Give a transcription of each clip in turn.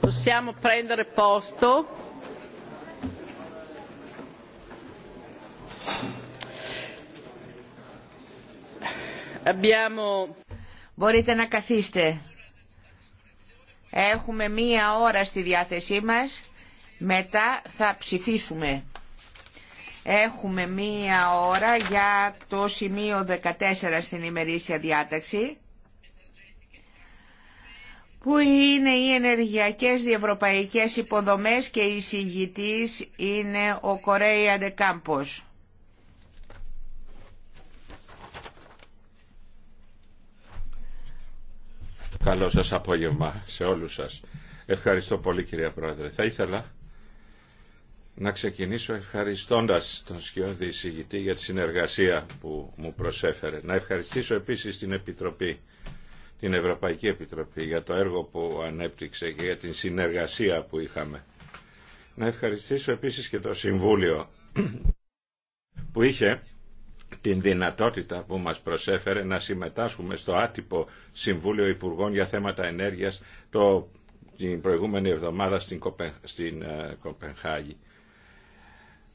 possiamo prendere posto. Μπορείτε να καθίστε. Έχουμε μία ώρα στη διάθεσή μας. Μετά θα ψηφίσουμε. Έχουμε μία ώρα για το σημείο 14 στην ημερήσια διάταξη που είναι οι ενεργειακές διευρωπαϊκές υποδομές και η συγητής είναι ο Κορέια Ντεκάμπος. Καλό σας απόγευμα σε όλους σας. Ευχαριστώ πολύ κυρία Πρόεδρε. Θα ήθελα να ξεκινήσω ευχαριστώντας τον Σκιώδη εισηγητή για τη συνεργασία που μου προσέφερε. Να ευχαριστήσω επίσης την Επιτροπή, την Ευρωπαϊκή Επιτροπή για το έργο που ανέπτυξε και για την συνεργασία που είχαμε. Να ευχαριστήσω επίσης και το Συμβούλιο που είχε την δυνατότητα που μας προσέφερε να συμμετάσχουμε στο άτυπο Συμβούλιο Υπουργών για θέματα ενέργειας το την προηγούμενη εβδομάδα στην, στην ε, Κοπενχάγη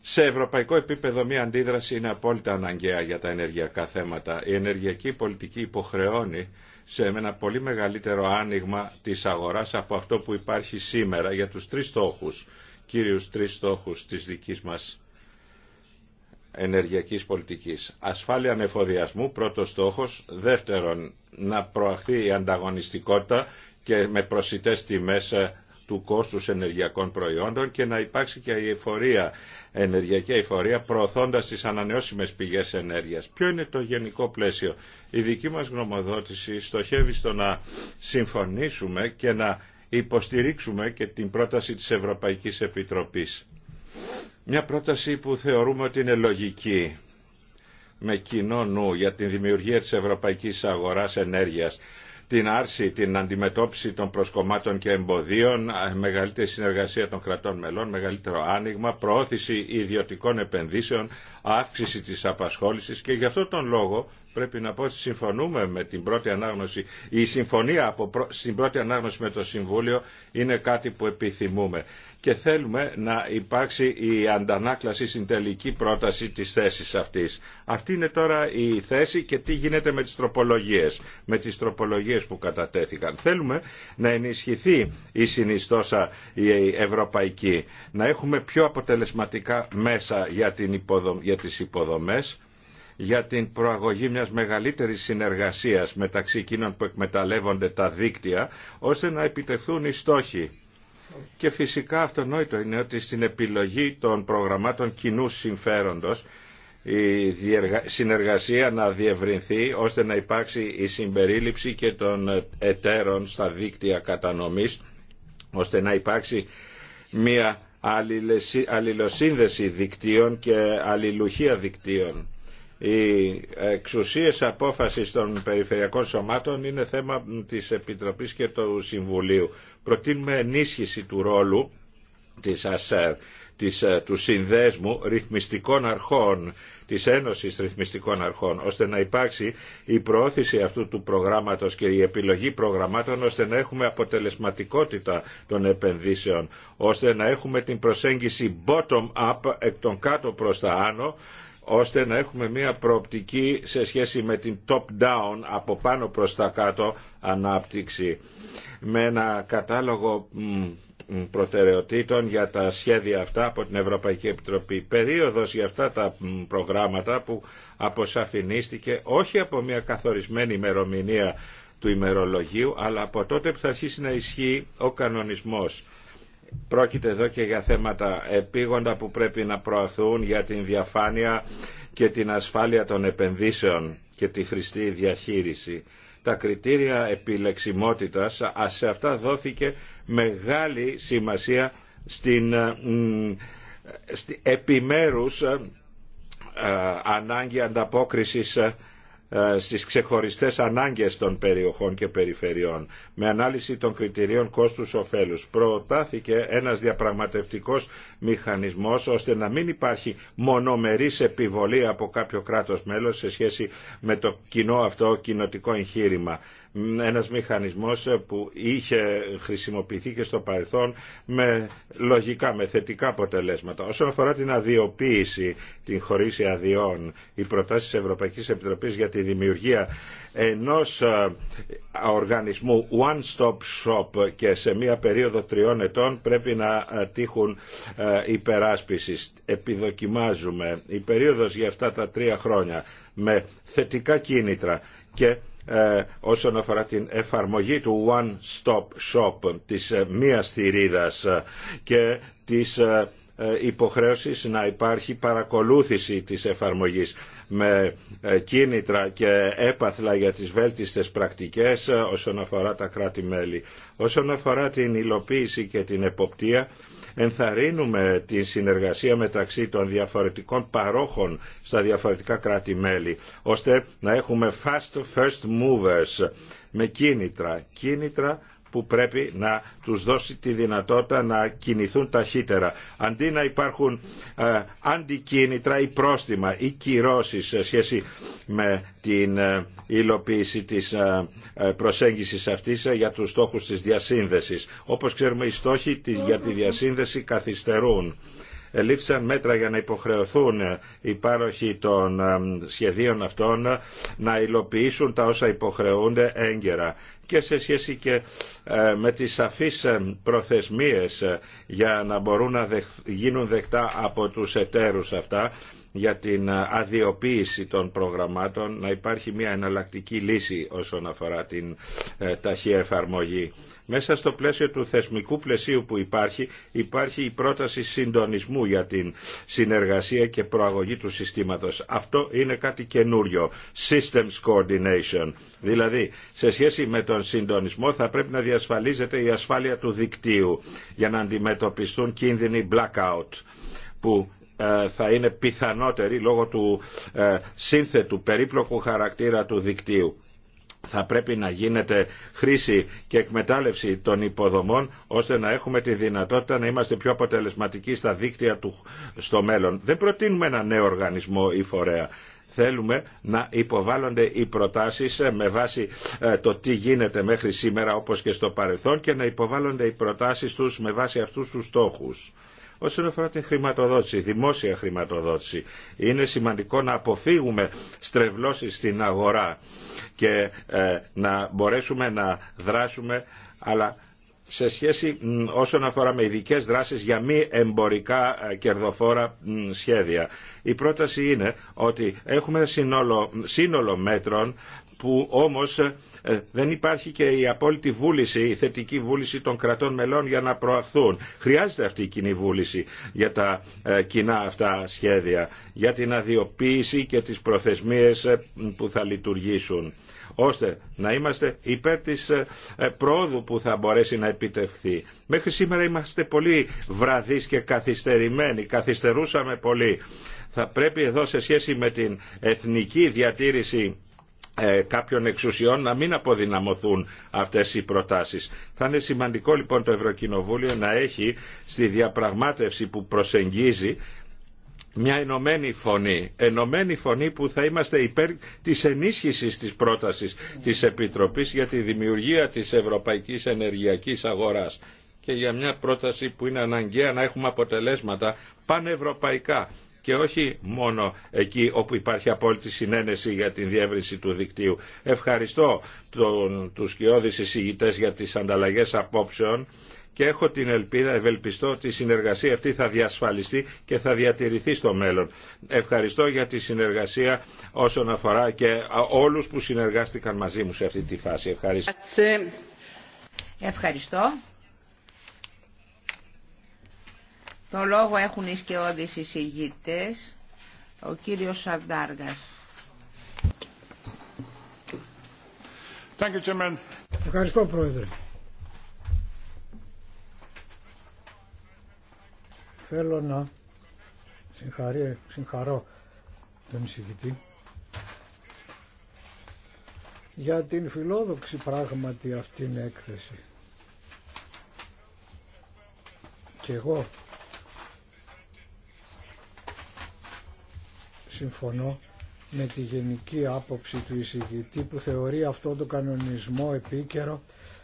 σε ευρωπαϊκό επίπεδο μια αντίδραση είναι απόλυτα αναγκαία για τα ενεργειακά θέματα. Η ενεργειακή πολιτική υποχρεώνει σε ένα πολύ μεγαλύτερο άνοιγμα της αγοράς από αυτό που υπάρχει σήμερα για τους τρεις στόχους, κύριου τρεις στόχους της δικής μας ενεργειακής πολιτικής. Ασφάλεια ανεφοδιασμού, πρώτος στόχος. Δεύτερον, να προαχθεί η ανταγωνιστικότητα και με προσιτές τιμές ε, του κόστους ενεργειακών προϊόντων και να υπάρξει και η εφορία, ενεργειακή εφορία προωθώντας τις ανανεώσιμες πηγές ενέργειας. Ποιο είναι το γενικό πλαίσιο. Η δική μας γνωμοδότηση στοχεύει στο να συμφωνήσουμε και να υποστηρίξουμε και την πρόταση της Ευρωπαϊκής Επιτροπής. Μια πρόταση που θεωρούμε ότι είναι λογική με κοινό νου για τη δημιουργία της ευρωπαϊκής αγοράς ενέργειας την άρση, την αντιμετώπιση των προσκομμάτων και εμποδίων, μεγαλύτερη συνεργασία των κρατών μελών, μεγαλύτερο άνοιγμα, προώθηση ιδιωτικών επενδύσεων, αύξηση της απασχόλησης και γι' αυτό τον λόγο πρέπει να πω ότι συμφωνούμε με την πρώτη ανάγνωση. Η συμφωνία από στην πρώτη ανάγνωση με το Συμβούλιο είναι κάτι που επιθυμούμε και θέλουμε να υπάρξει η αντανάκλαση στην τελική πρόταση της θέσης αυτής. Αυτή είναι τώρα η θέση και τι γίνεται με τις τροπολογίες, με τις τροπολογίες που κατατέθηκαν. Θέλουμε να ενισχυθεί η συνιστόσα η ευρωπαϊκή, να έχουμε πιο αποτελεσματικά μέσα για, την υποδο... για τις υποδομές, για την προαγωγή μιας μεγαλύτερης συνεργασίας μεταξύ εκείνων που εκμεταλλεύονται τα δίκτυα, ώστε να επιτευχθούν οι στόχοι και φυσικά αυτονόητο είναι ότι στην επιλογή των προγραμμάτων κοινού συμφέροντος η συνεργασία να διευρυνθεί ώστε να υπάρξει η συμπερίληψη και των εταίρων στα δίκτυα κατανομής ώστε να υπάρξει μια αλληλοσύνδεση δικτύων και αλληλουχία δικτύων. Οι εξουσίες απόφασης των περιφερειακών σωμάτων είναι θέμα της Επιτροπής και του Συμβουλίου προτείνουμε ενίσχυση του ρόλου της ΑΣΕΡ, της, ε, του συνδέσμου ρυθμιστικών αρχών της Ένωσης Ρυθμιστικών Αρχών, ώστε να υπάρξει η προώθηση αυτού του προγράμματος και η επιλογή προγραμμάτων, ώστε να έχουμε αποτελεσματικότητα των επενδύσεων, ώστε να έχουμε την προσέγγιση bottom-up, εκ των κάτω προς τα άνω, ώστε να έχουμε μια προοπτική σε σχέση με την top-down από πάνω προς τα κάτω ανάπτυξη με ένα κατάλογο προτεραιοτήτων για τα σχέδια αυτά από την Ευρωπαϊκή Επιτροπή. Περίοδος για αυτά τα προγράμματα που αποσαφηνίστηκε όχι από μια καθορισμένη ημερομηνία του ημερολογίου αλλά από τότε που θα αρχίσει να ισχύει ο κανονισμός Πρόκειται εδώ και για θέματα επίγοντα που πρέπει να προαθούν για την διαφάνεια και την ασφάλεια των επενδύσεων και τη χρηστή διαχείριση. Τα κριτήρια επιλεξιμότητας, σε αυτά δόθηκε μεγάλη σημασία στην, ε, στην επιμέρους ε, ε, ανάγκη ανταπόκρισης ε, στις ξεχωριστές ανάγκες των περιοχών και περιφερειών. Με ανάλυση των κριτηρίων κόστους κόστους-οφέλους. προτάθηκε ένας διαπραγματευτικός μηχανισμός ώστε να μην υπάρχει μονομερής επιβολή από κάποιο κράτος μέλος σε σχέση με το κοινό αυτό κοινοτικό εγχείρημα ένας μηχανισμός που είχε χρησιμοποιηθεί και στο παρελθόν με λογικά, με θετικά αποτελέσματα. Όσον αφορά την αδειοποίηση, την χωρίση αδειών, οι προτάσεις της Ευρωπαϊκής Επιτροπής για τη δημιουργία ενός ε, οργανισμού one stop shop και σε μία περίοδο τριών ετών πρέπει να ε, τύχουν ε, υπεράσπισης. Επιδοκιμάζουμε η περίοδος για αυτά τα τρία χρόνια με θετικά κίνητρα και ε, όσον αφορά την εφαρμογή του One Stop Shop, της ε, μίας θηρίδας ε, και της υποχρέωσης να υπάρχει παρακολούθηση της εφαρμογής με κίνητρα και έπαθλα για τις βέλτιστες πρακτικές όσον αφορά τα κράτη-μέλη. Όσον αφορά την υλοποίηση και την εποπτεία, ενθαρρύνουμε τη συνεργασία μεταξύ των διαφορετικών παρόχων στα διαφορετικά κράτη-μέλη, ώστε να έχουμε fast first movers με κίνητρα, κίνητρα που πρέπει να τους δώσει τη δυνατότητα να κινηθούν ταχύτερα. Αντί να υπάρχουν ε, αντικίνητρα ή πρόστιμα ή κυρώσεις σε σχέση με την ε, υλοποίηση της ε, ε προσέγγισης αυτής ε, για τους στόχους της διασύνδεσης. Όπως ξέρουμε οι στόχοι της, για τη διασύνδεση καθυστερούν ελήφθησαν μέτρα για να υποχρεωθούν οι πάροχοι των σχεδίων αυτών να υλοποιήσουν τα όσα υποχρεούνται έγκαιρα και σε σχέση και ε, με τις σαφείς ε, προθεσμίες ε, για να μπορούν να γίνουν δεκτά από τους εταίρους αυτά για την αδειοποίηση των προγραμμάτων να υπάρχει μια εναλλακτική λύση όσον αφορά την ε, ταχεία εφαρμογή. Μέσα στο πλαίσιο του θεσμικού πλαισίου που υπάρχει, υπάρχει η πρόταση συντονισμού για την συνεργασία και προαγωγή του συστήματος. Αυτό είναι κάτι καινούριο. Systems coordination. Δηλαδή, σε σχέση με τον συντονισμό θα πρέπει να διασφαλίζεται η ασφάλεια του δικτύου για να αντιμετωπιστούν κίνδυνοι blackout που ε, θα είναι πιθανότερη λόγω του ε, σύνθετου περίπλοκου χαρακτήρα του δικτύου θα πρέπει να γίνεται χρήση και εκμετάλλευση των υποδομών ώστε να έχουμε τη δυνατότητα να είμαστε πιο αποτελεσματικοί στα δίκτυα του στο μέλλον. Δεν προτείνουμε ένα νέο οργανισμό ή φορέα. Θέλουμε να υποβάλλονται οι προτάσεις ε, με βάση το τι γίνεται μέχρι σήμερα όπως και στο παρελθόν και να υποβάλλονται οι προτάσεις τους με βάση αυτούς τους στόχους. Όσον αφορά την χρηματοδότηση, δημόσια χρηματοδότηση, είναι σημαντικό να αποφύγουμε στρεβλώσεις στην αγορά και ε, να μπορέσουμε να δράσουμε, αλλά σε σχέση όσον αφορά με ειδικέ δράσεις για μη εμπορικά ε, κερδοφόρα σχέδια. Η πρόταση είναι ότι έχουμε σύνολο, σύνολο μέτρων που όμως ε, δεν υπάρχει και η απόλυτη βούληση, η θετική βούληση των κρατών μελών για να προαχθούν. Χρειάζεται αυτή η κοινή βούληση για τα ε, κοινά αυτά σχέδια, για την αδειοποίηση και τις προθεσμίες ε, που θα λειτουργήσουν ώστε να είμαστε υπέρ της πρόοδου που θα μπορέσει να επιτευχθεί. Μέχρι σήμερα είμαστε πολύ βραδείς και καθυστερημένοι, καθυστερούσαμε πολύ. Θα πρέπει εδώ σε σχέση με την εθνική διατήρηση ε, κάποιων εξουσιών να μην αποδυναμωθούν αυτές οι προτάσεις. Θα είναι σημαντικό λοιπόν το Ευρωκοινοβούλιο να έχει στη διαπραγμάτευση που προσεγγίζει μια ενωμένη φωνή, ενωμένη φωνή που θα είμαστε υπέρ της ενίσχυσης της πρότασης της Επιτροπής για τη δημιουργία της Ευρωπαϊκής Ενεργειακής Αγοράς και για μια πρόταση που είναι αναγκαία να έχουμε αποτελέσματα πανευρωπαϊκά και όχι μόνο εκεί όπου υπάρχει απόλυτη συνένεση για την διεύρυνση του δικτύου. Ευχαριστώ τον, τους κοιόδης εισηγητές για τις ανταλλαγές απόψεων και έχω την ελπίδα, ευελπιστώ ότι η συνεργασία αυτή θα διασφαλιστεί και θα διατηρηθεί στο μέλλον. Ευχαριστώ για τη συνεργασία όσον αφορά και όλους που συνεργάστηκαν μαζί μου σε αυτή τη φάση. Ευχαριστώ. Ευχαριστώ. Το λόγο έχουν οι σκεώδεις εισηγητές, ο κύριος Σαρδάργας. Ευχαριστώ, Πρόεδρε. Θέλω να συγχαρεί, συγχαρώ τον εισηγητή για την φιλόδοξη πράγματι αυτήν έκθεση. Και εγώ συμφωνώ με τη γενική άποψη του εισηγητή που θεωρεί αυτό το κανονισμό επίκαιρο,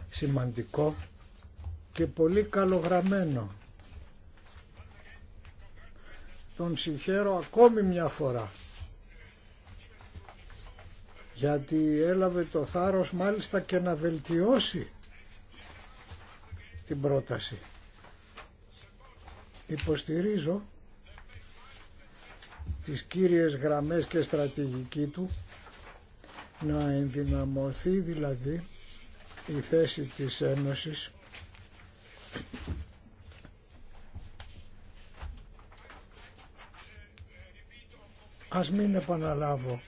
σημαντικό και πολύ καλογραμμένο. Τον συγχαίρω ακόμη μια φορά γιατί έλαβε το θάρρος μάλιστα και να βελτιώσει την πρόταση. Υποστηρίζω τις κύριες γραμμές και στρατηγική του να ενδυναμωθεί δηλαδή η θέση της Ένωσης Ας μην επαναλάβω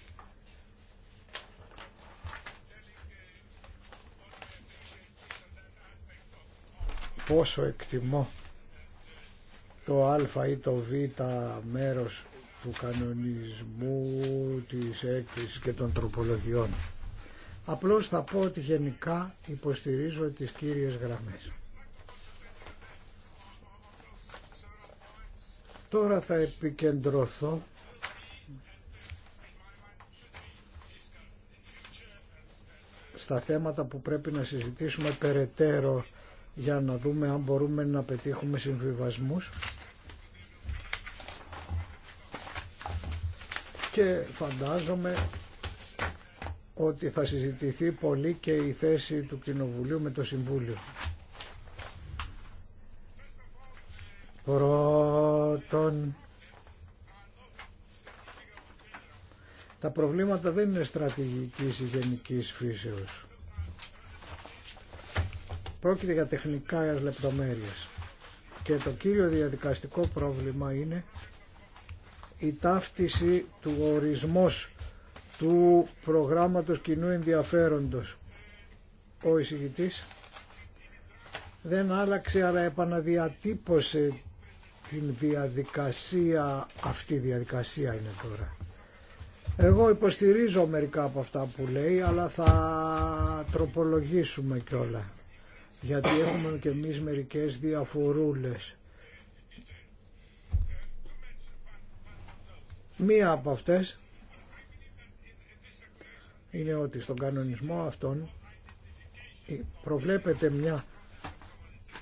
πόσο εκτιμώ το α ή το β μέρος του κανονισμού, της έκθεσης και των τροπολογιών. Απλώς θα πω ότι γενικά υποστηρίζω τις κύριες γραμμές. Τώρα θα επικεντρωθώ στα θέματα που πρέπει να συζητήσουμε περαιτέρω για να δούμε αν μπορούμε να πετύχουμε συμβιβασμούς. και φαντάζομαι ότι θα συζητηθεί πολύ και η θέση του Κοινοβουλίου με το Συμβούλιο. Πρώτον, τα προβλήματα δεν είναι στρατηγικής ή γενικής φύσεως. Πρόκειται για τεχνικά λεπτομέρειες. Και το κύριο διαδικαστικό πρόβλημα είναι η ταύτιση του ορισμός του προγράμματος κοινού ενδιαφέροντος. Ο εισηγητής δεν άλλαξε αλλά επαναδιατύπωσε την διαδικασία, αυτή η διαδικασία είναι τώρα. Εγώ υποστηρίζω μερικά από αυτά που λέει, αλλά θα τροπολογήσουμε κιόλα. Γιατί έχουμε και εμείς μερικές διαφορούλες. Μία από αυτές είναι ότι στον κανονισμό αυτόν προβλέπεται μια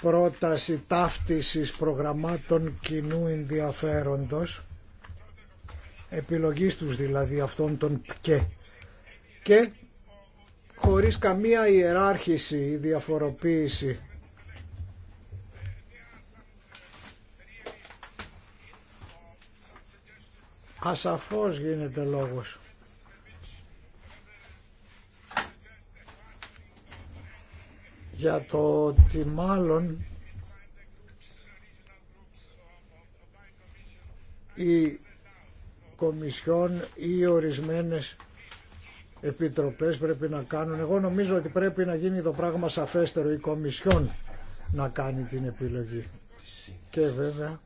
πρόταση ταύτισης κανονισμο αυτων προβλεπεται κοινού ενδιαφέροντος επιλογής τους δηλαδή αυτών των ΠΚΕ και χωρίς καμία ιεράρχηση ή διαφοροποίηση ασαφώς γίνεται λόγος. για το ότι μάλλον οι κομισιόν ή ορισμένες επιτροπές πρέπει να κάνουν. Εγώ νομίζω ότι πρέπει να γίνει το πράγμα σαφέστερο η κομισιόν να κάνει την επιλογή. Και βέβαια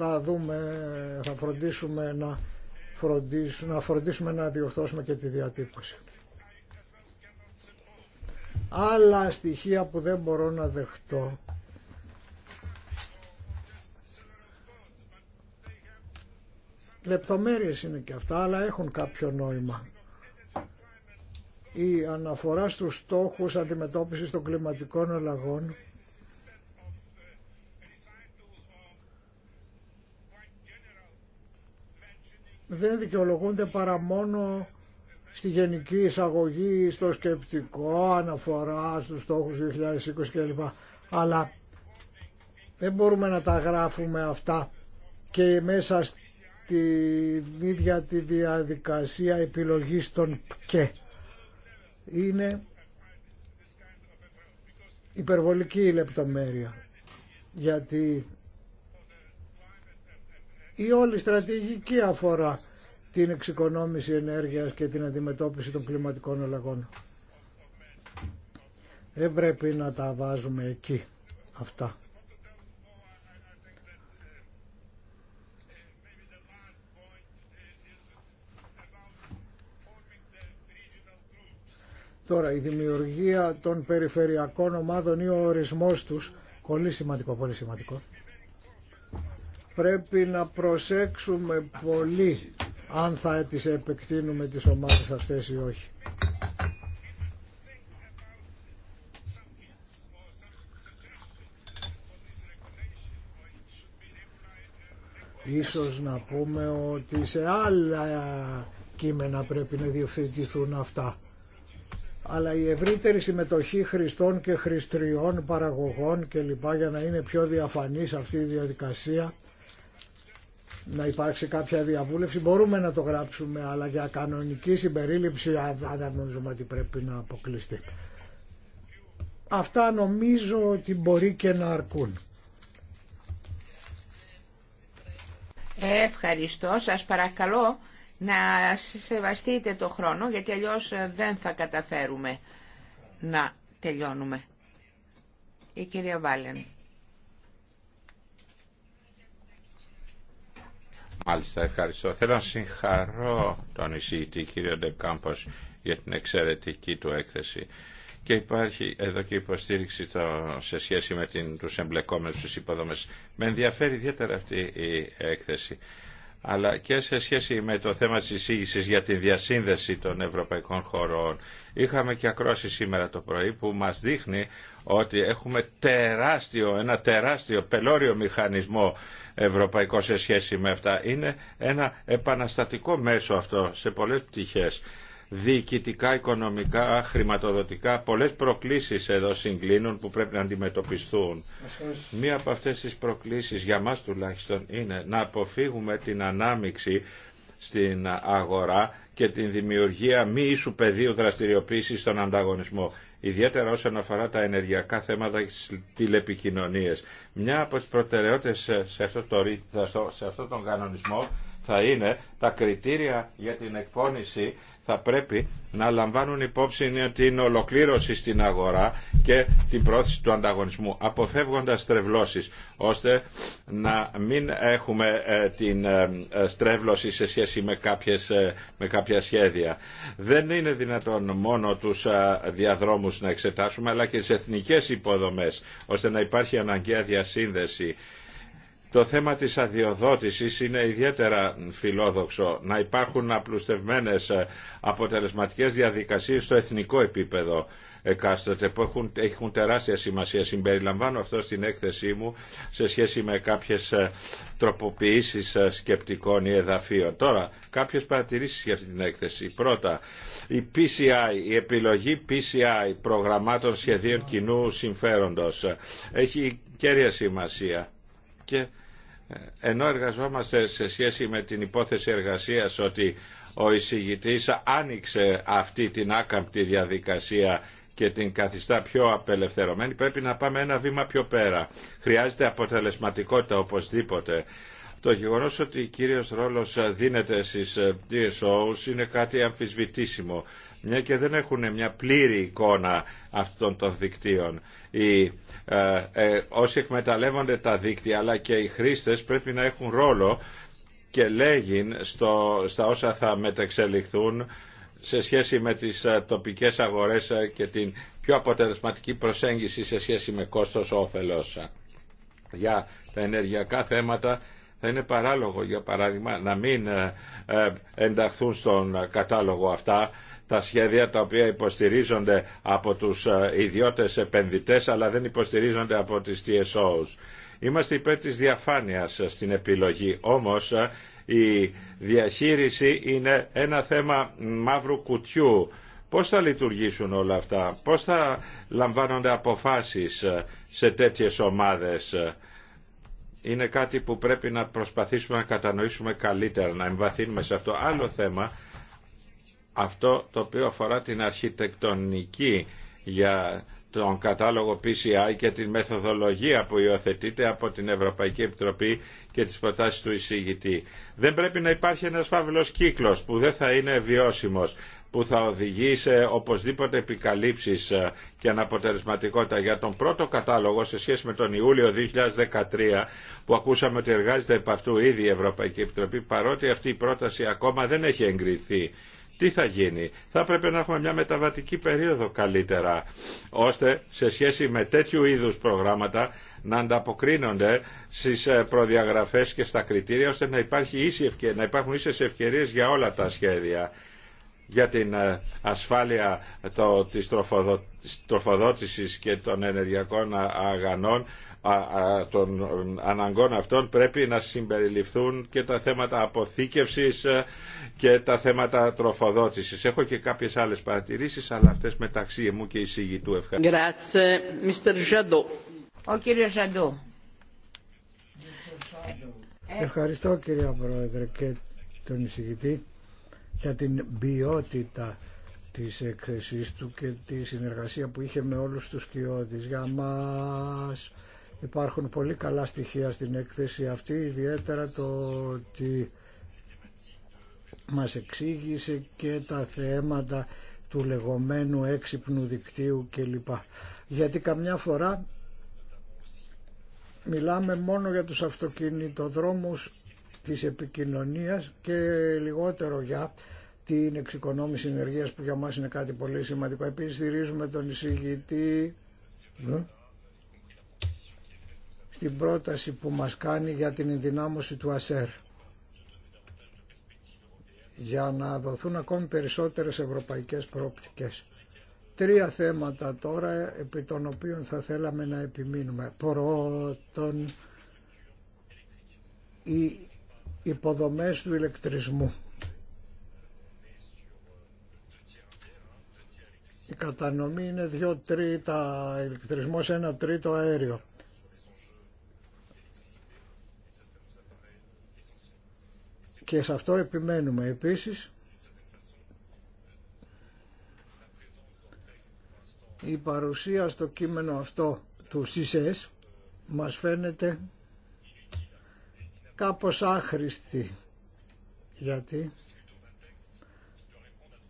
θα δούμε, θα φροντίσουμε να, φροντίσουμε, να φροντίσουμε να διορθώσουμε και τη διατύπωση. Άλλα στοιχεία που δεν μπορώ να δεχτώ Λεπτομέρειες είναι και αυτά, αλλά έχουν κάποιο νόημα. Η αναφορά στους στόχους αντιμετώπισης των κλιματικών αλλαγών δεν δικαιολογούνται παρά μόνο στη γενική εισαγωγή, στο σκεπτικό, αναφορά στους στόχους 2020 κλπ. Αλλά δεν μπορούμε να τα γράφουμε αυτά και μέσα στη ίδια τη διαδικασία επιλογής των ΠΚΕ. Είναι υπερβολική η λεπτομέρεια γιατί η όλη στρατηγική αφορά την εξοικονόμηση ενέργειας και την αντιμετώπιση των κλιματικών αλλαγών. Δεν πρέπει να τα βάζουμε εκεί αυτά. Τώρα, η δημιουργία των περιφερειακών ομάδων ή ο ορισμός τους, πολύ σημαντικό, πολύ σημαντικό πρέπει να προσέξουμε πολύ αν θα τις επεκτείνουμε τις ομάδες αυτές ή όχι. Ίσως να πούμε ότι σε άλλα κείμενα πρέπει να διευθετηθούν αυτά. Αλλά η ευρύτερη αλλα κειμενα πρεπει να διευθυντηθουν αυτα χρηστών και χρηστριών, παραγωγών κλπ. για να είναι πιο διαφανής αυτή η διαδικασία να υπάρξει κάποια διαβούλευση. Μπορούμε να το γράψουμε, αλλά για κανονική συμπερίληψη δεν νομίζω ότι πρέπει να αποκλειστεί. Αυτά νομίζω ότι μπορεί και να αρκούν. Ευχαριστώ. Σας παρακαλώ να σεβαστείτε το χρόνο, γιατί αλλιώς ε, δεν θα καταφέρουμε να τελειώνουμε. Η κυρία Βάλεν. Μάλιστα, ευχαριστώ. Θέλω να συγχαρώ τον εισηγητή κύριο Ντεκάμπος για την εξαιρετική του έκθεση. Και υπάρχει εδώ και υποστήριξη το, σε σχέση με την, τους εμπλεκόμενους τους υποδομές. Με ενδιαφέρει ιδιαίτερα αυτή η έκθεση αλλά και σε σχέση με το θέμα της εισήγησης για τη διασύνδεση των ευρωπαϊκών χωρών. Είχαμε και ακρόαση σήμερα το πρωί που μας δείχνει ότι έχουμε τεράστιο, ένα τεράστιο πελώριο μηχανισμό ευρωπαϊκό σε σχέση με αυτά. Είναι ένα επαναστατικό μέσο αυτό σε πολλές πτυχές διοικητικά, οικονομικά, χρηματοδοτικά. Πολλές προκλήσεις εδώ συγκλίνουν που πρέπει να αντιμετωπιστούν. Μία από αυτές τις προκλήσεις για μας τουλάχιστον είναι να αποφύγουμε την ανάμιξη στην αγορά και την δημιουργία μη ίσου πεδίου δραστηριοποίησης στον ανταγωνισμό ιδιαίτερα όσον αφορά τα ενεργειακά θέματα και τηλεπικοινωνίες. Μια από τις προτεραιότητες σε αυτόν το, σε αυτό τον κανονισμό θα είναι τα κριτήρια για την εκπόνηση θα πρέπει να λαμβάνουν υπόψη την ολοκλήρωση στην αγορά και την πρόθεση του ανταγωνισμού, αποφεύγοντας στρεβλώσεις, ώστε να μην έχουμε ε, την ε, στρέβλωση σε σχέση με, κάποιες, ε, με κάποια σχέδια. Δεν είναι δυνατόν μόνο τους διαδρόμους να εξετάσουμε, αλλά και τις εθνικές υποδομές, ώστε να υπάρχει αναγκαία διασύνδεση το θέμα της αδειοδότησης είναι ιδιαίτερα φιλόδοξο να υπάρχουν απλουστευμένες ε, αποτελεσματικές διαδικασίες στο εθνικό επίπεδο εκάστοτε που έχουν, τεράστια σημασία. Συμπεριλαμβάνω αυτό στην έκθεσή μου σε σχέση με κάποιες ε, τροποποιήσεις ε, σκεπτικών ή εδαφείων. Τώρα, κάποιες παρατηρήσεις για αυτή την έκθεση. Πρώτα, η PCI, η επιλογή PCI προγραμμάτων σχεδίων κοινού συμφέροντος έχει κέρια σημασία και ενώ εργαζόμαστε σε σχέση με την υπόθεση εργασίας ότι ο εισηγητής άνοιξε αυτή την άκαμπτη διαδικασία και την καθιστά πιο απελευθερωμένη, πρέπει να πάμε ένα βήμα πιο πέρα. Χρειάζεται αποτελεσματικότητα οπωσδήποτε. Το γεγονός ότι κύριος ρόλος δίνεται στις ε, DSOs είναι κάτι αμφισβητήσιμο μια και δεν έχουν μια πλήρη εικόνα αυτών των δικτύων. Οι, ε, ε, όσοι εκμεταλλεύονται τα δίκτυα αλλά και οι χρήστες πρέπει να έχουν ρόλο και λέγει στο, στα όσα θα μεταξελιχθούν σε σχέση με τις ε, τοπικές αγορές ε, και την πιο αποτελεσματική προσέγγιση σε σχέση με κόστος-όφελος. Για τα ενεργειακά θέματα θα είναι παράλογο, για παράδειγμα, να μην ε, ενταχθούν στον κατάλογο αυτά τα σχέδια τα οποία υποστηρίζονται από τους ε, ιδιώτες επενδυτές αλλά δεν υποστηρίζονται από τις TSOs. Είμαστε υπέρ της διαφάνειας ε, στην επιλογή, όμως ε, η διαχείριση είναι ένα θέμα μαύρου κουτιού. Πώς θα λειτουργήσουν όλα αυτά, πώς θα λαμβάνονται αποφάσεις σε τέτοιες ομάδες. Είναι κάτι που πρέπει να προσπαθήσουμε να κατανοήσουμε καλύτερα, να εμβαθύνουμε σε αυτό. Άλλο θέμα αυτό το οποίο αφορά την αρχιτεκτονική για τον κατάλογο PCI και την μεθοδολογία που υιοθετείται από την Ευρωπαϊκή Επιτροπή και τις προτάσεις του εισηγητή. Δεν πρέπει να υπάρχει ένας φαύλος κύκλος που δεν θα είναι βιώσιμος, που θα οδηγεί σε οπωσδήποτε επικαλύψεις ε, και αναποτελεσματικότητα για τον πρώτο κατάλογο σε σχέση με τον Ιούλιο 2013 που ακούσαμε ότι εργάζεται επ' αυτού ήδη η Ευρωπαϊκή Επιτροπή παρότι αυτή η πρόταση ακόμα δεν έχει εγκριθεί τι θα γίνει. Θα πρέπει να έχουμε μια μεταβατική περίοδο καλύτερα, ώστε σε σχέση με τέτοιου είδους προγράμματα να ανταποκρίνονται στις ε, προδιαγραφές και στα κριτήρια, ώστε να, υπάρχει ίση να υπάρχουν ίσες ευκαιρίες για όλα τα σχέδια για την ε, ασφάλεια το, της τροφοδότησης και των ενεργειακών ε, αγανών των αναγκών αυτών πρέπει να συμπεριληφθούν και τα θέματα αποθήκευσης ε, και τα θέματα τροφοδότησης. Έχω και κάποιες άλλες παρατηρήσεις, αλλά αυτές μεταξύ μου και εισηγητού. Ευχαριστώ. Ο κύριος Ευχαριστώ κύριε Πρόεδρε και τον εισηγητή για την ποιότητα της έκθεσής του και τη συνεργασία που είχε με όλους τους κοιόδης. Για μας Υπάρχουν πολύ καλά στοιχεία στην έκθεση αυτή, ιδιαίτερα το ότι μας εξήγησε και τα θέματα του λεγόμενου έξυπνου δικτύου κλπ. Γιατί καμιά φορά μιλάμε μόνο για τους αυτοκινητοδρόμους της επικοινωνίας και λιγότερο για την εξοικονόμηση ενεργείας που για μας είναι κάτι πολύ σημαντικό. Επίσης στηρίζουμε τον εισηγητή ναι την πρόταση που μας κάνει για την ενδυνάμωση του ΑΣΕΡ για να δοθούν ακόμη περισσότερες ευρωπαϊκές ευρωπαϊκές Τρία θέματα τώρα επί των οποίων θα θέλαμε να επιμείνουμε. Πρώτον, οι υποδομές του ηλεκτρισμού. Η κατανομή είναι δύο τρίτα ηλεκτρισμός, ένα τρίτο αέριο. και σε αυτό επιμένουμε. Επίσης, η παρουσία στο κείμενο αυτό του ΣΥΣΕΣ μας φαίνεται κάπως άχρηστη. Γιατί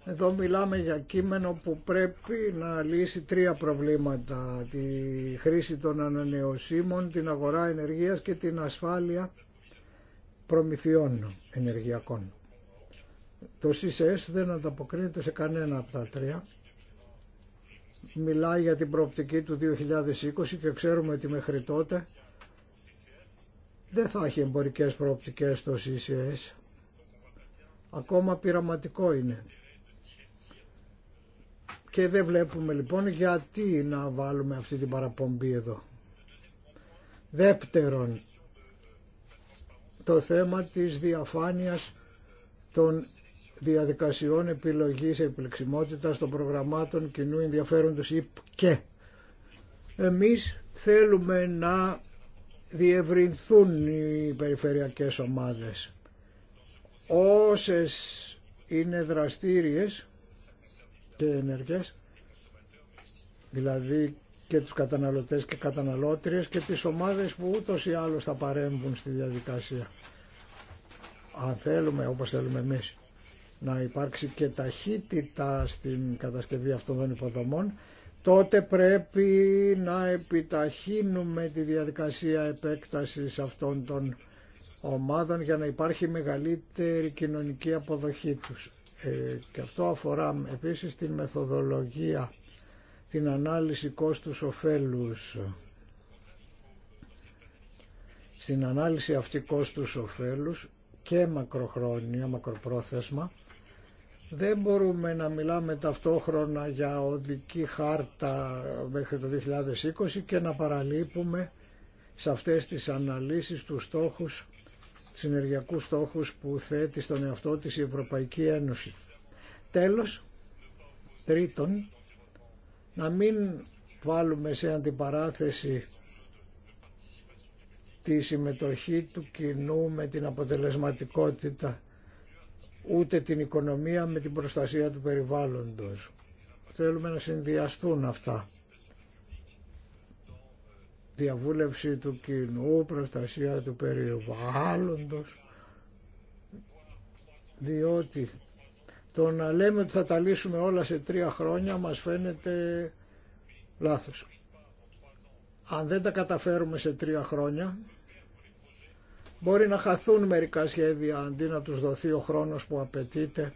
εδώ μιλάμε για κείμενο που πρέπει να λύσει τρία προβλήματα. Τη χρήση των ανανεωσίμων, την αγορά ενεργείας και την ασφάλεια προμηθειών ενεργειακών. Το CCS δεν ανταποκρίνεται σε κανένα από τα τρία. Μιλάει για την προοπτική του 2020 και ξέρουμε ότι μέχρι τότε δεν θα έχει εμπορικές προοπτικές το CCS. Ακόμα πειραματικό είναι. Και δεν βλέπουμε λοιπόν γιατί να βάλουμε αυτή την παραπομπή εδώ. Δεύτερον, το θέμα της διαφάνειας των διαδικασιών επιλογής επιλεξιμότητας των προγραμμάτων κοινού ενδιαφέροντος ή και. Εμείς θέλουμε να διευρυνθούν οι περιφερειακές ομάδες. Όσες είναι δραστήριες και ενεργές, δηλαδή και τους καταναλωτές και καταναλώτριες και τις ομάδες που ούτως ή άλλως θα παρέμβουν στη διαδικασία. Αν θέλουμε, όπως θέλουμε εμείς, να υπάρξει και ταχύτητα στην κατασκευή αυτών των υποδομών, τότε πρέπει να επιταχύνουμε τη διαδικασία επέκτασης αυτών των ομάδων για να υπάρχει μεγαλύτερη κοινωνική αποδοχή τους. Ε, και αυτό αφορά επίσης την μεθοδολογία την ανάλυση κόστους οφέλους. Στην ανάλυση αυτή κόστους οφέλους και μακροχρόνια, μακροπρόθεσμα, δεν μπορούμε να μιλάμε ταυτόχρονα για οδική χάρτα μέχρι το 2020 και να παραλείπουμε σε αυτές τις αναλύσεις τους στόχους, συνεργειακούς στόχους που θέτει στον εαυτό της η Ευρωπαϊκή Ένωση. Τέλος, τρίτον, να μην βάλουμε σε αντιπαράθεση τη συμμετοχή του κοινού με την αποτελεσματικότητα ούτε την οικονομία με την προστασία του περιβάλλοντος. Θέλουμε να συνδυαστούν αυτά. Διαβούλευση του κοινού, προστασία του περιβάλλοντος, διότι το να λέμε ότι θα τα λύσουμε όλα σε τρία χρόνια μας φαίνεται λάθος. Αν δεν τα καταφέρουμε σε τρία χρόνια, μπορεί να χαθούν μερικά σχέδια αντί να τους δοθεί ο χρόνος που απαιτείται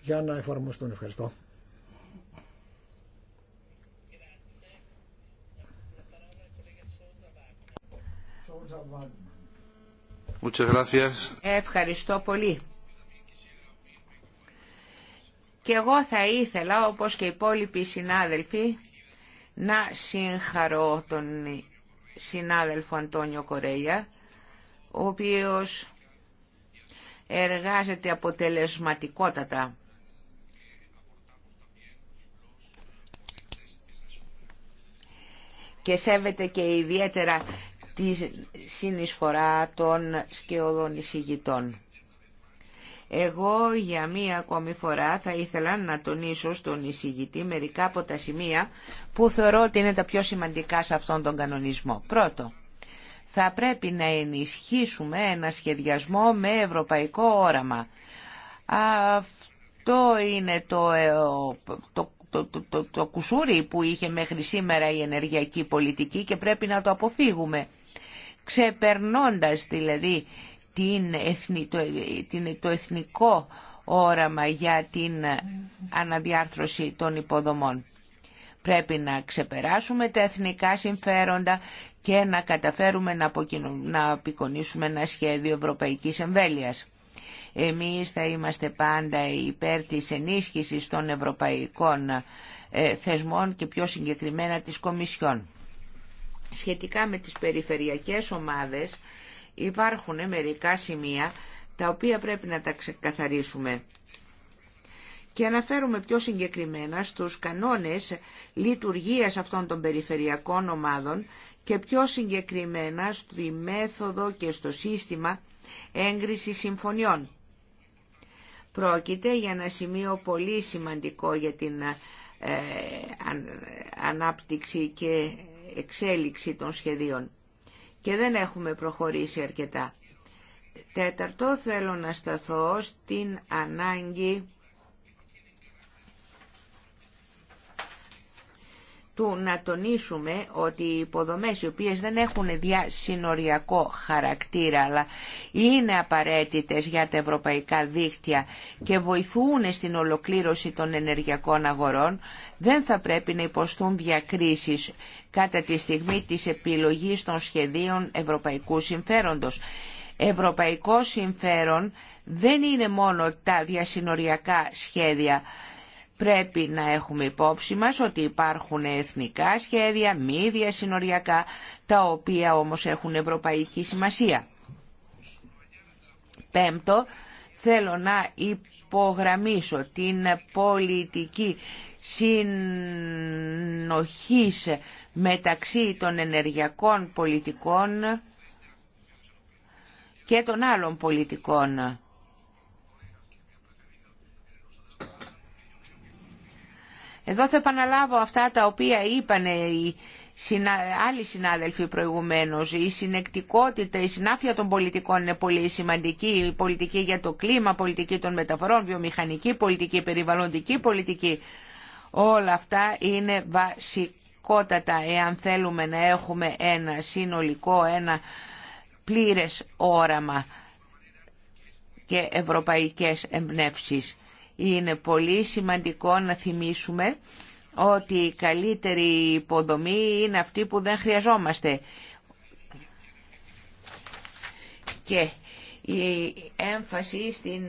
για να εφαρμοστούν. Ευχαριστώ. Ευχαριστώ πολύ. Και εγώ θα ήθελα, όπως και οι υπόλοιποι συνάδελφοι, να συγχαρώ τον συνάδελφο Αντώνιο Κορέλια, ο οποίος εργάζεται αποτελεσματικότατα. Και σέβεται και ιδιαίτερα τη συνεισφορά των σκεωδών εισηγητών. Εγώ για μία ακόμη φορά θα ήθελα να τονίσω στον εισηγητή μερικά από τα σημεία που θεωρώ ότι είναι τα πιο σημαντικά σε αυτόν τον κανονισμό. Πρώτο, θα πρέπει να ενισχύσουμε ένα σχεδιασμό με ευρωπαϊκό όραμα. Αυτό είναι το, ε, το το, κουσούρι που είχε μέχρι σήμερα η ενεργειακή πολιτική και πρέπει να το αποφύγουμε. Ξεπερνώντας δηλαδή την το, εθνικό όραμα για την αναδιάρθρωση των υποδομών. Πρέπει να ξεπεράσουμε τα εθνικά συμφέροντα και να καταφέρουμε να, να απεικονίσουμε ένα σχέδιο ευρωπαϊκής εμβέλειας. Εμείς θα είμαστε πάντα υπέρ της ενίσχυσης των ευρωπαϊκών ε, θεσμών και πιο συγκεκριμένα της Κομισιόν. Σχετικά με τις περιφερειακές ομάδες, υπάρχουν μερικά σημεία τα οποία πρέπει να τα ξεκαθαρίσουμε. Και αναφέρουμε πιο συγκεκριμένα στους κανόνες λειτουργίας αυτών των περιφερειακών ομάδων και πιο συγκεκριμένα στη μέθοδο και στο σύστημα έγκρισης συμφωνιών. Πρόκειται για ένα σημείο πολύ σημαντικό για την ε, ανάπτυξη και εξέλιξη των σχεδίων και δεν έχουμε προχωρήσει αρκετά. Τέταρτο, θέλω να σταθώ στην ανάγκη του να τονίσουμε ότι οι υποδομές οι οποίες δεν έχουν διασυνοριακό χαρακτήρα αλλά είναι απαραίτητες για τα ευρωπαϊκά δίκτυα και βοηθούν στην ολοκλήρωση των ενεργειακών αγορών δεν θα πρέπει να υποστούν διακρίσεις κατά τη στιγμή της επιλογής των σχεδίων ευρωπαϊκού συμφέροντος. Ευρωπαϊκό συμφέρον δεν είναι μόνο τα διασυνοριακά σχέδια. Πρέπει να έχουμε υπόψη μας ότι υπάρχουν εθνικά σχέδια, μη διασυνοριακά, τα οποία όμως έχουν ευρωπαϊκή σημασία. Πέμπτο, θέλω να υπογραμμίσω την πολιτική συνοχής μεταξύ των ενεργειακών πολιτικών και των άλλων πολιτικών. Εδώ θα επαναλάβω αυτά τα οποία είπαν οι άλλοι συνάδελφοι προηγουμένως. Η συνεκτικότητα, η συνάφεια των πολιτικών είναι πολύ σημαντική. Η πολιτική για το κλίμα, πολιτική των μεταφορών, βιομηχανική πολιτική, περιβαλλοντική πολιτική. Όλα αυτά είναι βασικά εάν θέλουμε να έχουμε ένα συνολικό, ένα πλήρες όραμα και ευρωπαϊκές εμπνεύσεις. Είναι πολύ σημαντικό να θυμίσουμε ότι η καλύτερη υποδομή είναι αυτή που δεν χρειαζόμαστε. Και η έμφαση στην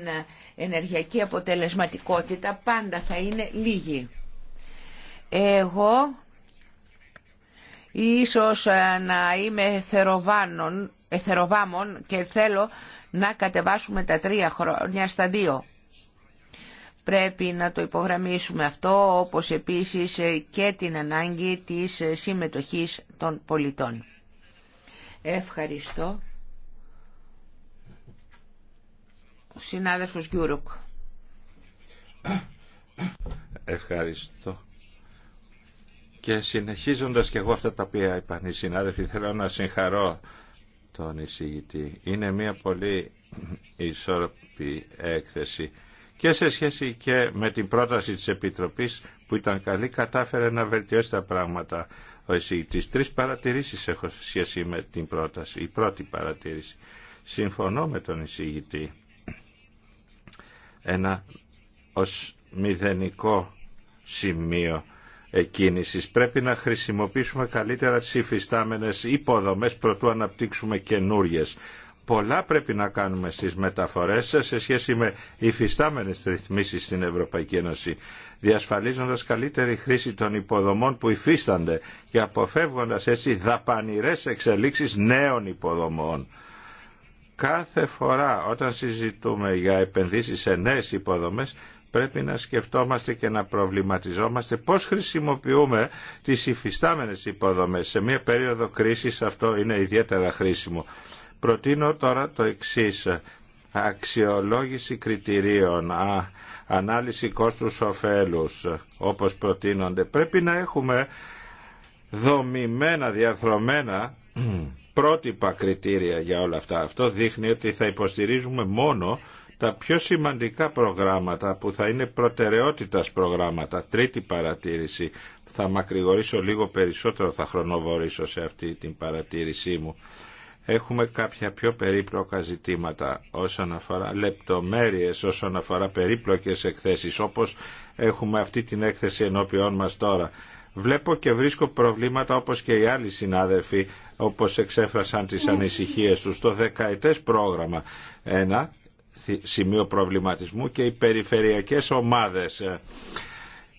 ενεργειακή αποτελεσματικότητα πάντα θα είναι λίγη. Εγώ Ίσως ε, να είμαι εθεροβάμων ε, και θέλω να κατεβάσουμε τα τρία χρόνια στα δύο. Πρέπει να το υπογραμμίσουμε αυτό, όπως επίσης ε, και την ανάγκη της συμμετοχής των πολιτών. Ευχαριστώ. συνάδελφος Γιούρουκ. Ευχαριστώ. Και συνεχίζοντας και εγώ αυτά τα οποία είπαν οι συνάδελφοι, θέλω να συγχαρώ τον εισηγητή. Είναι μια πολύ ισόρροπη έκθεση και σε σχέση και με την πρόταση της Επιτροπής που ήταν καλή κατάφερε να βελτιώσει τα πράγματα ο εισηγητής. Τρεις παρατηρήσεις έχω σε σχέση με την πρόταση. Η πρώτη παρατήρηση. Συμφωνώ με τον εισηγητή. Ένα ως μηδενικό σημείο Πρέπει να χρησιμοποιήσουμε καλύτερα τις υφιστάμενες υποδομές προτού αναπτύξουμε καινούριε. Πολλά πρέπει να κάνουμε στις μεταφορές σε σχέση με υφιστάμενες ρυθμίσεις στην Ευρωπαϊκή Ένωση, διασφαλίζοντας καλύτερη χρήση των υποδομών που υφίστανται και αποφεύγοντας έτσι δαπανηρές εξελίξεις νέων υποδομών. Κάθε φορά όταν συζητούμε για επενδύσεις σε νέες υποδομές, πρέπει να σκεφτόμαστε και να προβληματιζόμαστε πώς χρησιμοποιούμε τις υφιστάμενες υποδομές. Σε μια περίοδο κρίσης αυτό είναι ιδιαίτερα χρήσιμο. Προτείνω τώρα το εξής. Αξιολόγηση κριτηρίων, ανάλυση κόστους ωφέλους, όπως προτείνονται. Πρέπει να έχουμε δομημένα, διαρθρωμένα πρότυπα κριτήρια για όλα αυτά. Αυτό δείχνει ότι θα υποστηρίζουμε μόνο τα πιο σημαντικά προγράμματα που θα είναι προτεραιότητας προγράμματα. Τρίτη παρατήρηση, θα μακρηγορήσω λίγο περισσότερο, θα χρονοβορήσω σε αυτή την παρατήρησή μου. Έχουμε κάποια πιο περίπλοκα ζητήματα όσον αφορά λεπτομέρειες, όσον αφορά περίπλοκες εκθέσεις, όπως έχουμε αυτή την έκθεση ενώπιόν μας τώρα. Βλέπω και βρίσκω προβλήματα όπως και οι άλλοι συνάδελφοι, όπως εξέφρασαν τις ανησυχίες τους, στο δεκαετές πρόγραμμα. Ένα, σημείο προβληματισμού και οι περιφερειακές ομάδες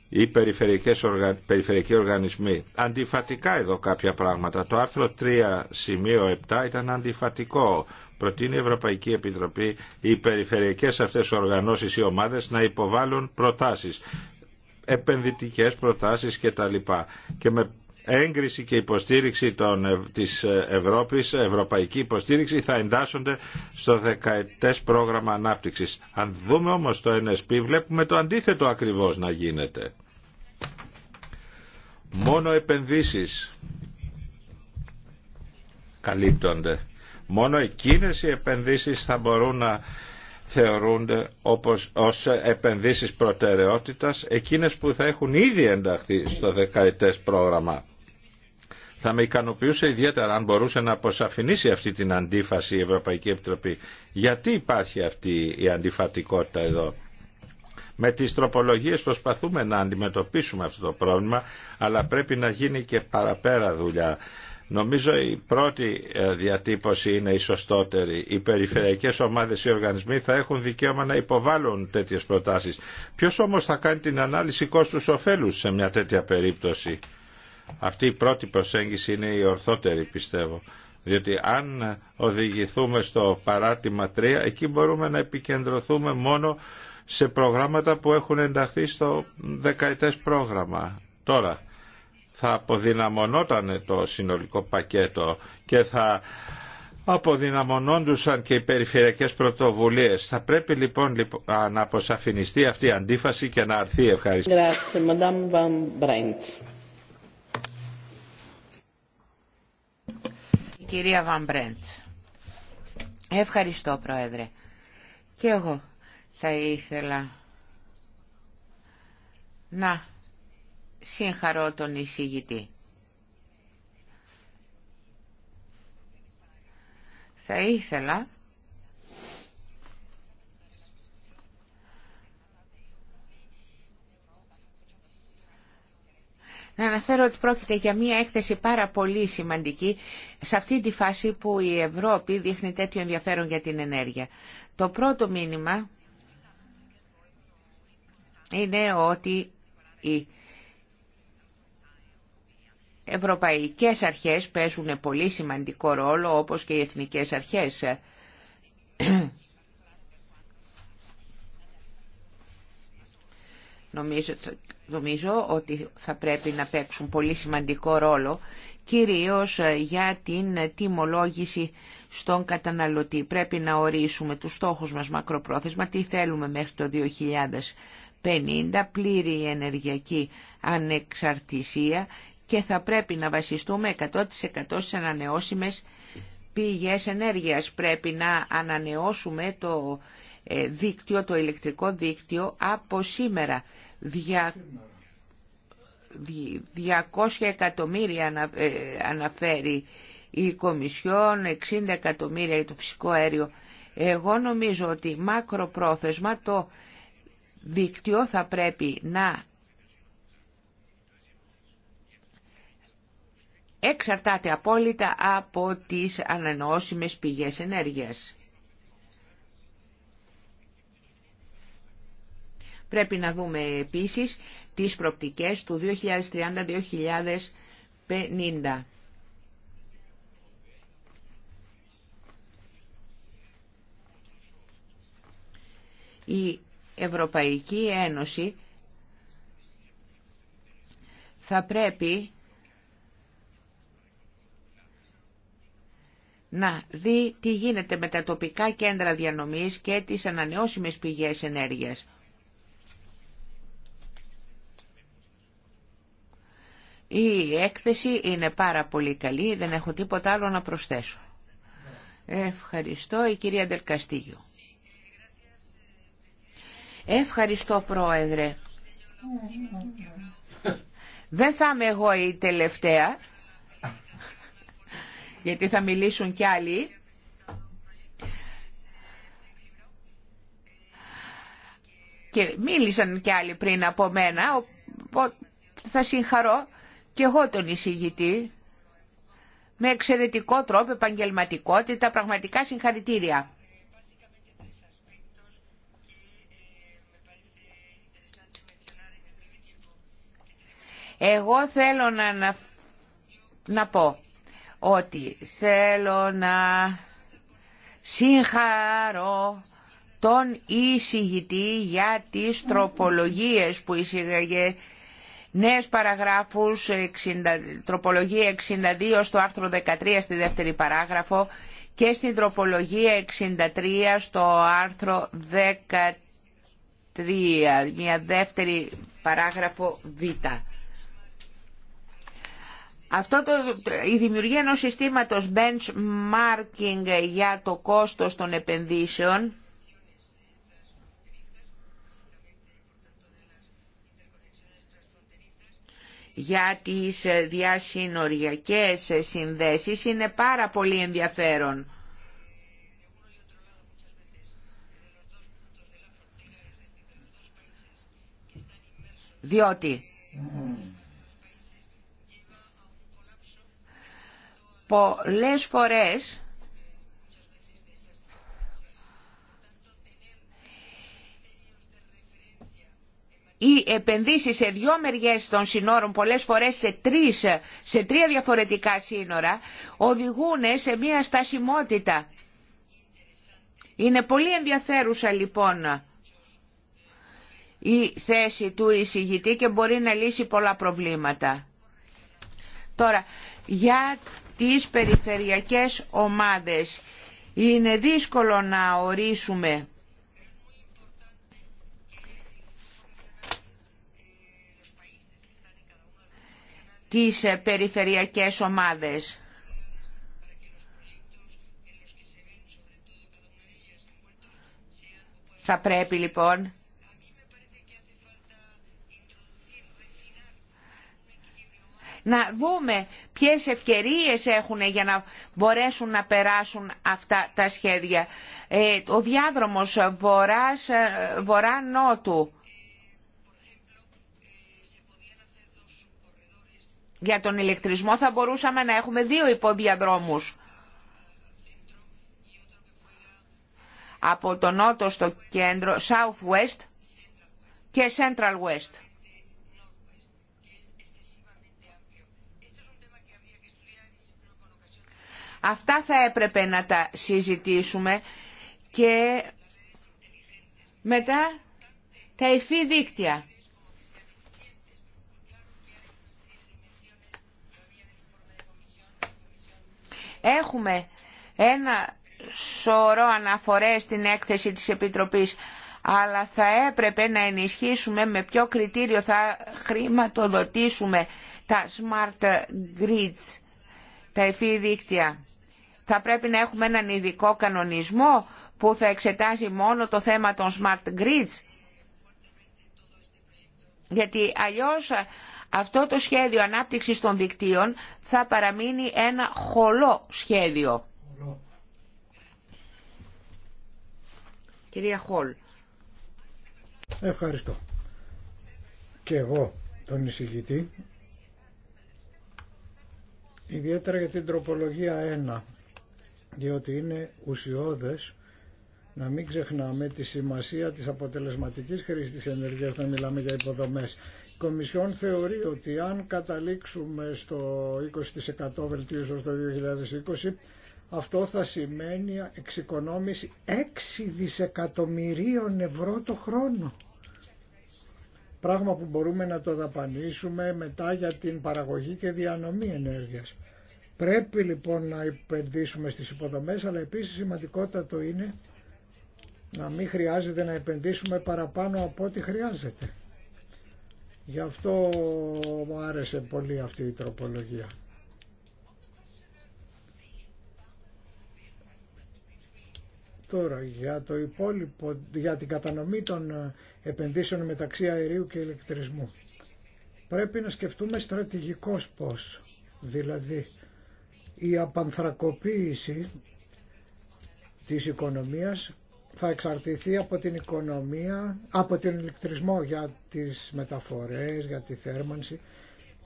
ή ε, περιφερειακές οργαν... περιφερειακοί οργανισμοί. Αντιφατικά εδώ κάποια πράγματα. Το άρθρο 3 σημείο 7 ήταν αντιφατικό. Προτείνει η περιφερειακες περιφερειακοι οργανισμοι αντιφατικα εδω καποια πραγματα το αρθρο Επιτροπή οι περιφερειακές αυτές οργανώσεις ή ομάδες να υποβάλουν προτάσεις επενδυτικές προτάσεις και Και με έγκριση και υποστήριξη των, της ε, Ευρώπης, ευρωπαϊκή υποστήριξη θα εντάσσονται στο δεκαετές πρόγραμμα ανάπτυξης. Αν δούμε όμως το NSP βλέπουμε το αντίθετο ακριβώς να γίνεται. Μόνο επενδύσεις καλύπτονται. Μόνο εκείνες οι επενδύσεις θα μπορούν να θεωρούνται όπως, ως επενδύσεις προτεραιότητας εκείνες που θα έχουν ήδη ενταχθεί στο δεκαετές πρόγραμμα θα με ικανοποιούσε ιδιαίτερα αν μπορούσε να αποσαφηνίσει αυτή την αντίφαση η Ευρωπαϊκή Επιτροπή. Γιατί υπάρχει αυτή η αντιφατικότητα εδώ. Με τις τροπολογίες προσπαθούμε να αντιμετωπίσουμε αυτό το πρόβλημα, αλλά πρέπει να γίνει και παραπέρα δουλειά. Νομίζω η πρώτη ε, διατύπωση είναι η σωστότερη. Οι περιφερειακές ομάδες ή οργανισμοί θα έχουν δικαίωμα να υποβάλλουν τέτοιες προτάσεις. Ποιος όμως θα κάνει την ανάλυση ωφέλους σε μια τέτοια περίπτωση. Αυτή η πρώτη προσέγγιση είναι η ορθότερη πιστεύω. Διότι αν οδηγηθούμε στο παράτημα 3, εκεί μπορούμε να επικεντρωθούμε μόνο σε προγράμματα που έχουν ενταχθεί στο δεκαετές πρόγραμμα. Τώρα, θα αποδυναμωνόταν το συνολικό πακέτο και θα αποδυναμωνόντουσαν και οι περιφερειακές πρωτοβουλίες. Θα πρέπει λοιπόν, λοιπόν να αποσαφινιστεί αυτή η αντίφαση και να αρθεί ευχαριστώ. κυρία Βαμπρέντ. Ευχαριστώ Πρόεδρε. Και εγώ θα ήθελα να συγχαρώ τον εισηγητή. Θα ήθελα Να αναφέρω ότι πρόκειται για μια έκθεση πάρα πολύ σημαντική σε αυτή τη φάση που η Ευρώπη δείχνει τέτοιο ενδιαφέρον για την ενέργεια. Το πρώτο μήνυμα είναι ότι οι ευρωπαϊκές αρχές παίζουν πολύ σημαντικό ρόλο όπως και οι εθνικές αρχές νομίζω ότι θα πρέπει να παίξουν πολύ σημαντικό ρόλο κυρίως ε, για την τιμολόγηση στον καταναλωτή. Πρέπει να ορίσουμε τους στόχους μας μακροπρόθεσμα, τι θέλουμε μέχρι το 2050, πλήρη ενεργειακή ανεξαρτησία και θα πρέπει να βασιστούμε 100% στις ανανεώσιμες πηγές ενέργειας. Πρέπει να ανανεώσουμε το ε, δίκτυο, το ηλεκτρικό δίκτυο από σήμερα. 200 εκατομμύρια ε, αναφέρει η Κομισιόν, 60 εκατομμύρια για το φυσικό αέριο. Εγώ νομίζω ότι μακροπρόθεσμα το δίκτυο θα πρέπει να εξαρτάται απόλυτα από τις ανανεώσιμες πηγές ενέργειας. Πρέπει να δούμε επίσης τις προπτικές του 2030-2050. Η Ευρωπαϊκή Ένωση θα πρέπει να δει τι γίνεται με τα τοπικά κέντρα διανομής και τις ανανεώσιμες πηγές ενέργειας. Η έκθεση είναι πάρα πολύ καλή, δεν έχω τίποτα άλλο να προσθέσω. Ευχαριστώ η κυρία Ντελκαστίγιο. Ευχαριστώ πρόεδρε. Δεν θα είμαι εγώ η τελευταία, γιατί θα μιλήσουν κι άλλοι. Και μίλησαν κι άλλοι πριν από μένα, θα συγχαρώ και εγώ τον εισηγητή με εξαιρετικό τρόπο, επαγγελματικότητα, πραγματικά συγχαρητήρια. Εγώ θέλω να, να, πω ότι θέλω να συγχαρώ τον εισηγητή για τις τροπολογίες που εισηγαγε νέες παραγράφους, τροπολογία 62 στο άρθρο 13 στη δεύτερη παράγραφο και στην τροπολογία 63 στο άρθρο 13, μια δεύτερη παράγραφο β. Αυτό το, η δημιουργία ενός συστήματος benchmarking για το κόστος των επενδύσεων για τις διασυνοριακές συνδέσεις είναι πάρα πολύ ενδιαφέρον. Διότι πολλές φορές οι επενδύσεις σε δύο μεριές των συνόρων, πολλές φορές σε, τρεις, σε τρία διαφορετικά σύνορα, οδηγούν σε μία στασιμότητα. Είναι πολύ ενδιαφέρουσα λοιπόν η θέση του εισηγητή και μπορεί να λύσει πολλά προβλήματα. Τώρα, για τις περιφερειακές ομάδες είναι δύσκολο να ορίσουμε τις ε, περιφερειακές ομάδες. Θα πρέπει λοιπόν να δούμε ποιες ευκαιρίες έχουν για να μπορέσουν να περάσουν αυτά τα σχέδια. Ε, ο διαδρομος βορράς, ε, βορρά-νότου για τον ηλεκτρισμό θα μπορούσαμε να έχουμε δύο υποδιαδρόμους. Από το νότο στο κέντρο, Southwest και Central West. Αυτά θα έπρεπε να τα συζητήσουμε και μετά τα υφή δίκτυα. Έχουμε ένα σωρό αναφορές στην έκθεση της Επιτροπής, αλλά θα έπρεπε να ενισχύσουμε με ποιο κριτήριο θα χρηματοδοτήσουμε τα smart grids, τα εφή δίκτυα. Θα πρέπει να έχουμε έναν ειδικό κανονισμό που θα εξετάζει μόνο το θέμα των smart grids, γιατί αλλιώς αυτό το σχέδιο ανάπτυξης των δικτύων θα παραμείνει ένα χολό σχέδιο. Κυρία Χολ. Ευχαριστώ. Και εγώ τον εισηγητή. Ιδιαίτερα για την τροπολογία 1, διότι είναι ουσιώδες να μην ξεχνάμε τη σημασία της αποτελεσματικής χρήσης της ενέργειας να μιλάμε για υποδομές. Κομισιόν θεωρεί ότι αν καταλήξουμε στο 20% βελτίωση το 2020, αυτό θα σημαίνει εξοικονόμηση 6 δισεκατομμυρίων ευρώ το χρόνο. Πράγμα που μπορούμε να το δαπανίσουμε μετά για την παραγωγή και διανομή ενέργειας. Πρέπει λοιπόν να επενδύσουμε στις υποδομές, αλλά επίσης σημαντικότατο είναι να μην χρειάζεται να επενδύσουμε παραπάνω από ό,τι χρειάζεται. Γι' αυτό μου άρεσε πολύ αυτή η τροπολογία. Τώρα, για, το υπόλοιπο, για την κατανομή των ε, επενδύσεων μεταξύ αερίου και ηλεκτρισμού. Πρέπει να σκεφτούμε στρατηγικός πώς. Δηλαδή, η απανθρακοποίηση της οικονομίας θα εξαρτηθεί από την οικονομία, από τον ηλεκτρισμό για τις μεταφορές, για τη θέρμανση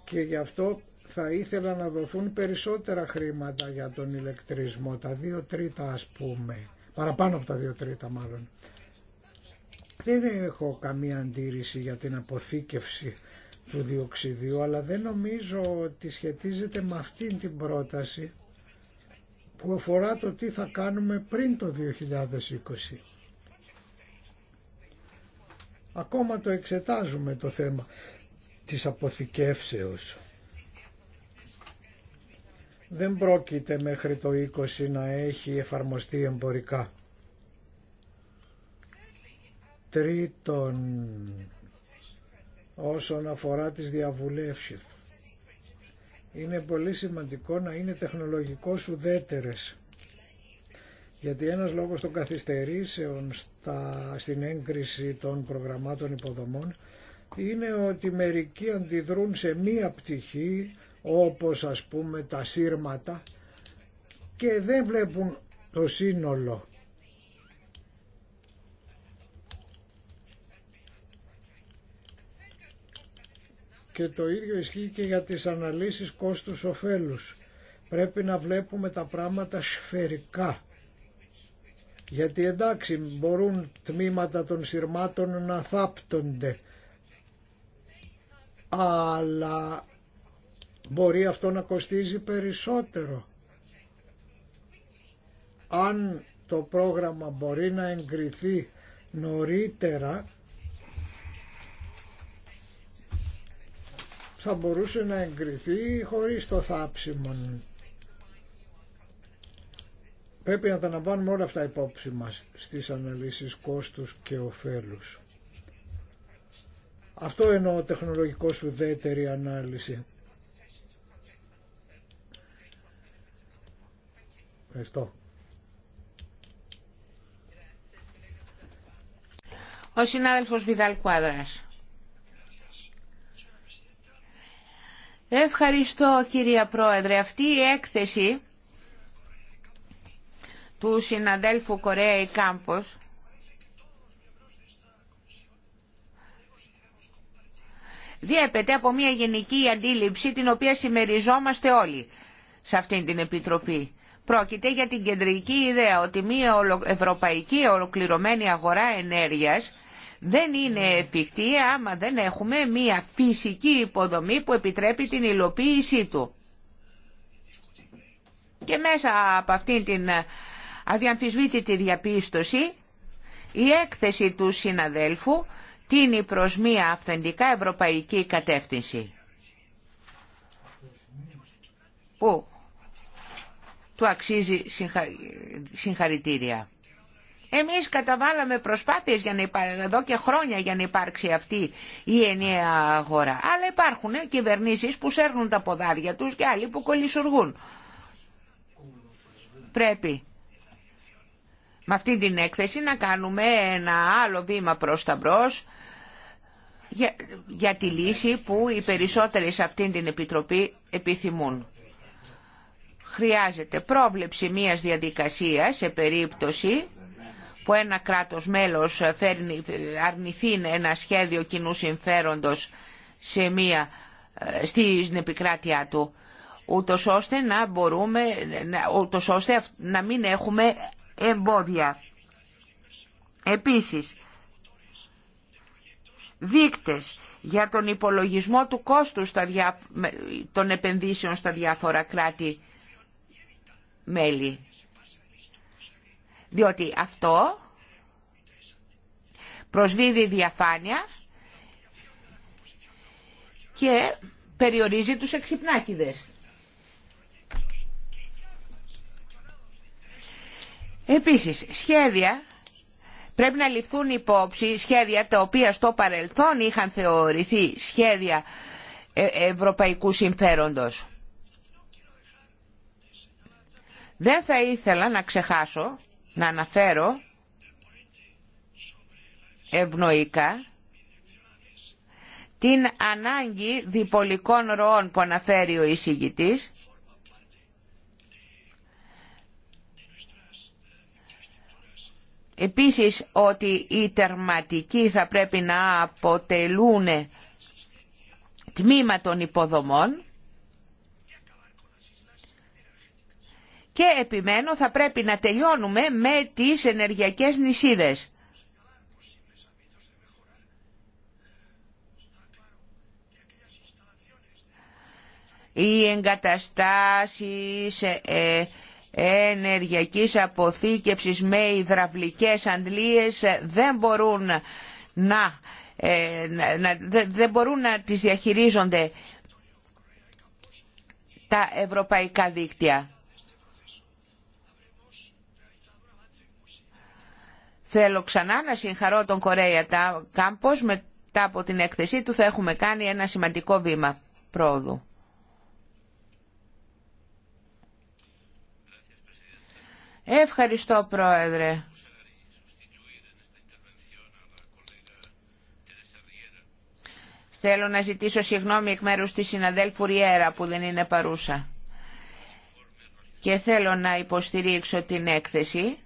και γι' αυτό θα ήθελα να δοθούν περισσότερα χρήματα για τον ηλεκτρισμό, τα δύο τρίτα ας πούμε, παραπάνω από τα δύο τρίτα μάλλον. Δεν έχω καμία αντίρρηση για την αποθήκευση του διοξιδίου, αλλά δεν νομίζω ότι σχετίζεται με αυτήν την πρόταση που αφορά το τι θα κάνουμε πριν το 2020. Ακόμα το εξετάζουμε το θέμα της αποθηκεύσεως. Δεν πρόκειται μέχρι το 20 να έχει εφαρμοστεί εμπορικά. Τρίτον, όσον αφορά τις διαβουλεύσεις είναι πολύ σημαντικό να είναι τεχνολογικός ουδέτερες. Γιατί ένας λόγος των καθυστερήσεων στα, στην έγκριση των προγραμμάτων υποδομών είναι ότι μερικοί αντιδρούν σε μία πτυχή όπως ας πούμε τα σύρματα και δεν βλέπουν το σύνολο και το ίδιο ισχύει και για τις αναλύσεις κόστους-οφέλους. Πρέπει να βλέπουμε τα πράγματα σφαιρικά. Γιατί εντάξει μπορούν τμήματα των σειρμάτων να θάπτονται. Αλλά μπορεί αυτό να κοστίζει περισσότερο. Αν το πρόγραμμα μπορεί να εγκριθεί νωρίτερα θα μπορούσε να εγκριθεί χωρίς το θάψιμον. Πρέπει να τα όλα αυτά υπόψη μας στις αναλύσεις κόστους και ωφέλους. Αυτό εννοώ τεχνολογικό σου ουδέτερη ανάλυση. Ευχαριστώ. Ο συνάδελφος Βιδάλ Κουάδρας. Ευχαριστώ κυρία Πρόεδρε. Αυτή η έκθεση του συναδέλφου Κορέα η Κάμπος διέπεται από μια γενική αντίληψη την οποία συμμεριζόμαστε όλοι σε αυτήν την Επιτροπή. Πρόκειται για την κεντρική ιδέα ότι μια ευρωπαϊκή ολοκληρωμένη αγορά ενέργειας δεν είναι εφικτή άμα δεν έχουμε μία φυσική υποδομή που επιτρέπει την υλοποίησή του. Και μέσα από αυτήν την αδιαμφισβήτητη διαπίστωση η έκθεση του συναδέλφου τίνει προς μία αυθεντικά ευρωπαϊκή κατεύθυνση που του αξίζει συγχαρητήρια. Εμείς καταβάλαμε προσπάθειες για να υπά... εδώ και χρόνια για να υπάρξει αυτή η ενιαία αγορά. Αλλά υπάρχουν κυβερνήσεις που σέρνουν τα ποδάρια τους και άλλοι που κολλησουργούν. Πρέπει με αυτή την έκθεση να κάνουμε ένα άλλο βήμα προς τα μπρος για, τη λύση που οι περισσότεροι σε αυτήν την Επιτροπή επιθυμούν. Χρειάζεται πρόβλεψη μιας διαδικασίας σε περίπτωση που ένα κράτος μέλος αρνηθεί ένα σχέδιο κοινού συμφέροντος σε μία, ε, στην επικράτειά του, ούτως ώστε να, μπορούμε, ούτως ώστε να μην έχουμε εμπόδια. Επίσης, δείκτες για τον υπολογισμό του κόστου στα διά... των επενδύσεων στα διάφορα κράτη-μέλη διότι αυτό προσδίδει διαφάνεια και περιορίζει τους εξυπνάκηδες. Επίσης, σχέδια πρέπει να ληφθούν υπόψη σχέδια τα οποία στο παρελθόν είχαν θεωρηθεί σχέδια ε, ευρωπαϊκού συμφέροντος. Δεν θα ήθελα να ξεχάσω να αναφέρω ευνοϊκά την ανάγκη διπολικών ροών που αναφέρει ο εισηγητής Επίσης ότι οι τερματικοί θα πρέπει να αποτελούν τμήμα των υποδομών και επιμένω θα πρέπει να τελειώνουμε με τις ενεργειακές νησίδες. Οι εγκαταστάσεις ε, ε, ενεργειακής αποθήκευσης με υδραυλικές αντλίες ε, δεν μπορούν να, να δεν μπορούν να τις διαχειρίζονται τα ευρωπαϊκά δίκτυα. Θέλω ξανά να συγχαρώ τον Κορέα Κάμπος, μετά από την έκθεσή του θα έχουμε κάνει ένα σημαντικό βήμα πρόοδου. Ευχαριστώ Πρόεδρε. Θέλω να ζητήσω συγγνώμη εκ μέρους της συναδέλφου Ριέρα που δεν είναι παρούσα. Και θέλω να υποστηρίξω την έκθεση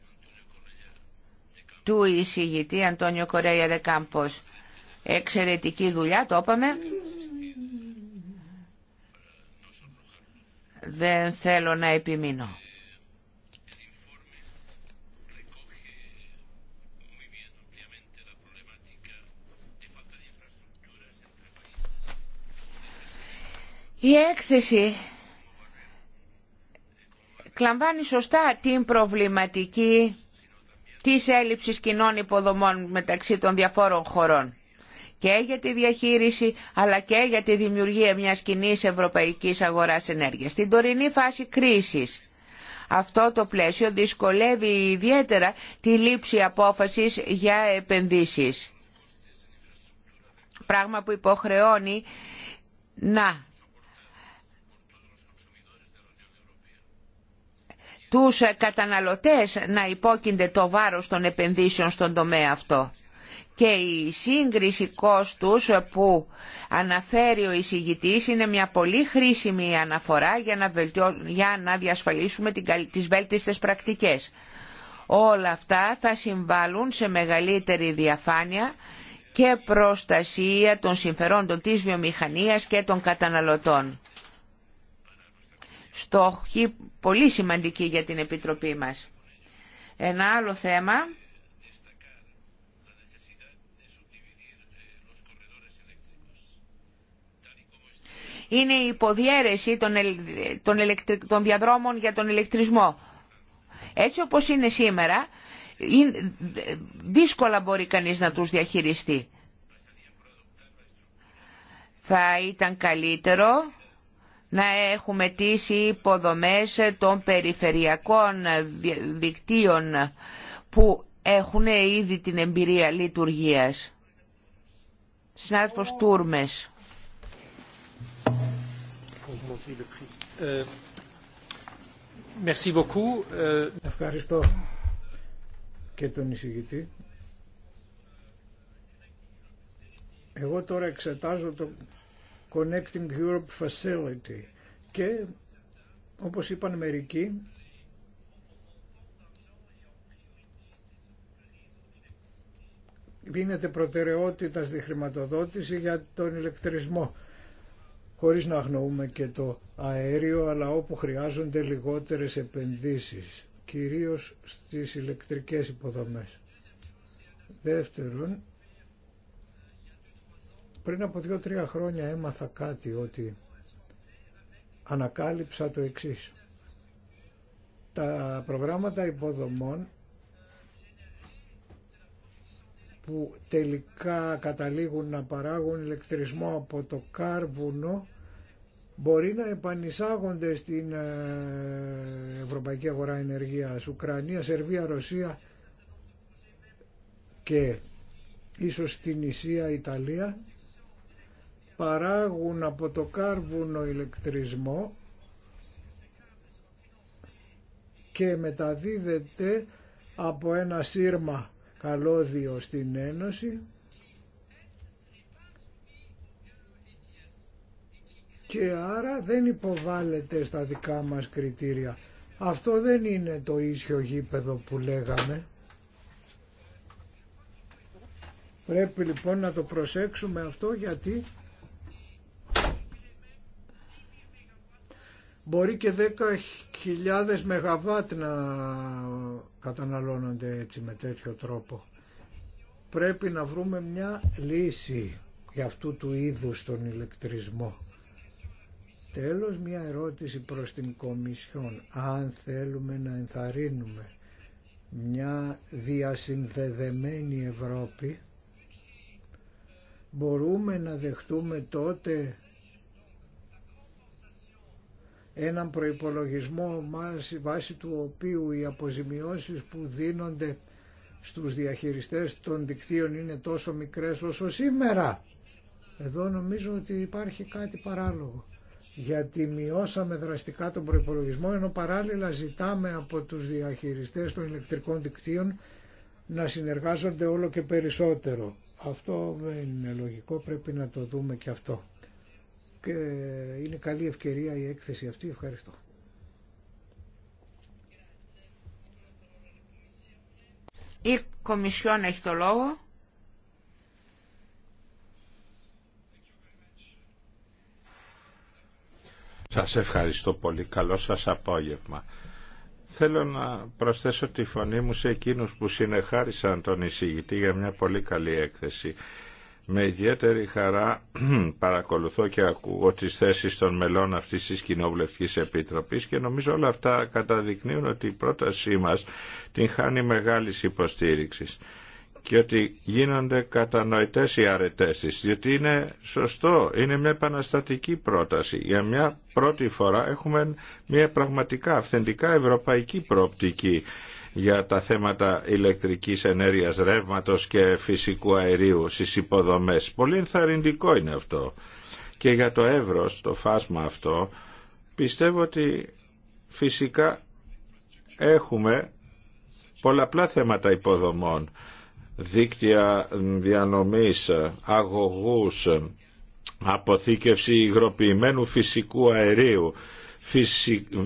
του εισηγητή Αντώνιο Κορέια Δεκάμπος. Εξαιρετική δουλειά, το είπαμε. Δεν θέλω να επιμείνω. Η έκθεση κλαμβάνει σωστά την προβληματική τη έλλειψης κοινών υποδομών μεταξύ των διαφόρων χωρών και για τη διαχείριση αλλά και για τη δημιουργία μιας κοινή ευρωπαϊκής αγοράς ενέργειας. Στην τωρινή φάση κρίσης αυτό το πλαίσιο δυσκολεύει ιδιαίτερα τη λήψη απόφασης για επενδύσεις. Πράγμα που υποχρεώνει να τους καταναλωτές να υπόκεινται το βάρος των επενδύσεων στον τομέα αυτό. Και η σύγκριση κόστους που αναφέρει ο εισηγητής είναι μια πολύ χρήσιμη αναφορά για να, βελτιώ, για να διασφαλίσουμε τις βέλτιστες πρακτικές. Όλα αυτά θα συμβάλλουν σε μεγαλύτερη διαφάνεια και προστασία των συμφερόντων της βιομηχανίας και των καταναλωτών στόχοι πολύ σημαντικοί για την Επιτροπή μας. Ένα άλλο θέμα είναι η υποδιέρεση των, διαδρόμων για τον ηλεκτρισμό. Έτσι όπως είναι σήμερα, δύσκολα μπορεί κανείς να τους διαχειριστεί. Θα ήταν καλύτερο να έχουμε τις υποδομές των περιφερειακών δικτύων που έχουν ήδη την εμπειρία λειτουργίας. Συνάδελφος Τούρμες. Ε, ε, Ευχαριστώ και τον εισηγητή. Εγώ τώρα εξετάζω το Connecting Europe Facility και όπως είπαν μερικοί δίνεται προτεραιότητα στη χρηματοδότηση για τον ηλεκτρισμό χωρίς να αγνοούμε και το αέριο αλλά όπου χρειάζονται λιγότερες επενδύσεις κυρίως στις ηλεκτρικές υποδομές. Δεύτερον, πριν από δύο-τρία χρόνια έμαθα κάτι ότι ανακάλυψα το εξής. Τα προγράμματα υποδομών που τελικά καταλήγουν να παράγουν ηλεκτρισμό από το κάρβουνο μπορεί να επανεισάγονται στην ε, Ευρωπαϊκή Αγορά Ενεργείας Ουκρανία, Σερβία, Ρωσία και ίσως στην Ισία, Ιταλία παράγουν από το κάρβουνο ηλεκτρισμό και μεταδίδεται από ένα σύρμα καλώδιο στην Ένωση και άρα δεν υποβάλλεται στα δικά μας κριτήρια. Αυτό δεν είναι το ίσιο γήπεδο που λέγαμε. Πρέπει λοιπόν να το προσέξουμε αυτό γιατί Μπορεί και 10.000 ΜΒ να καταναλώνονται έτσι με τέτοιο τρόπο. Πρέπει να βρούμε μια λύση για αυτού του είδους τον ηλεκτρισμό. Τέλος μια ερώτηση προς την Κομισιόν. Αν θέλουμε να ενθαρρύνουμε μια διασυνδεδεμένη Ευρώπη μπορούμε να δεχτούμε τότε έναν προϋπολογισμό βάσει βάση του οποίου οι αποζημιώσεις που δίνονται στους διαχειριστές των δικτύων είναι τόσο μικρές όσο σήμερα. Εδώ νομίζω ότι υπάρχει κάτι παράλογο. Γιατί μειώσαμε δραστικά τον προϋπολογισμό ενώ παράλληλα ζητάμε από τους διαχειριστές των ηλεκτρικών δικτύων να συνεργάζονται όλο και περισσότερο. Αυτό είναι λογικό, πρέπει να το δούμε και αυτό και είναι καλή ευκαιρία η έκθεση αυτή. Ευχαριστώ. Η Κομισιόν έχει το λόγο. Σας ευχαριστώ πολύ. Καλό σας απόγευμα. Θέλω να προσθέσω τη φωνή μου σε εκείνους που συνεχάρισαν τον εισηγητή για μια πολύ καλή έκθεση. Με ιδιαίτερη χαρά παρακολουθώ και ακούω τις θέσεις των μελών αυτής της Κοινοβουλευτικής Επιτροπής και νομίζω όλα αυτά καταδεικνύουν ότι η πρότασή μας την χάνει μεγάλη υποστήριξη και ότι γίνονται κατανοητές οι αρετές της, διότι είναι σωστό, είναι μια επαναστατική πρόταση. Για μια πρώτη φορά έχουμε μια πραγματικά αυθεντικά ευρωπαϊκή προοπτική για τα θέματα ηλεκτρικής ενέργειας ρεύματος και φυσικού αερίου στις υποδομές. Πολύ ενθαρρυντικό είναι αυτό. Και για το εύρος, το φάσμα αυτό, πιστεύω ότι φυσικά έχουμε πολλαπλά θέματα υποδομών, δίκτυα διανομής, αγωγούς, αποθήκευση υγροποιημένου φυσικού αερίου,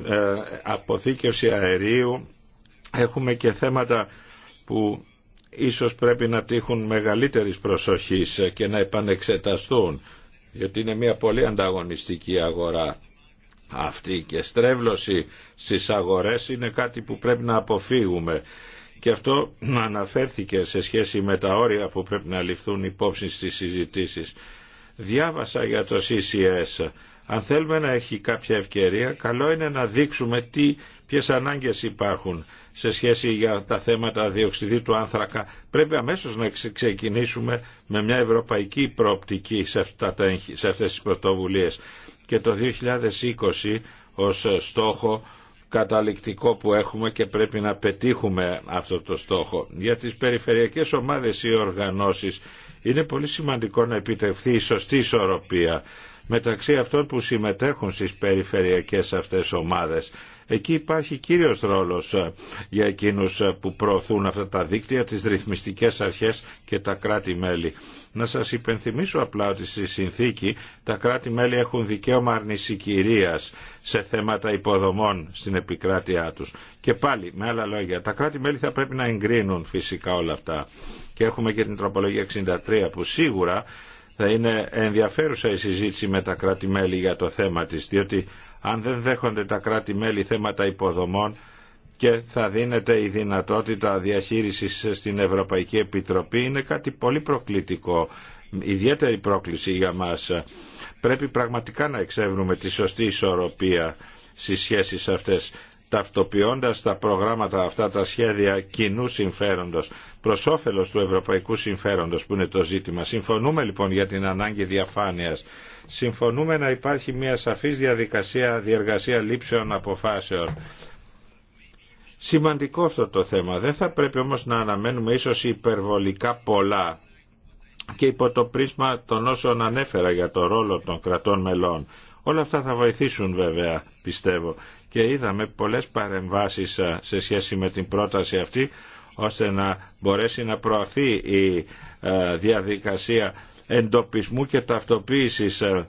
ε, αποθήκευση αερίου έχουμε και θέματα που ίσως πρέπει να τύχουν μεγαλύτερης προσοχής και να επανεξεταστούν γιατί είναι μια πολύ ανταγωνιστική αγορά αυτή και στρέβλωση στις αγορές είναι κάτι που πρέπει να αποφύγουμε και αυτό αναφέρθηκε σε σχέση με τα όρια που πρέπει να ληφθούν υπόψη στις συζητήσεις. Διάβασα για το CCS. Αν θέλουμε να έχει κάποια ευκαιρία, καλό είναι να δείξουμε τι ποιες ανάγκες υπάρχουν σε σχέση για τα θέματα διοξιδί του άνθρακα. Πρέπει αμέσως να ξεκινήσουμε με μια ευρωπαϊκή προοπτική σε, σε αυτές τις πρωτοβουλίες. Και το 2020 ως στόχο καταληκτικό που έχουμε και πρέπει να πετύχουμε αυτό το στόχο. Για τις περιφερειακές ομάδες ή οργανώσεις είναι πολύ σημαντικό να επιτευχθεί η σωστή ισορροπία μεταξύ αυτών που συμμετέχουν στις περιφερειακές αυτές ομάδες Εκεί υπάρχει κύριος ρόλος ε, για εκείνους ε, που προωθούν αυτά τα δίκτυα, τις ρυθμιστικές αρχές και τα κράτη-μέλη. Να σας υπενθυμίσω απλά ότι στη συνθήκη τα κράτη-μέλη έχουν δικαίωμα αρνησικυρίας σε θέματα υποδομών στην επικράτειά τους. Και πάλι, με άλλα λόγια, τα κράτη-μέλη θα πρέπει να εγκρίνουν φυσικά όλα αυτά. Και έχουμε και την τροπολογία 63 που σίγουρα θα είναι ενδιαφέρουσα η συζήτηση με τα κράτη-μέλη για το θέμα της, διότι αν δεν δέχονται τα κράτη-μέλη θέματα υποδομών και θα δίνεται η δυνατότητα διαχείρισης στην Ευρωπαϊκή Επιτροπή είναι κάτι πολύ προκλητικό, ιδιαίτερη πρόκληση για μας. Πρέπει πραγματικά να εξεύρουμε τη σωστή ισορροπία στις σχέσεις αυτές ταυτοποιώντας τα προγράμματα αυτά, τα σχέδια κοινού συμφέροντος προ όφελο του ευρωπαϊκού συμφέροντο που είναι το ζήτημα. Συμφωνούμε λοιπόν για την ανάγκη διαφάνεια. Συμφωνούμε να υπάρχει μια σαφή διαδικασία διεργασία λήψεων αποφάσεων. Σημαντικό αυτό το θέμα. Δεν θα πρέπει όμως να αναμένουμε ίσως υπερβολικά πολλά και υπό το πρίσμα των όσων ανέφερα για το ρόλο των κρατών μελών. Όλα αυτά θα βοηθήσουν βέβαια, πιστεύω. Και είδαμε πολλές παρεμβάσεις ε, σε σχέση με την πρόταση αυτή ώστε να μπορέσει να προωθεί η ε, διαδικασία εντοπισμού και ταυτοποίησης ε,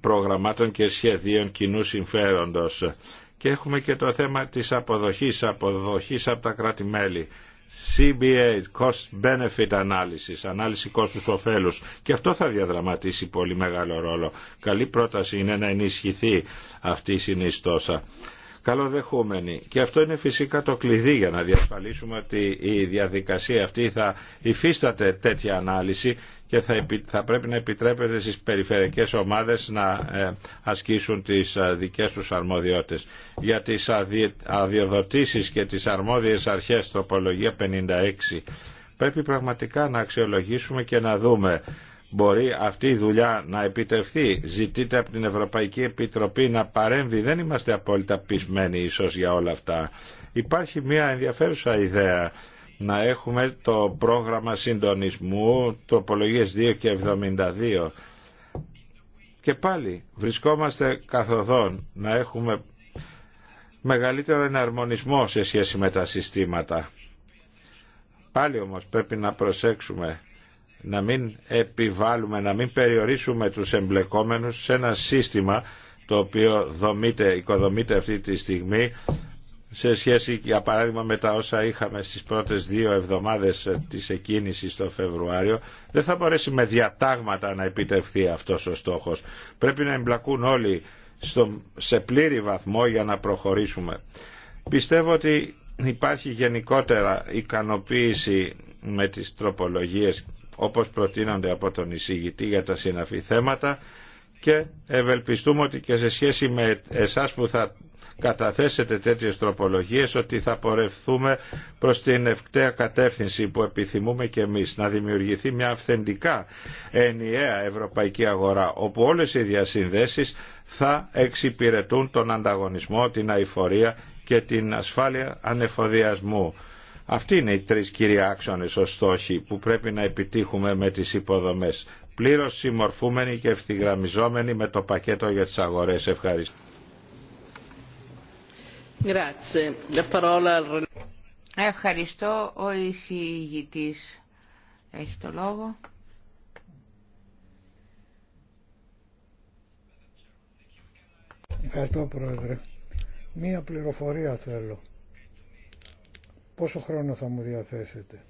προγραμμάτων και σχεδίων κοινού συμφέροντος. Και έχουμε και το θέμα της αποδοχής, αποδοχής από τα κράτη-μέλη. CBA, Cost Benefit Analysis, ανάλυση κόστους Οφέλους. Και αυτό θα διαδραματίσει πολύ μεγάλο ρόλο. Καλή πρόταση είναι να ενισχυθεί αυτή η συνιστόσα καλοδεχούμενοι. Και αυτό είναι φυσικά το κλειδί για να διασφαλίσουμε ότι η διαδικασία αυτή θα υφίσταται τέτοια ανάλυση και θα, θα πρέπει να επιτρέπεται στις περιφερειακές ομάδες να ε, ασκήσουν τις ε, δικές τους αρμοδιότητες. Για τις αδειοδοτήσεις και τις αρμόδιες αρχές τροπολογία 56 πρέπει πραγματικά να αξιολογήσουμε και να δούμε μπορεί αυτή η δουλειά να επιτευχθεί. Ζητείτε από την Ευρωπαϊκή Επιτροπή να παρέμβει. Δεν είμαστε απόλυτα πεισμένοι ίσως για όλα αυτά. Υπάρχει μια ενδιαφέρουσα ιδέα να έχουμε το πρόγραμμα συντονισμού τροπολογίες 2 και 72. Και πάλι βρισκόμαστε καθοδόν να έχουμε μεγαλύτερο εναρμονισμό σε σχέση με τα συστήματα. Πάλι όμως πρέπει να προσέξουμε να μην επιβάλλουμε, να μην περιορίσουμε τους εμπλεκόμενους σε ένα σύστημα το οποίο δομείται, οικοδομείται αυτή τη στιγμή σε σχέση για παράδειγμα με τα όσα είχαμε στις πρώτες δύο εβδομάδες της εκκίνησης το Φεβρουάριο δεν θα μπορέσει με διατάγματα να επιτευχθεί αυτός ο στόχος. Πρέπει να εμπλακούν όλοι σε πλήρη βαθμό για να προχωρήσουμε. Πιστεύω ότι υπάρχει γενικότερα ικανοποίηση με τις τροπολογίες όπως προτείνονται από τον εισηγητή για τα συναφή θέματα και ευελπιστούμε ότι και σε σχέση με εσάς που θα καταθέσετε τέτοιες τροπολογίες ότι θα πορευθούμε προς την ευκταία κατεύθυνση που επιθυμούμε και εμείς να δημιουργηθεί μια αυθεντικά ενιαία ευρωπαϊκή αγορά όπου όλες οι διασυνδέσεις θα εξυπηρετούν τον ανταγωνισμό, την αηφορία και την ασφάλεια ανεφοδιασμού. Αυτοί είναι οι τρεις κύριοι άξονες ως στόχοι που πρέπει να επιτύχουμε με τις υποδομές. Πλήρως συμμορφούμενοι και ευθυγραμμιζόμενοι με το πακέτο για τις αγορές. Ευχαριστώ. Ευχαριστώ. Ο εισηγητής έχει το λόγο. Ευχαριστώ Πρόεδρε. Μία πληροφορία θέλω. Πόσο χρόνο θα μου διαθέσετε.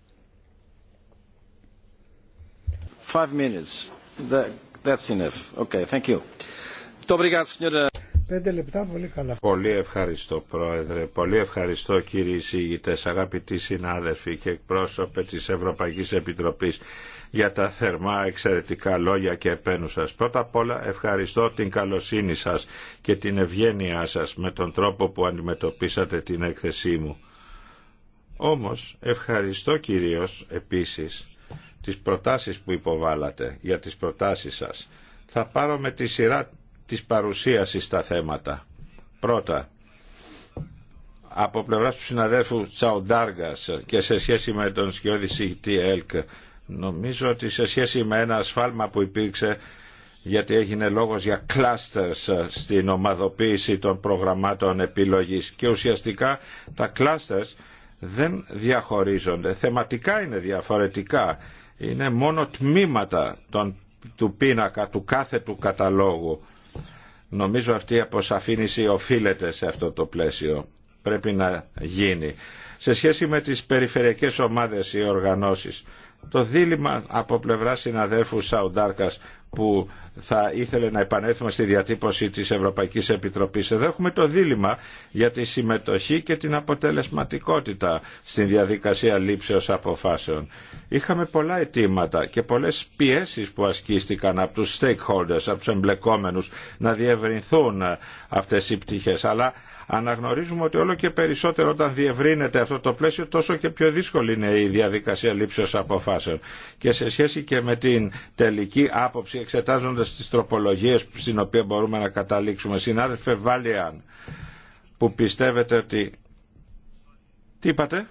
Five minutes. That's enough. Okay, thank you. Πέντε λεπτά, πολύ καλά. Πολύ ευχαριστώ Πρόεδρε, πολύ ευχαριστώ κύριοι εισηγητέ, αγαπητοί συνάδελφοι και εκπρόσωπε τη Ευρωπαϊκή Επιτροπή για τα θερμά εξαιρετικά λόγια και επένου σα. Πρώτα απ' όλα ευχαριστώ την καλοσύνη σα και την ευγένειά σα με τον τρόπο που αντιμετωπίσατε την έκθεσή μου. Όμως ευχαριστώ κυρίως επίσης τις προτάσεις που υποβάλατε για τις προτάσεις σας. Θα πάρω με τη σειρά της παρουσίασης τα θέματα. Πρώτα, από πλευράς του συναδέλφου Τσαοντάργα και σε σχέση με τον σκιώδη συγητή ΕΛΚ, νομίζω ότι σε σχέση με ένα ασφάλμα που υπήρξε γιατί έγινε λόγος για κλάστερς στην ομαδοποίηση των προγραμμάτων επιλογής και ουσιαστικά τα κλάστερς δεν διαχωρίζονται. Θεματικά είναι διαφορετικά. Είναι μόνο τμήματα των, του πίνακα, του κάθε του καταλόγου. Νομίζω αυτή η αποσαφήνιση οφείλεται σε αυτό το πλαίσιο. Πρέπει να γίνει. Σε σχέση με τις περιφερειακές ομάδες ή οργανώσεις, το δίλημα από πλευρά συναδέλφου Σαουντάρκας που θα ήθελε να επανέλθουμε στη διατύπωση της Ευρωπαϊκής Επιτροπής. Εδώ έχουμε το δίλημα για τη συμμετοχή και την αποτελεσματικότητα στην διαδικασία λήψεως αποφάσεων. Είχαμε πολλά αιτήματα και πολλές πιέσεις που ασκήστηκαν από τους stakeholders, από τους εμπλεκόμενους να διευρυνθούν αυτές οι πτυχές. Αλλά αναγνωρίζουμε ότι όλο και περισσότερο όταν διευρύνεται αυτό το πλαίσιο τόσο και πιο δύσκολη είναι η διαδικασία λήψεως αποφάσεων. Και σε σχέση και με την τελική άποψη εξετάζοντας τις τροπολογίες στην οποία μπορούμε να καταλήξουμε. Συνάδελφε Βάλιαν που πιστεύετε ότι... Τι είπατε?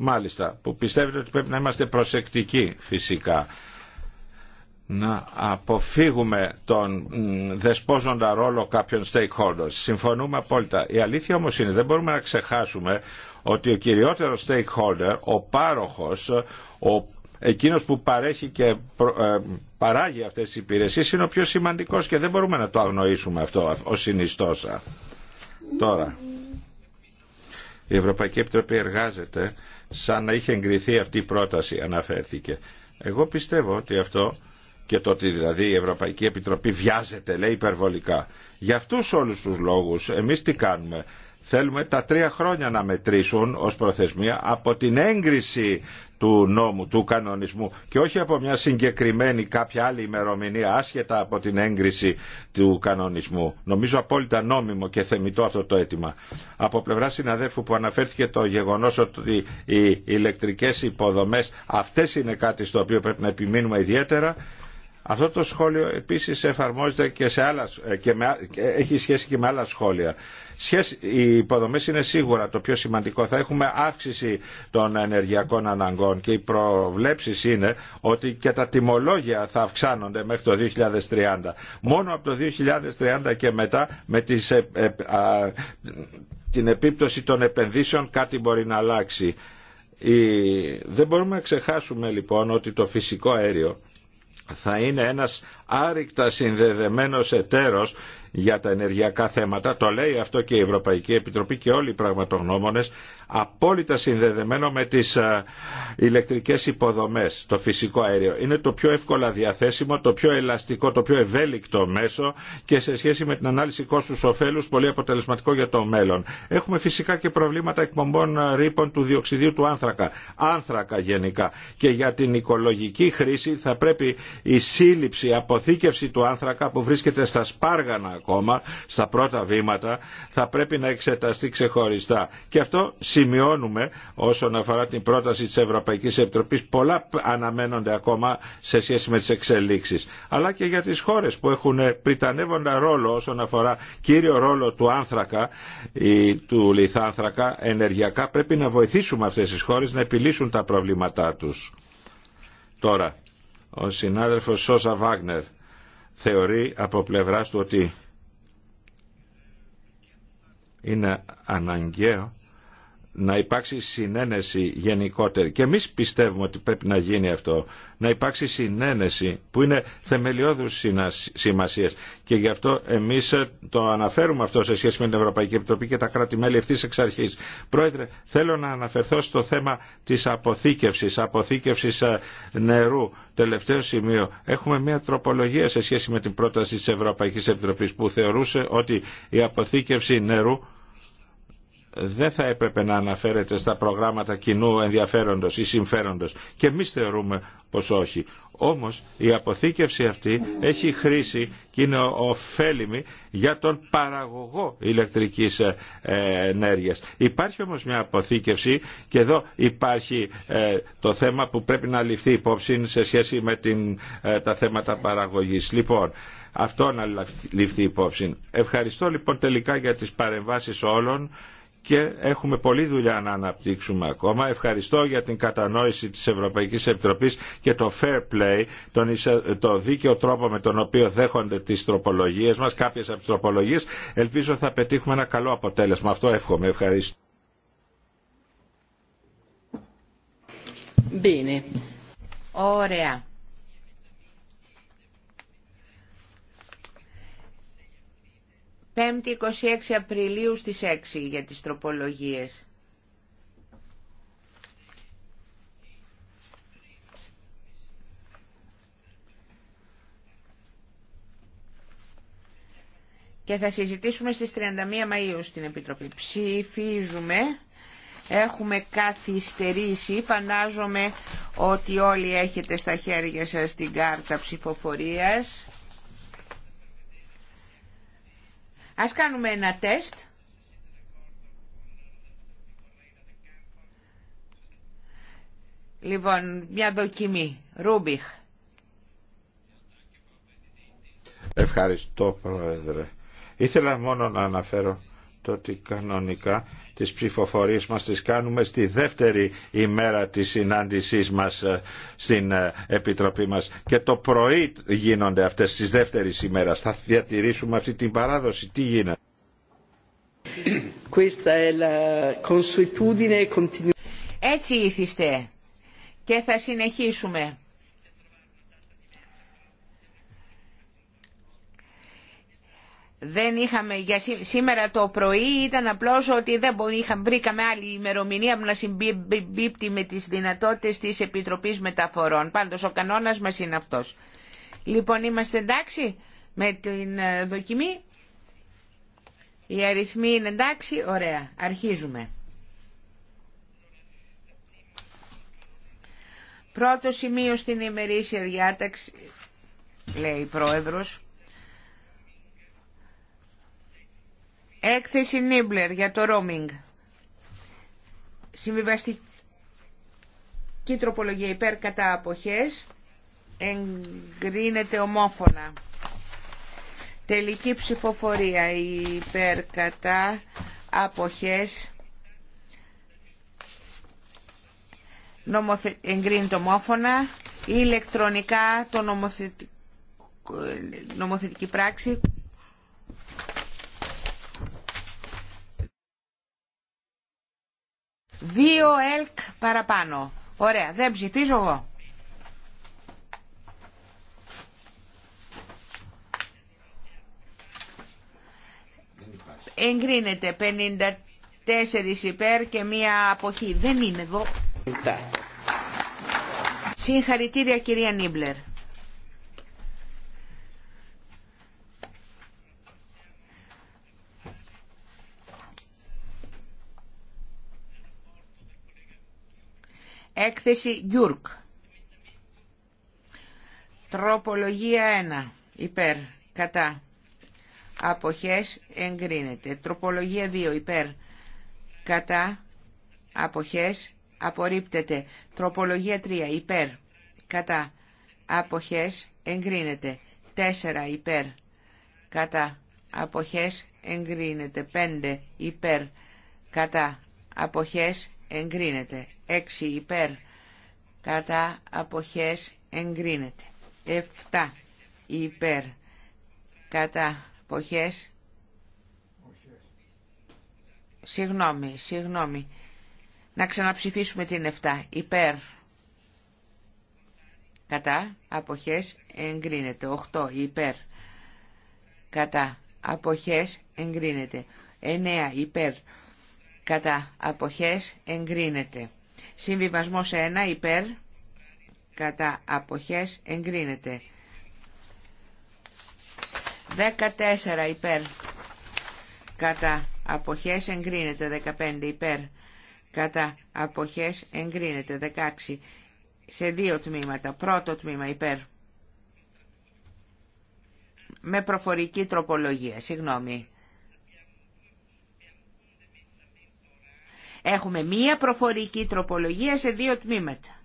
Μάλιστα, που πιστεύετε ότι πρέπει να είμαστε προσεκτικοί φυσικά να αποφύγουμε τον δεσπόζοντα ρόλο κάποιων stakeholders. Συμφωνούμε απόλυτα. Η αλήθεια όμως είναι, δεν μπορούμε να ξεχάσουμε ότι ο κυριότερος stakeholder, ο πάροχος, ο εκείνος που παρέχει και ε, παράγει αυτές τις υπηρεσίες είναι ο πιο σημαντικός και δεν μπορούμε να το αγνοήσουμε αυτό ως συνιστόσα. Τώρα, η Ευρωπαϊκή Επιτροπή εργάζεται σαν να είχε εγκριθεί αυτή η πρόταση αναφέρθηκε. Εγώ πιστεύω ότι αυτό και το ότι δηλαδή η Ευρωπαϊκή Επιτροπή βιάζεται λέει υπερβολικά. Για αυτούς όλους τους λόγους εμείς τι κάνουμε. Θέλουμε τα τρία χρόνια να μετρήσουν ως προθεσμία από την έγκριση του νόμου, του κανονισμού και όχι από μια συγκεκριμένη κάποια άλλη ημερομηνία άσχετα από την έγκριση του κανονισμού. Νομίζω απόλυτα νόμιμο και θεμητό αυτό το αίτημα. Από πλευρά συναδέλφου που αναφέρθηκε το γεγονός ότι οι ηλεκτρικές υποδομές αυτές είναι κάτι στο οποίο πρέπει να επιμείνουμε ιδιαίτερα αυτό το σχόλιο επίσης εφαρμόζεται και, σε άλλα, ε, και, και ε, έχει σχέση και με άλλα σχόλια. Οι υποδομές είναι σίγουρα το πιο σημαντικό. Θα έχουμε αύξηση των ενεργειακών αναγκών και οι προβλέψεις είναι ότι και τα τιμολόγια θα αυξάνονται μέχρι το 2030. Μόνο από το 2030 και μετά με ε, ε, την επίπτωση των επενδύσεων κάτι μπορεί να αλλάξει. Δεν μπορούμε να ξεχάσουμε λοιπόν ότι το φυσικό αέριο θα είναι ένας άρρηκτα συνδεδεμένος εταίρος για τα ενεργειακά θέματα. Το λέει αυτό και η Ευρωπαϊκή Επιτροπή και όλοι οι πραγματογνώμονες απόλυτα συνδεδεμένο με τις ηλεκτρικές υποδομές, το φυσικό αέριο. Είναι το πιο εύκολα διαθέσιμο, το πιο ελαστικό, το πιο ευέλικτο μέσο και σε σχέση με την ανάλυση κόστους ωφέλους πολύ αποτελεσματικό για το μέλλον. Έχουμε φυσικά και προβλήματα εκπομπών ρήπων του διοξιδίου του άνθρακα, άνθρακα γενικά. Και για την οικολογική χρήση θα πρέπει η σύλληψη, η αποθήκευση του άνθρακα που βρίσκεται στα σπάργανα ακόμα, στα πρώτα βήματα, θα πρέπει να εξεταστεί ξεχωριστά. Και αυτό σημειώνουμε όσον αφορά την πρόταση της Ευρωπαϊκής Επιτροπής πολλά αναμένονται ακόμα σε σχέση με τις εξελίξεις αλλά και για τις χώρες που έχουν πριτανεύοντα ρόλο όσον αφορά κύριο ρόλο του άνθρακα ή του λιθάνθρακα ενεργειακά πρέπει να βοηθήσουμε αυτές τις χώρες να επιλύσουν τα προβλήματά τους. Τώρα, ο συνάδελφος Σόσα Βάγνερ θεωρεί από πλευράς του ότι είναι αναγκαίο να υπάρξει συνένεση γενικότερη. Και εμείς πιστεύουμε ότι πρέπει να γίνει αυτό. Να υπάρξει συνένεση που είναι θεμελιώδους σημασία. Και γι' αυτό εμείς ε, το αναφέρουμε αυτό σε σχέση με την Ευρωπαϊκή Επιτροπή και τα κράτη-μέλη ευθύ εξ αρχής. Πρόεδρε, θέλω να αναφερθώ στο θέμα της αποθήκευσης, αποθήκευση ε, νερού. Τελευταίο σημείο. Έχουμε μια τροπολογία σε σχέση με την πρόταση της Ευρωπαϊκής Επιτροπής που θεωρούσε ότι η αποθήκευση νερού δεν θα έπρεπε να αναφέρεται στα προγράμματα κοινού ενδιαφέροντος ή συμφέροντος. Και εμείς θεωρούμε πως όχι. Όμως η αποθήκευση αυτή έχει χρήση και είναι ωφέλιμη για τον παραγωγό ηλεκτρικής ε, ενέργειας. Υπάρχει όμως μια αποθήκευση και εδώ υπάρχει ε, το θέμα που πρέπει να ληφθεί υπόψη σε σχέση με την, ε, τα θέματα παραγωγής. Λοιπόν, αυτό να ληφθεί υπόψη. Ευχαριστώ λοιπόν τελικά για τις παρεμβάσεις όλων και έχουμε πολλή δουλειά να αναπτύξουμε ακόμα. Ευχαριστώ για την κατανόηση της Ευρωπαϊκής Επιτροπής και το fair play, τον, το δίκαιο τρόπο με τον οποίο δέχονται τις τροπολογίες μας, κάποιες από τις τροπολογίες. Ελπίζω θα πετύχουμε ένα καλό αποτέλεσμα. Αυτό εύχομαι. Ευχαριστώ. Bene. Ωραία. Πέμπτη 26 Απριλίου στις 6 για τις τροπολογίες. Και θα συζητήσουμε στις 31 Μαΐου στην Επιτροπή. Ψηφίζουμε. Έχουμε καθυστερήσει. Φαντάζομαι ότι όλοι έχετε στα χέρια σας την κάρτα ψηφοφορίας. Ας κάνουμε ένα τεστ. Λοιπόν, μια δοκιμή. Ρούμπιχ. Ευχαριστώ, Πρόεδρε. Ήθελα μόνο να αναφέρω το ότι κανονικά τις ψηφοφορίες μας τις κάνουμε στη δεύτερη ημέρα της συνάντησής μας ε, στην ε, Επιτροπή μας και το πρωί γίνονται αυτές τις δεύτερη ημέρες. Θα διατηρήσουμε αυτή την παράδοση. Τι γίνεται. E Έτσι ήθιστε και θα συνεχίσουμε. δεν είχαμε για σήμερα το πρωί ήταν απλώς ότι δεν είχαμε, βρήκαμε άλλη ημερομηνία που να συμπίπτει με τις δυνατότητες της Επιτροπής Μεταφορών. Πάντως ο κανόνας μας είναι αυτός. Λοιπόν είμαστε εντάξει με την ε, δοκιμή. Οι αριθμοί είναι εντάξει. Ωραία. Αρχίζουμε. Πρώτο σημείο στην ημερήσια διάταξη λέει η Πρόεδρος Έκθεση Νίμπλερ για το roaming. Συμβιβαστική τροπολογία υπέρ κατά αποχές εγκρίνεται ομόφωνα. Τελική ψηφοφορία υπέρ κατά αποχές νομοθε... εγκρίνεται ομόφωνα ηλεκτρονικά το νομοθετική πράξη Δύο ΕΛΚ παραπάνω. Ωραία, δεν ψηφίζω εγώ. Εγκρίνεται 54 υπέρ και μία αποχή. Δεν είναι εδώ. Συγχαρητήρια κυρία Νίμπλερ. Έκθεση Γιούρκ. Τροπολογία 1. Υπέρ. Κατά. Αποχές εγκρίνεται. Τροπολογία 2. Υπέρ. Κατά. Αποχές απορρίπτεται. Τροπολογία 3. Υπέρ. Κατά. Αποχές εγκρίνεται. 4. Υπέρ. Κατά. Αποχές εγκρίνεται. 5. Υπέρ. Κατά. Αποχές εγκρίνεται. 6 υπέρ κατά αποχές εγκρίνεται. 7 υπέρ κατά αποχές Συγγνώμη, συγγνώμη. Να ξαναψηφίσουμε την 7. Υπέρ. Κατά. Αποχές. Εγκρίνεται. 8. Υπέρ. Κατά. Αποχές. Εγκρίνεται. 9. Υπέρ κατά αποχές εγκρίνεται. Συμβιβασμός 1 υπέρ κατά αποχές εγκρίνεται. 14 υπέρ κατά αποχές εγκρίνεται. 15 υπέρ κατά αποχές εγκρίνεται. 16 σε δύο τμήματα. Πρώτο τμήμα υπέρ με προφορική τροπολογία. Συγγνώμη. Έχουμε μία προφορική τροπολογία σε δύο τμήματα.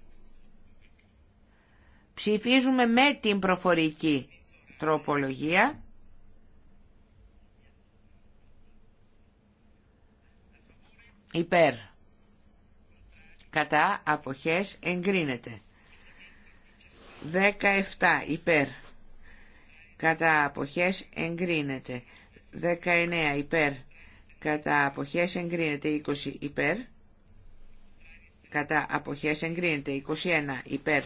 Ψηφίζουμε με την προφορική τροπολογία. Υπέρ. Κατά αποχές εγκρίνεται. 17 υπέρ. Κατά αποχές εγκρίνεται. 19 υπέρ κατά αποχές εγκρίνεται 20 υπέρ, κατά αποχές εγκρίνεται 21 υπέρ,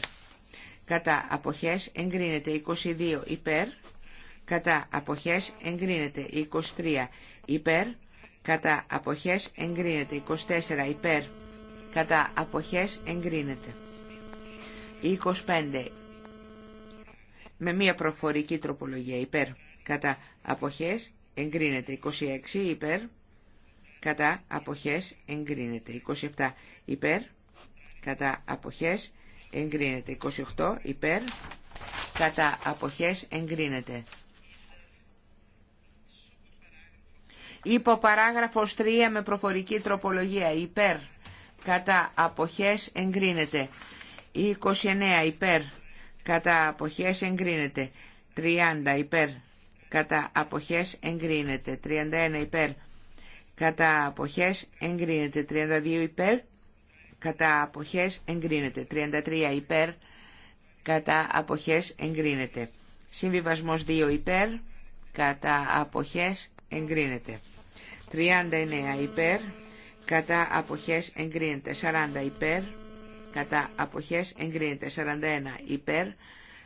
κατά αποχές εγκρίνεται 22 υπέρ, κατά αποχές εγκρίνεται 23 υπέρ, κατά αποχές εγκρίνεται 24 υπέρ, κατά αποχές εγκρίνεται 25 με μία προφορική τροπολογία υπέρ, κατά αποχές εγκρίνεται 26 υπέρ, κατά αποχές εγκρίνεται. 27 υπέρ, κατά αποχές εγκρίνεται. 28 υπέρ, κατά αποχές εγκρίνεται. Υπό παράγραφος 3 με προφορική τροπολογία υπέρ, κατά αποχές εγκρίνεται. 29 υπέρ, κατά αποχές εγκρίνεται. 30 υπέρ, κατά αποχές εγκρίνεται. 31 υπέρ, κατά αποχές εγκρίνεται 32 υπέρ κατά αποχές εγκρίνεται 33 υπέρ κατά αποχές εγκρίνεται συμβιβασμός 2 υπέρ κατά αποχές εγκρίνεται 39 υπέρ κατά αποχές εγκρίνεται 40 υπέρ κατά αποχές εγκρίνεται 41 υπέρ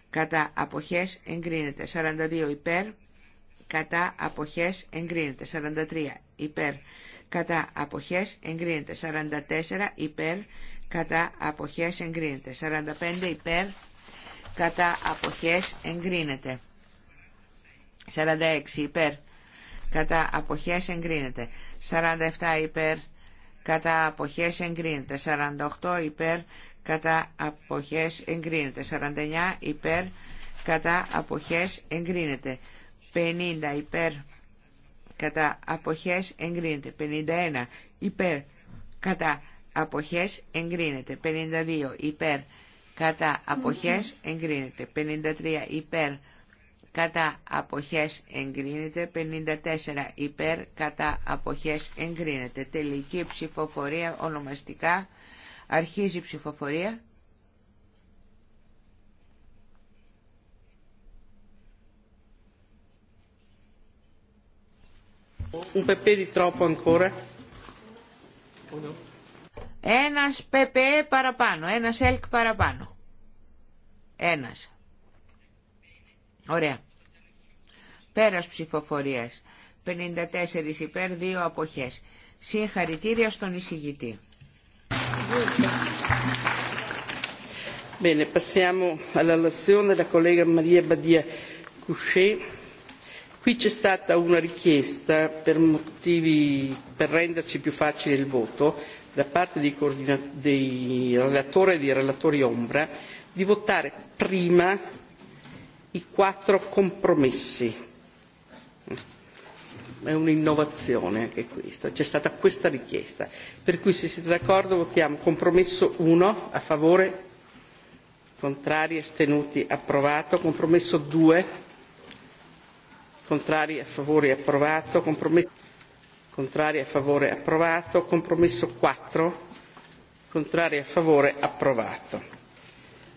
κατά αποχές εγκρίνεται 42 υπέρ κατά αποχές εγκρίνεται 43 υπέρ κατά αποχές εγκρίνεται 44 υπέρ κατά αποχές εγκρίνεται 45 υπέρ κατά αποχές εγκρίνεται 46 υπέρ κατά αποχές εγκρίνεται 47 υπέρ κατά αποχές εγκρίνεται 48 υπέρ κατά αποχές εγκρίνεται 49 υπέρ κατά αποχές εγκρίνεται 50 υπέρ κατά αποχές εγκρίνεται 51 υπέρ κατά αποχές εγκρίνεται 52 υπέρ κατά αποχές εγκρίνεται 53 υπέρ κατά αποχές εγκρίνεται 54 υπέρ κατά αποχές εγκρίνεται τελική ψηφοφορία ονομαστικά αρχίζει η ψηφοφορία Un πεπέ di troppo ancora. Ένας ΠΠΕ παραπάνω, ένας ΕΛΚ παραπάνω. Ένας. Ωραία. Πέρας ψηφοφορίας. 54 υπέρ, 2 αποχές. Συγχαρητήρια στον εισηγητή. Bene, passiamo alla relazione della collega Maria Badia Couchet Qui c'è stata una richiesta per motivi per renderci più facile il voto da parte dei relatori e dei relatori ombra di votare prima i quattro compromessi. È un'innovazione anche questa, c'è stata questa richiesta. Per cui se siete d'accordo votiamo compromesso 1 a favore, contrari, astenuti, approvato, compromesso 2 Contrari a favore approvato. Contrari a favore approvato. Compromesso 4. Contrari a favore approvato.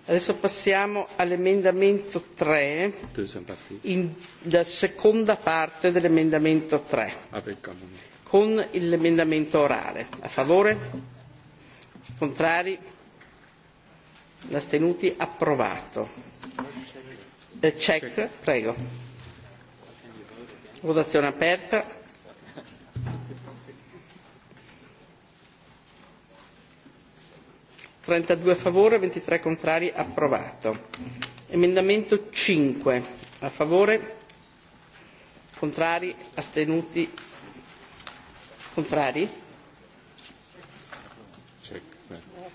Adesso passiamo all'emendamento 3, la seconda parte dell'emendamento 3, con l'emendamento orale. A favore? Contrari? Astenuti? Approvato. Check, prego. Votazione aperta. 32 a favore, 23 contrari, approvato. Emendamento 5. A favore, contrari, astenuti, contrari.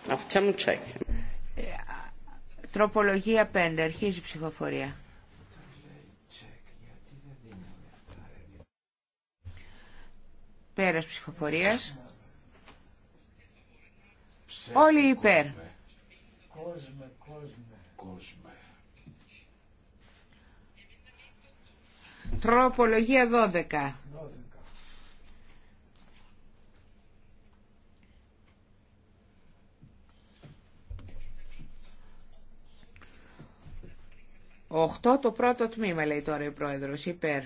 Facciamo un check. Τροπολογία 5. Αρχίζει η ψηφοφορία. Πέρας ψηφοφορίας. Όλοι υπέρ. Κόσμε, κόσμε, κόσμε. Τροπολογία 12. 12. Οχτώ το πρώτο τμήμα λέει τώρα η πρόεδρος υπέρ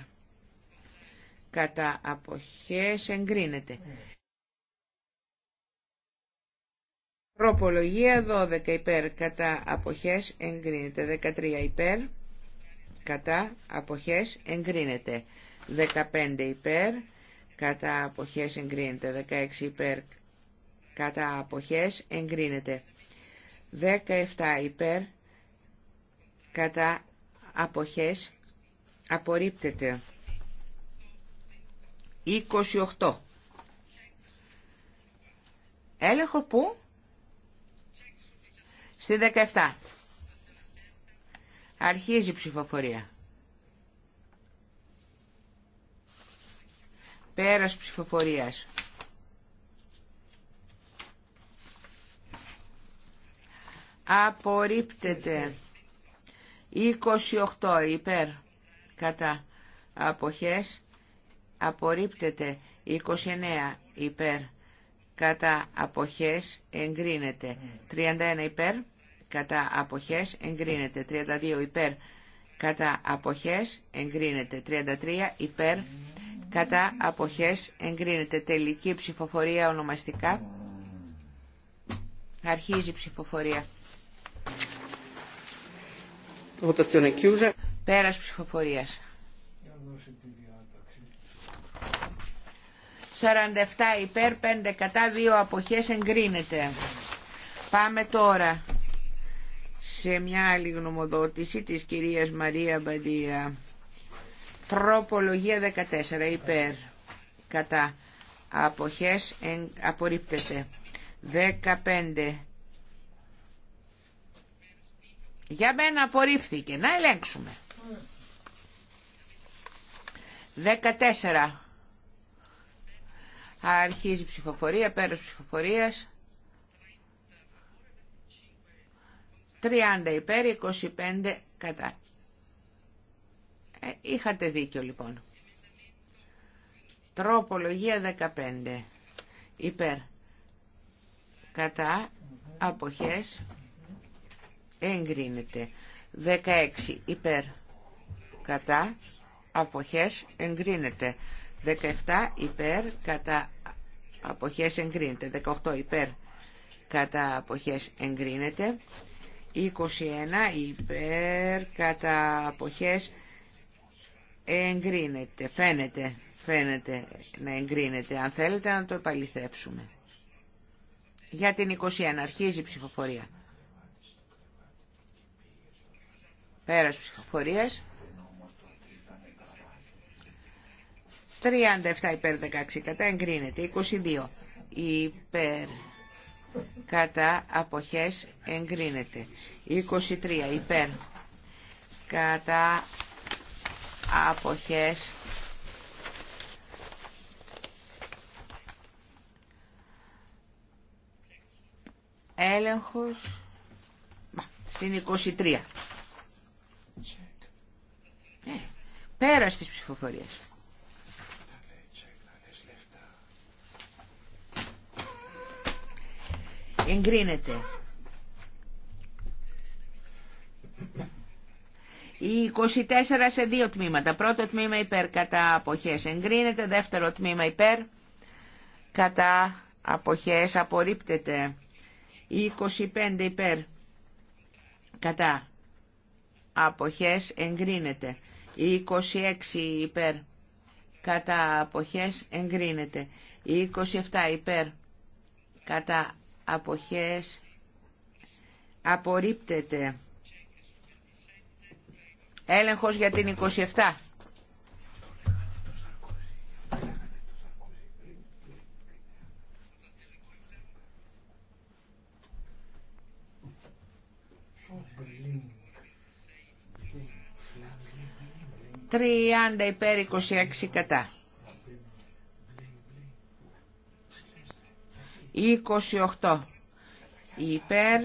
κατά αποχές εγκρίνεται. Προπολογία 12 υπέρ κατά αποχές εγκρίνεται. 13 υπέρ κατά αποχές εγκρίνεται. 15 υπέρ κατά αποχές εγκρίνεται. 16 υπέρ κατά αποχές εγκρίνεται. 17 υπέρ κατά αποχές απορρίπτεται. 28. Έλεγχο πού? Στη 17. Αρχίζει η ψηφοφορία. Πέρας ψηφοφορίας. Απορρίπτεται. 28 υπέρ κατά αποχές απορρίπτεται 29 υπέρ κατά αποχές εγκρίνεται 31 υπέρ κατά αποχές εγκρίνεται 32 υπέρ κατά αποχές εγκρίνεται 33 υπέρ κατά αποχές εγκρίνεται τελική ψηφοφορία ονομαστικά αρχίζει η ψηφοφορία Πέρας ψηφοφορίας. 47 υπέρ 5 κατά 2 αποχές εγκρίνεται. Πάμε τώρα σε μια άλλη γνωμοδότηση της κυρίας Μαρία Μπαντία. Τροπολογία 14 υπέρ κατά αποχές απορρίπτεται. 15 για μένα απορρίφθηκε. Να ελέγξουμε. 14. Αρχίζει η ψηφοφορία, πέρας ψηφοφορίας. 30 υπέρ, 25 κατά. Ε, είχατε δίκιο λοιπόν. Τροπολογία 15. Υπέρ. Κατά. Αποχές. Εγκρίνεται. 16. Υπέρ. Κατά. Αποχές. Εγκρίνεται. 17. Υπέρ. Κατά αποχές εγκρίνεται 18 υπέρ κατά αποχές εγκρίνεται 21 υπέρ κατά αποχές εγκρίνεται φαίνεται, φαίνεται να εγκρίνεται αν θέλετε να το επαληθεύσουμε για την 21 αρχίζει η ψηφοφορία πέρας ψηφοφορίας 37 υπέρ 16 κατά εγκρίνεται. 22 υπέρ κατά αποχές εγκρίνεται. 23 υπέρ κατά αποχές έλεγχος στην 23. Ε, πέρα στις ψηφοφορίες. εγκρίνεται. Η 24 σε δύο τμήματα. Πρώτο τμήμα υπέρ κατά αποχές εγκρίνεται. Δεύτερο τμήμα υπέρ κατά αποχές απορρίπτεται. Η 25 υπέρ κατά αποχές εγκρίνεται. Η 26 υπέρ κατά αποχές εγκρίνεται. Η 27 υπέρ κατά αποχές απορρίπτεται έλεγχος για την 27 30 υπέρ 26 κατά. 28 υπέρ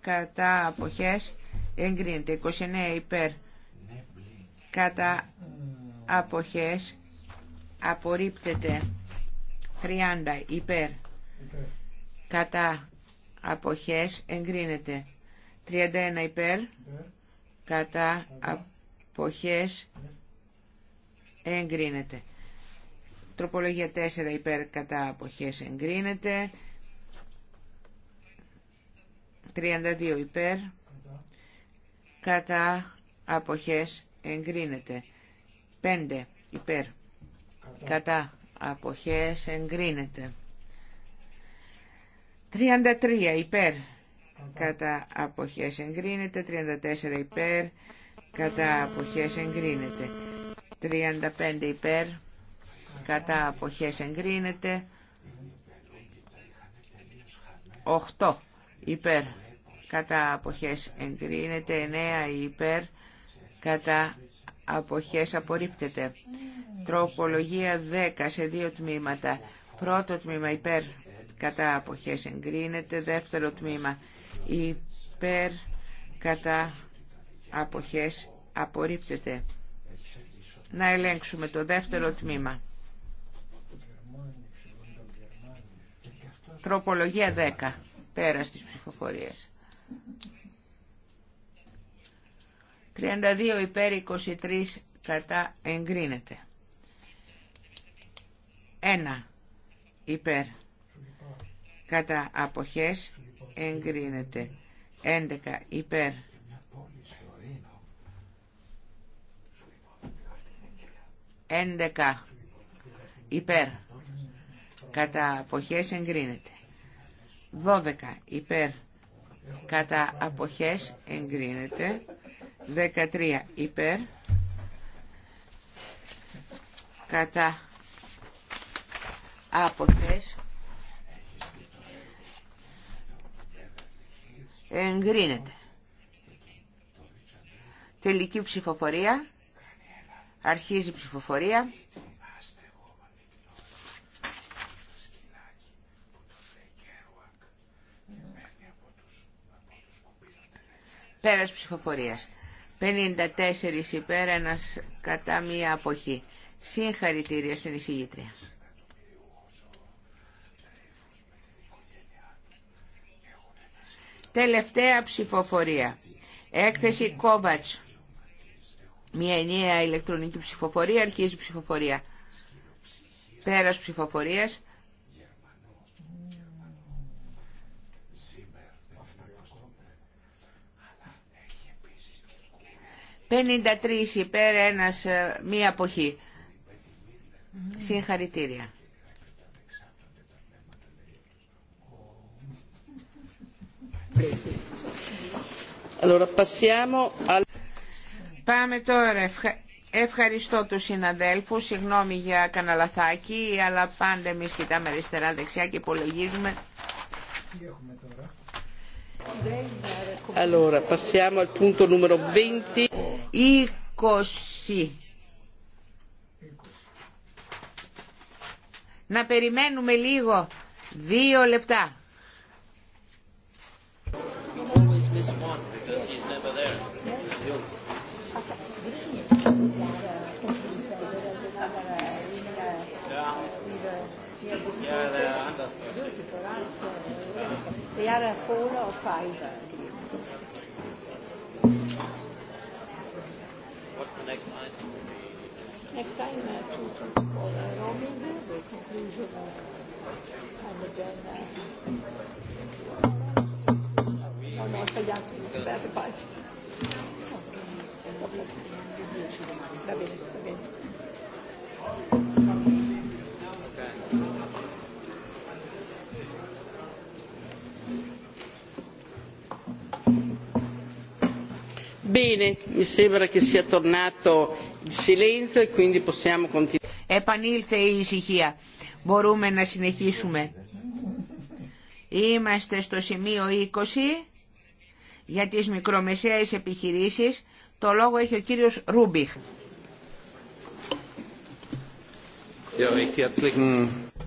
κατά αποχές εγκρίνεται 29 υπέρ κατά αποχές απορρίπτεται 30 υπέρ κατά αποχές εγκρίνεται 31 υπέρ κατά αποχές εγκρίνεται Τροπολογία 4 υπέρ κατά αποχές εγκρίνεται. 32 υπέρ κατά αποχές εγκρίνεται. 5 υπέρ κατά αποχές εγκρίνεται. 33 υπέρ κατά αποχές εγκρίνεται. 34 υπέρ κατά αποχές εγκρίνεται. 35 υπέρ κατά αποχές εγκρίνεται 8 υπέρ κατά αποχές εγκρίνεται 9 υπέρ κατά αποχές απορρίπτεται τροπολογία 10 σε δύο τμήματα πρώτο τμήμα υπέρ κατά αποχές εγκρίνεται δεύτερο τμήμα υπέρ κατά αποχές απορρίπτεται να ελέγξουμε το δεύτερο τμήμα Τροπολογία 10. Πέρα στις ψηφοφορίες. 32 υπέρ 23 κατά εγκρίνεται. 1 υπέρ κατά αποχές εγκρίνεται. 11 υπέρ Έντεκα υπέρ κατά αποχές εγκρίνεται. 12 υπέρ κατά αποχές εγκρίνεται. 13 υπέρ κατά αποχές εγκρίνεται. Τελική ψηφοφορία. Αρχίζει η ψηφοφορία. Πέρας ψηφοφορίας. 54 υπέρ, ένας κατά μία αποχή. Συγχαρητήρια στην εισηγήτρια. Τελευταία ψηφοφορία. Έκθεση Κόβατς. Μια ενιαία ηλεκτρονική ψηφοφορία, αρχίζει ψηφοφορία. Πέρας ψηφοφορίας. 53 υπέρ, ένας, ε, μία αποχή. Συγχαρητήρια. Πάμε τώρα. Ευχα... Ευχαριστώ τους συναδέλφους. Συγγνώμη για καναλαθάκι, αλλά πάντα εμείς κοιτάμε αριστερά-δεξιά και υπολογίζουμε. Τι έχουμε τώρα. Allora, passiamo al punto numero 20. 20. Να περιμένουμε λίγο. Δύο λεπτά. Always miss one. They are a four or five. What's the next item? Next time uh, to roaming, the conclusion, and then. Uh, no, no, tagliati, per la parte. Va bene, va bene. Bene, mi sembra che sia tornato il silenzio e quindi possiamo continuare. Επανήλθε η ησυχία. Μπορούμε να συνεχίσουμε. Είμαστε στο σημείο 20 για τις μικρομεσαίες επιχειρήσεις. Το λόγο έχει ο κύριος Ρούμπιχ.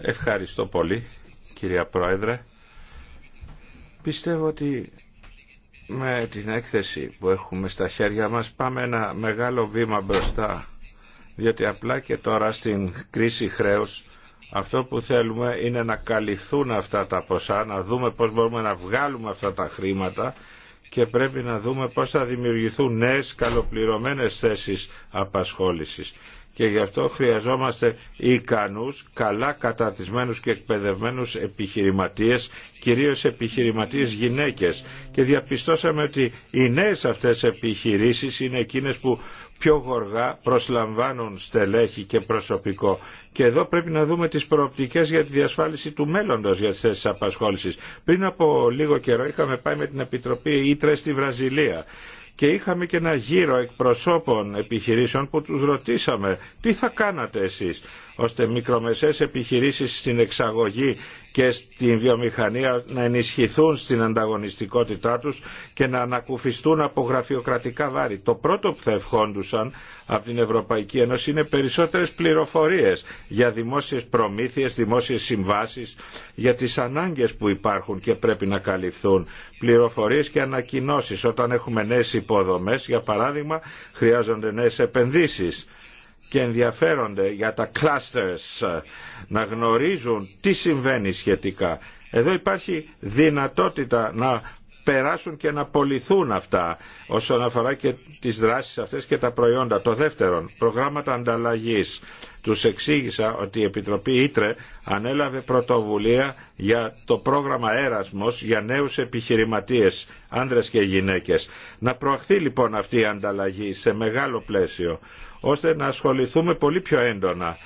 Ευχαριστώ πολύ, κυρία Πρόεδρε. Πιστεύω ότι με την έκθεση που έχουμε στα χέρια μας πάμε ένα μεγάλο βήμα μπροστά διότι απλά και τώρα στην κρίση χρέους αυτό που θέλουμε είναι να καλυφθούν αυτά τα ποσά, να δούμε πώς μπορούμε να βγάλουμε αυτά τα χρήματα και πρέπει να δούμε πώς θα δημιουργηθούν νέες καλοπληρωμένες θέσεις απασχόλησης και γι' αυτό χρειαζόμαστε ικανούς, καλά καταρτισμένους και εκπαιδευμένους επιχειρηματίες, κυρίως επιχειρηματίες γυναίκες. Και διαπιστώσαμε ότι οι νέες αυτές επιχειρήσεις είναι εκείνες που πιο γοργά προσλαμβάνουν στελέχη και προσωπικό. Και εδώ πρέπει να δούμε τις προοπτικές για τη διασφάλιση του μέλλοντος για τις θέσεις απασχόλησης. Πριν από λίγο καιρό είχαμε πάει με την Επιτροπή Ήτρε στη Βραζιλία και είχαμε και ένα γύρο εκπροσώπων επιχειρήσεων που τους ρωτήσαμε τι θα κάνατε εσείς ώστε μικρομεσαίες επιχειρήσεις στην εξαγωγή και στην βιομηχανία να ενισχυθούν στην ανταγωνιστικότητά τους και να ανακουφιστούν από γραφειοκρατικά βάρη. Το πρώτο που θα ευχόντουσαν από την Ευρωπαϊκή Ένωση είναι περισσότερες πληροφορίες για δημόσιες προμήθειες, δημόσιες συμβάσεις, για τις ανάγκες που υπάρχουν και πρέπει να καλυφθούν. Πληροφορίες και ανακοινώσεις όταν έχουμε νέες υποδομές, για παράδειγμα χρειάζονται νέες επενδύσεις και ενδιαφέρονται για τα clusters, ε, να γνωρίζουν τι συμβαίνει σχετικά. Εδώ υπάρχει δυνατότητα να περάσουν και να πολιθούν αυτά όσον αφορά και τις δράσεις αυτές και τα προϊόντα. Το δεύτερον, προγράμματα ανταλλαγής. Τους εξήγησα ότι η Επιτροπή Ήτρε ανέλαβε πρωτοβουλία για το πρόγραμμα Έρασμος για νέους επιχειρηματίες, άνδρες και γυναίκες. Να προαχθεί λοιπόν αυτή η ανταλλαγή σε μεγάλο πλαίσιο, ώστε να ασχοληθούμε πολύ πιο έντονα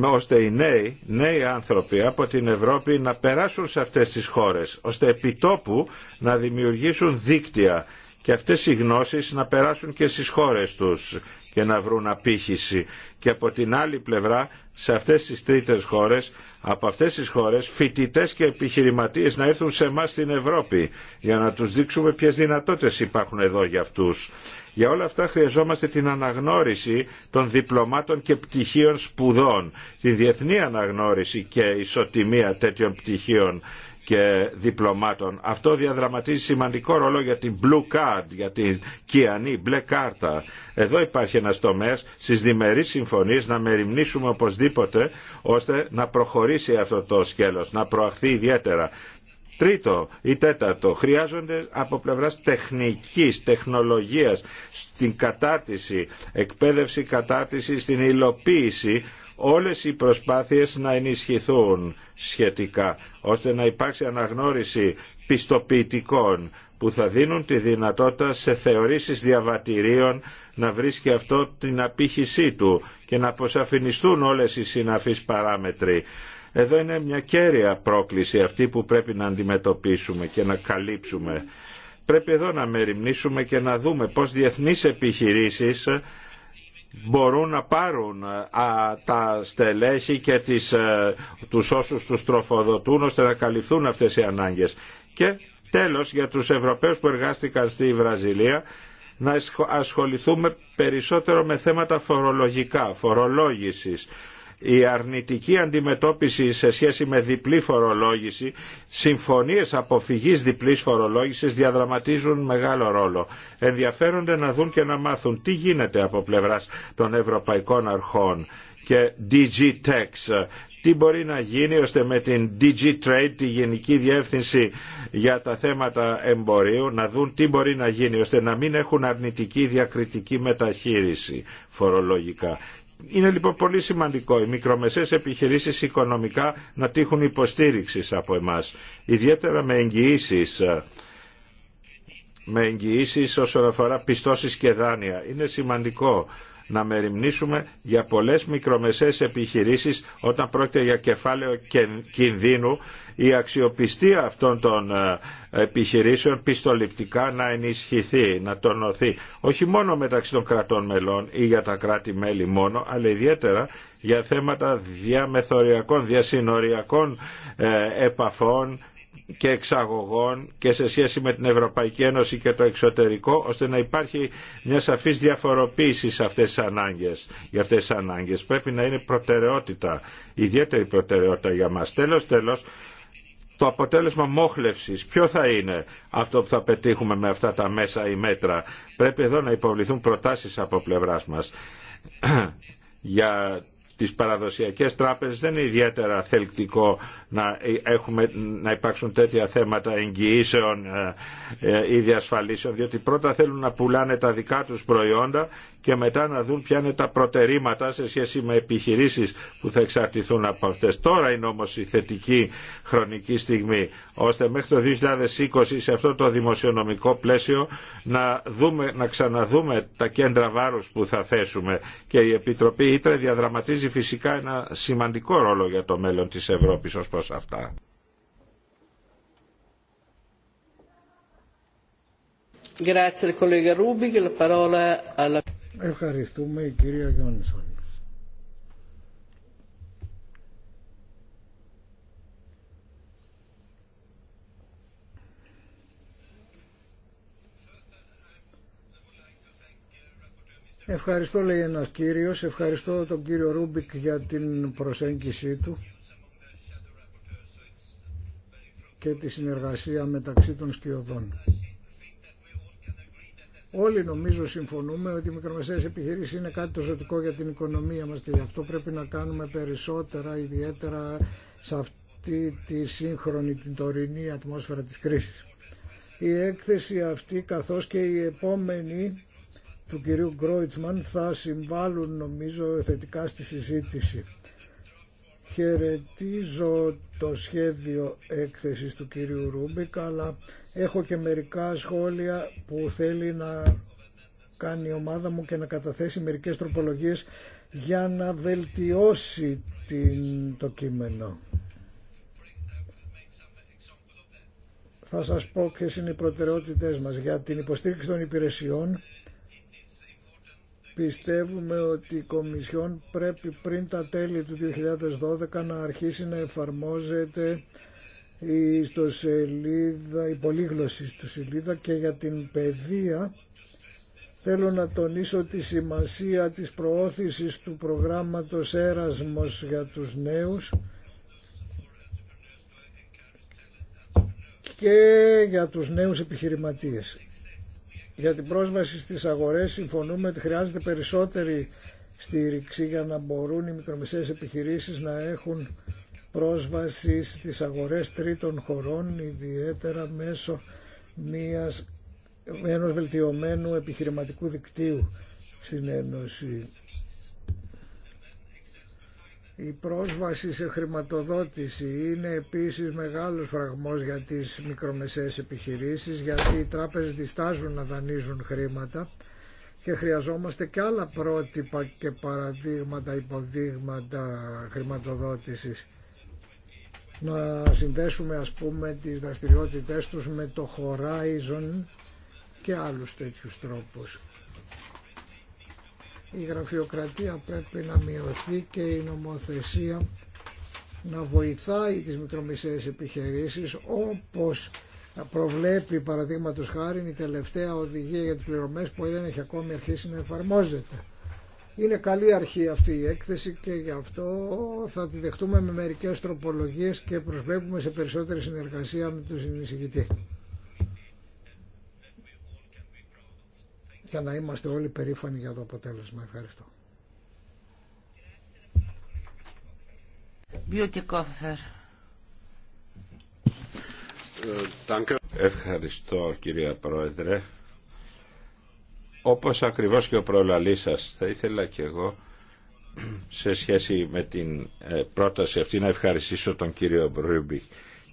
ώστε οι νέοι, νέοι άνθρωποι από την Ευρώπη να περάσουν σε αυτές τις χώρες, ώστε επιτόπου να δημιουργήσουν δίκτυα και αυτές οι γνώσεις να περάσουν και στις χώρες τους και να βρουν απήχηση. Και από την άλλη πλευρά, σε αυτές τις τρίτες χώρες, από αυτές τις χώρες φοιτητέ και επιχειρηματίες να έρθουν σε εμά στην Ευρώπη για να τους δείξουμε ποιες δυνατότητες υπάρχουν εδώ για αυτούς. Για όλα αυτά χρειαζόμαστε την αναγνώριση των διπλωμάτων και πτυχίων σπουδών, την διεθνή αναγνώριση και ισοτιμία τέτοιων πτυχίων και διπλωμάτων. Αυτό διαδραματίζει σημαντικό ρόλο για την blue card, για την κιανή Black κάρτα. Εδώ υπάρχει ένας τομέας στις διμερείς συμφωνίες να μεριμνήσουμε οπωσδήποτε ώστε να προχωρήσει αυτό το σκέλος, να προαχθεί ιδιαίτερα. Τρίτο ή τέταρτο, χρειάζονται από πλευράς τεχνικής, τεχνολογίας, στην κατάρτιση, εκπαίδευση κατάρτιση, στην υλοποίηση όλες οι προσπάθειες να ενισχυθούν σχετικά, ώστε να υπάρξει αναγνώριση πιστοποιητικών που θα δίνουν τη δυνατότητα σε θεωρήσεις διαβατηρίων να βρίσκει αυτό την απήχησή του και να αποσαφινιστούν όλες οι συναφείς παράμετροι. Εδώ είναι μια κέρια πρόκληση αυτή που πρέπει να αντιμετωπίσουμε και να καλύψουμε. Πρέπει εδώ να μεριμνήσουμε και να δούμε πώς διεθνείς επιχειρήσεις μπορούν να πάρουν ε, α, τα στελέχη και τις, ε, τους όσους τους τροφοδοτούν ώστε να καλυφθούν αυτές οι ανάγκες. Και τέλος για τους Ευρωπαίους που εργάστηκαν στη Βραζιλία να ασχοληθούμε περισσότερο με θέματα φορολογικά, φορολόγησης η αρνητική αντιμετώπιση σε σχέση με διπλή φορολόγηση, συμφωνίες αποφυγής διπλής φορολόγησης διαδραματίζουν μεγάλο ρόλο. Ενδιαφέρονται να δουν και να μάθουν τι γίνεται από πλευράς των ευρωπαϊκών αρχών και DG Tax. Τι μπορεί να γίνει ώστε με την DG Trade, τη Γενική Διεύθυνση για τα θέματα εμπορίου, να δουν τι μπορεί να γίνει ώστε να μην έχουν αρνητική διακριτική μεταχείριση φορολογικά. Είναι λοιπόν πολύ σημαντικό οι μικρομεσαίες επιχειρήσεις οικονομικά να τύχουν υποστήριξης από εμάς, ιδιαίτερα με εγγυήσει ε, με εγγυήσει όσον αφορά πιστώσεις και δάνεια. Είναι σημαντικό να μεριμνήσουμε για πολλές μικρομεσαίες επιχειρήσεις όταν πρόκειται για κεφάλαιο κινδύνου η αξιοπιστία αυτών των ε, επιχειρήσεων πιστοληπτικά να ενισχυθεί, να τονωθεί. Όχι μόνο μεταξύ των κρατών μελών ή για τα κράτη-μέλη μόνο, αλλά ιδιαίτερα για θέματα διαμεθοριακών, διασυνοριακών ε, επαφών και εξαγωγών και σε σχέση με την Ευρωπαϊκή Ένωση και το εξωτερικό ώστε να υπάρχει μια σαφής διαφοροποίηση σε αυτές τις ανάγκες, για αυτές τις Πρέπει να είναι προτεραιότητα, ιδιαίτερη προτεραιότητα για μας. Τέλος, τέλος, το αποτέλεσμα μόχλευσης, ποιο θα είναι αυτό που θα πετύχουμε με αυτά τα μέσα ή μέτρα. Πρέπει εδώ να υποβληθούν προτάσεις από πλευράς μας. Για τις παραδοσιακές τράπεζες δεν είναι ιδιαίτερα θελκτικό να, ε, έχουμε, να υπάρξουν τέτοια θέματα εγγυήσεων ε, ε, ή διασφαλίσεων, διότι πρώτα θέλουν να πουλάνε τα δικά τους προϊόντα και μετά να δουν ποια είναι τα προτερήματα σε σχέση με επιχειρήσεις που θα εξαρτηθούν από αυτές. Τώρα είναι όμως η θετική χρονική στιγμή, ώστε μέχρι το 2020 σε αυτό το δημοσιονομικό πλαίσιο να, δούμε, να ξαναδούμε τα κέντρα βάρους που θα θέσουμε και η Επιτροπή Ήτρα διαδραματίζει φυσικά ένα σημαντικό ρόλο για το μέλλον της Ευρώπης ως αυτά. Ευχαριστούμε η κυρία Γιόνισον. Ευχαριστώ λέει ένας κύριος, ευχαριστώ τον κύριο Ρούμπικ για την προσέγγιση του. και τη συνεργασία μεταξύ των σκιωδών. Όλοι νομίζω συμφωνούμε ότι οι μικρομεσαίες επιχείρηση είναι κάτι το ζωτικό για την οικονομία μας και γι' αυτό πρέπει να κάνουμε περισσότερα, ιδιαίτερα σε αυτή τη σύγχρονη, την τωρινή ατμόσφαιρα της κρίσης. Η έκθεση αυτή καθώς και η επόμενη του κυρίου Γκρόιτσμαν θα συμβάλλουν νομίζω θετικά στη συζήτηση. Χαιρετίζω το σχέδιο έκθεσης του κυρίου Ρούμπικα, αλλά έχω και μερικά σχόλια που θέλει να κάνει η ομάδα μου και να καταθέσει μερικές τροπολογίες για να βελτιώσει το κείμενο. Θα σας πω ποιες είναι οι προτεραιότητες μας για την υποστήριξη των υπηρεσιών Πιστεύουμε ότι η Κομισιόν πρέπει πριν τα τέλη του 2012 να αρχίσει να εφαρμόζεται η, ιστοσελίδα, η πολύγλωση στο σελίδα και για την παιδεία θέλω να τονίσω τη σημασία της προώθησης του προγράμματος Έρασμος για τους νέους και για τους νέους επιχειρηματίες για την πρόσβαση στις αγορές συμφωνούμε ότι χρειάζεται περισσότερη στήριξη για να μπορούν οι μικρομεσαίες επιχειρήσεις να έχουν πρόσβαση στις αγορές τρίτων χωρών ιδιαίτερα μέσω μιας, ενός βελτιωμένου επιχειρηματικού δικτύου στην Ένωση. Η πρόσβαση σε χρηματοδότηση είναι επίσης μεγάλος φραγμός για τις μικρομεσαίες επιχειρήσεις γιατί οι τράπεζες διστάζουν να δανείζουν χρήματα και χρειαζόμαστε και άλλα πρότυπα και παραδείγματα, υποδείγματα χρηματοδότησης. Να συνδέσουμε ας πούμε τις δραστηριότητές τους με το Horizon και άλλους τέτοιους τρόπους. Η γραφειοκρατία πρέπει να μειωθεί και η νομοθεσία να βοηθάει τις μικρομεσαίες επιχειρήσεις όπως προβλέπει παραδείγματο χάρη η τελευταία οδηγία για τις πληρωμές που δεν έχει ακόμη αρχίσει να εφαρμόζεται. Είναι καλή αρχή αυτή η έκθεση και γι' αυτό θα τη δεχτούμε με μερικές τροπολογίες και προσβλέπουμε σε περισσότερη συνεργασία με τους συνεισηγητές. και να είμαστε όλοι περήφανοι για το αποτέλεσμα. Ευχαριστώ. Ευχαριστώ κυρία Πρόεδρε. Όπως ακριβώς και ο προλαλής σας, θα ήθελα και εγώ σε σχέση με την ε, πρόταση αυτή να ευχαριστήσω τον κύριο Μπρούμπικ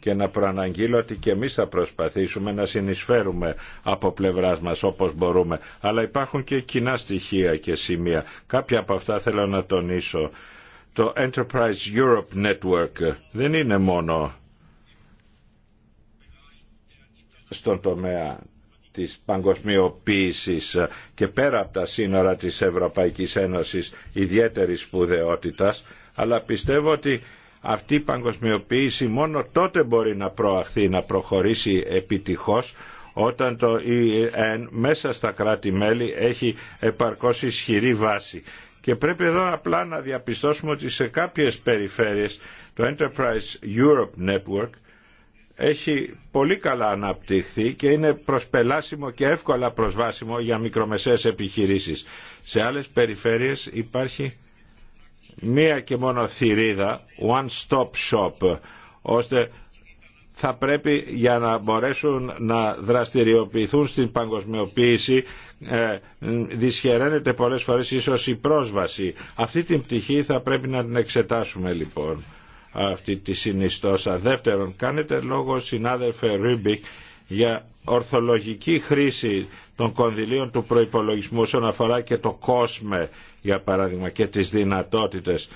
και να προαναγγείλω ότι και εμείς θα προσπαθήσουμε να συνεισφέρουμε από πλευράς μας όπως μπορούμε. Αλλά υπάρχουν και κοινά στοιχεία και σημεία. Κάποια από αυτά θέλω να τονίσω. Το Enterprise Europe Network δεν είναι μόνο στον τομέα της παγκοσμιοποίησης και πέρα από τα σύνορα της Ευρωπαϊκής Ένωσης ιδιαίτερης σπουδαιότητας, αλλά πιστεύω ότι αυτή η παγκοσμιοποίηση μόνο τότε μπορεί να προαχθεί, να προχωρήσει επιτυχώς όταν το ΕΕΝ μέσα στα κράτη-μέλη έχει επαρκώς ισχυρή βάση. Και πρέπει εδώ απλά να διαπιστώσουμε ότι σε κάποιες περιφέρειες το Enterprise Europe Network έχει πολύ καλά αναπτυχθεί και είναι προσπελάσιμο και εύκολα προσβάσιμο για μικρομεσαίες επιχειρήσεις. Σε άλλες περιφέρειες υπάρχει μία και μόνο θηρίδα, one stop shop, ώστε θα πρέπει για να μπορέσουν να δραστηριοποιηθούν στην παγκοσμιοποίηση ε, δυσχεραίνεται πολλές φορές ίσως η πρόσβαση. Αυτή την πτυχή θα πρέπει να την εξετάσουμε λοιπόν αυτή τη συνιστόσα. Δεύτερον, κάνετε λόγο συνάδελφε Ρίμπικ για ορθολογική χρήση των κονδυλίων του προϋπολογισμού όσον αφορά και το κόσμε για παράδειγμα και τις δυνατότητες.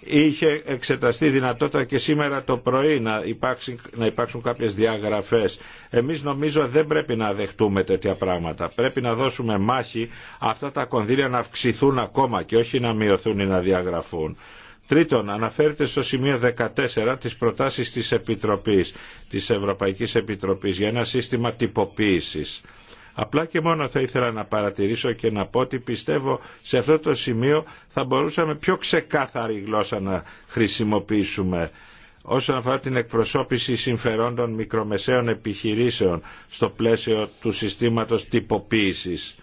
Είχε εξεταστεί δυνατότητα και σήμερα το πρωί να, υπάρξουν, να υπάρξουν κάποιες διαγραφές. Εμείς νομίζω δεν πρέπει να δεχτούμε τέτοια πράγματα. Πρέπει να δώσουμε μάχη αυτά τα κονδύλια να αυξηθούν ακόμα και όχι να μειωθούν ή να διαγραφούν. Τρίτον, αναφέρεται στο σημείο 14 της προτάσεις της Επιτροπής, της Ευρωπαϊκής Επιτροπής για ένα σύστημα τυποποίησης. Απλά και μόνο θα ήθελα να παρατηρήσω και να πω ότι πιστεύω σε αυτό το σημείο θα μπορούσαμε πιο ξεκάθαρη γλώσσα να χρησιμοποιήσουμε όσον αφορά την εκπροσώπηση συμφερόντων μικρομεσαίων επιχειρήσεων στο πλαίσιο του συστήματος τυποποίησης.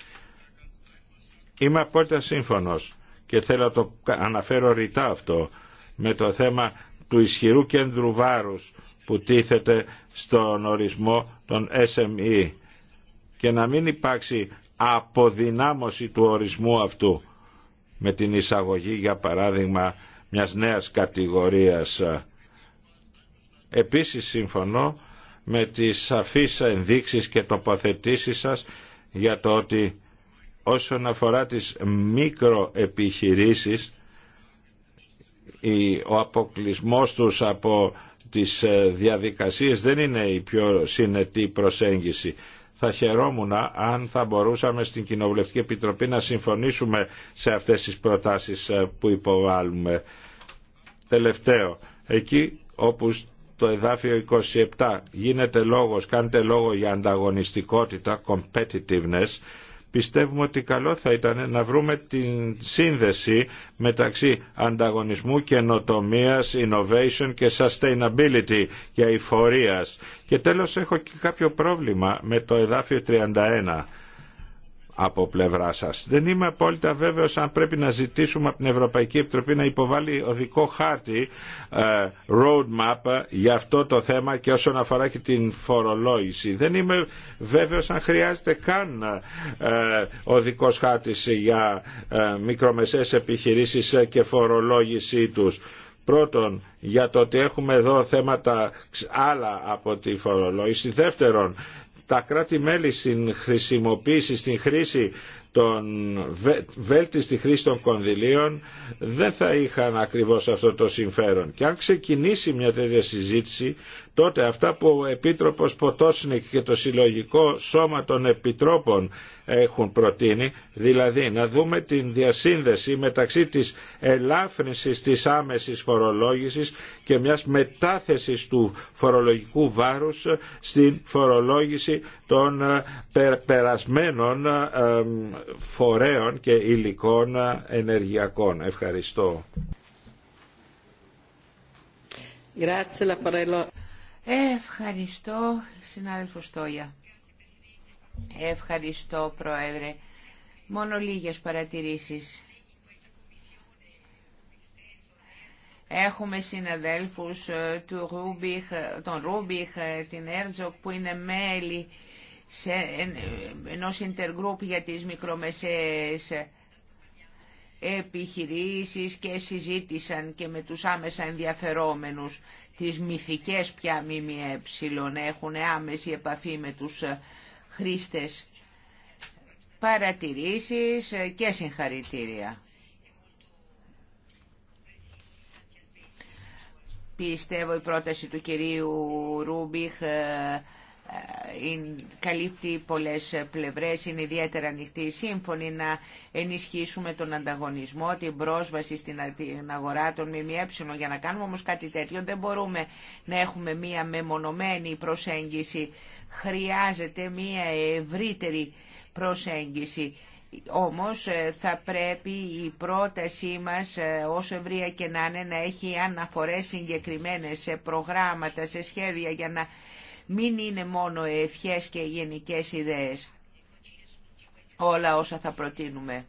Είμαι απόλυτα σύμφωνος και θέλω να το αναφέρω ρητά αυτό με το θέμα του ισχυρού κέντρου βάρους που τίθεται στον ορισμό των SME και να μην υπάρξει αποδυνάμωση του ορισμού αυτού με την εισαγωγή για παράδειγμα μιας νέας κατηγορίας. Επίσης συμφωνώ με τις σαφείς ενδείξεις και τοποθετήσεις σας για το ότι όσον αφορά τις μικροεπιχειρήσεις ο αποκλεισμός τους από τις ε, διαδικασίες δεν είναι η πιο συνετή προσέγγιση θα χαιρόμουν αν θα μπορούσαμε στην Κοινοβουλευτική Επιτροπή να συμφωνήσουμε σε αυτές τις προτάσεις ε, που υποβάλλουμε. Τελευταίο, εκεί όπου το εδάφιο 27 γίνεται λόγος, κάνετε λόγο για ανταγωνιστικότητα, competitiveness, πιστεύουμε ότι καλό θα ήταν να βρούμε την σύνδεση μεταξύ ανταγωνισμού, καινοτομία, innovation και sustainability και φορείας. Και τέλος έχω και κάποιο πρόβλημα με το εδάφιο 31 από πλευρά σας. Δεν είμαι απόλυτα βέβαιος αν πρέπει να ζητήσουμε από την Ευρωπαϊκή Επιτροπή να υποβάλει οδικό χάρτη ε, roadmap για αυτό το θέμα και όσον αφορά και την φορολόγηση. Δεν είμαι βέβαιος αν χρειάζεται καν ε, οδικός χάρτης για ε, μικρομεσαίες επιχειρήσεις και φορολόγησή τους. Πρώτον, για το ότι έχουμε εδώ θέματα άλλα από τη φορολόγηση. Δεύτερον, τα κράτη-μέλη στην χρησιμοποίηση, στην χρήση των βέλτιστη χρήση των κονδυλίων δεν θα είχαν ακριβώς αυτό το συμφέρον. Και αν ξεκινήσει μια τέτοια συζήτηση τότε αυτά που ο Επίτροπος Ποτόσνικ και το Συλλογικό Σώμα των Επιτρόπων έχουν προτείνει, δηλαδή να δούμε την διασύνδεση μεταξύ της ελάφρυνσης της άμεσης φορολόγησης και μιας μετάθεσης του φορολογικού βάρους στην φορολόγηση των ε, περασμένων ε, φορέων και υλικών ε, ενεργειακών. Ευχαριστώ. Ευχαριστώ, συνάδελφο Στόγια. Ευχαριστώ, Πρόεδρε. Μόνο λίγες παρατηρήσεις. Έχουμε συναδέλφους ε, του Ρούμπιχ, τον Ρούμπιχ, ε, την Έρτζοκ που είναι μέλη σε, ενός intergroup για τις μικρομεσαίες ε, επιχειρήσεις και συζήτησαν και με τους άμεσα ενδιαφερόμενους τις μυθικές πια ΜΜΕ έχουν άμεση επαφή με τους ε, χρήστες παρατηρήσεις και συγχαρητήρια. Πιστεύω η πρόταση του κυρίου Ρούμπιχ ε, ε, καλύπτει πολλές πλευρές, είναι ιδιαίτερα ανοιχτή η σύμφωνη να ενισχύσουμε τον ανταγωνισμό, την πρόσβαση στην αγορά των ΜΜΕ. Για να κάνουμε όμως κάτι τέτοιο δεν μπορούμε να έχουμε μία μεμονωμένη προσέγγιση. Χρειάζεται μία ευρύτερη προσέγγιση. Όμως ε, θα πρέπει η πρότασή μας ε, όσο ευρία και να είναι να έχει αναφορές συγκεκριμένες σε προγράμματα, σε σχέδια για να μην είναι μόνο ευχές και γενικές ιδέες όλα όσα θα προτείνουμε.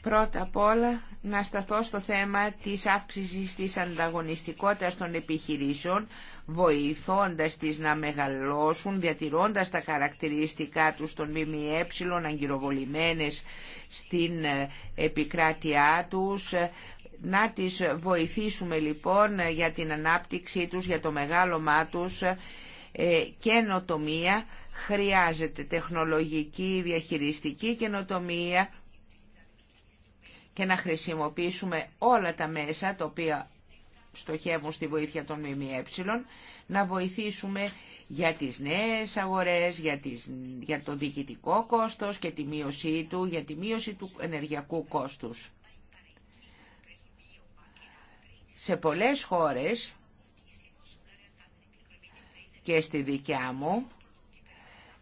Πρώτα απ' όλα να σταθώ στο θέμα της αύξησης της ανταγωνιστικότητας των επιχειρήσεων, βοηθώντας τις να μεγαλώσουν, διατηρώντας τα χαρακτηριστικά τους των ΜΜΕ, αγκυροβολημένες στην ε, επικράτειά τους, να τις βοηθήσουμε λοιπόν για την ανάπτυξή τους, για το μεγάλωμά τους ε, καινοτομία. Χρειάζεται τεχνολογική, διαχειριστική καινοτομία και να χρησιμοποιήσουμε όλα τα μέσα τα οποία στοχεύουν στη βοήθεια των ΜΜΕ, να βοηθήσουμε για τις νέες αγορές, για, τις, για το διοικητικό κόστος και τη μείωσή του, για τη μείωση του ενεργειακού κόστους σε πολλές χώρες και στη δικιά μου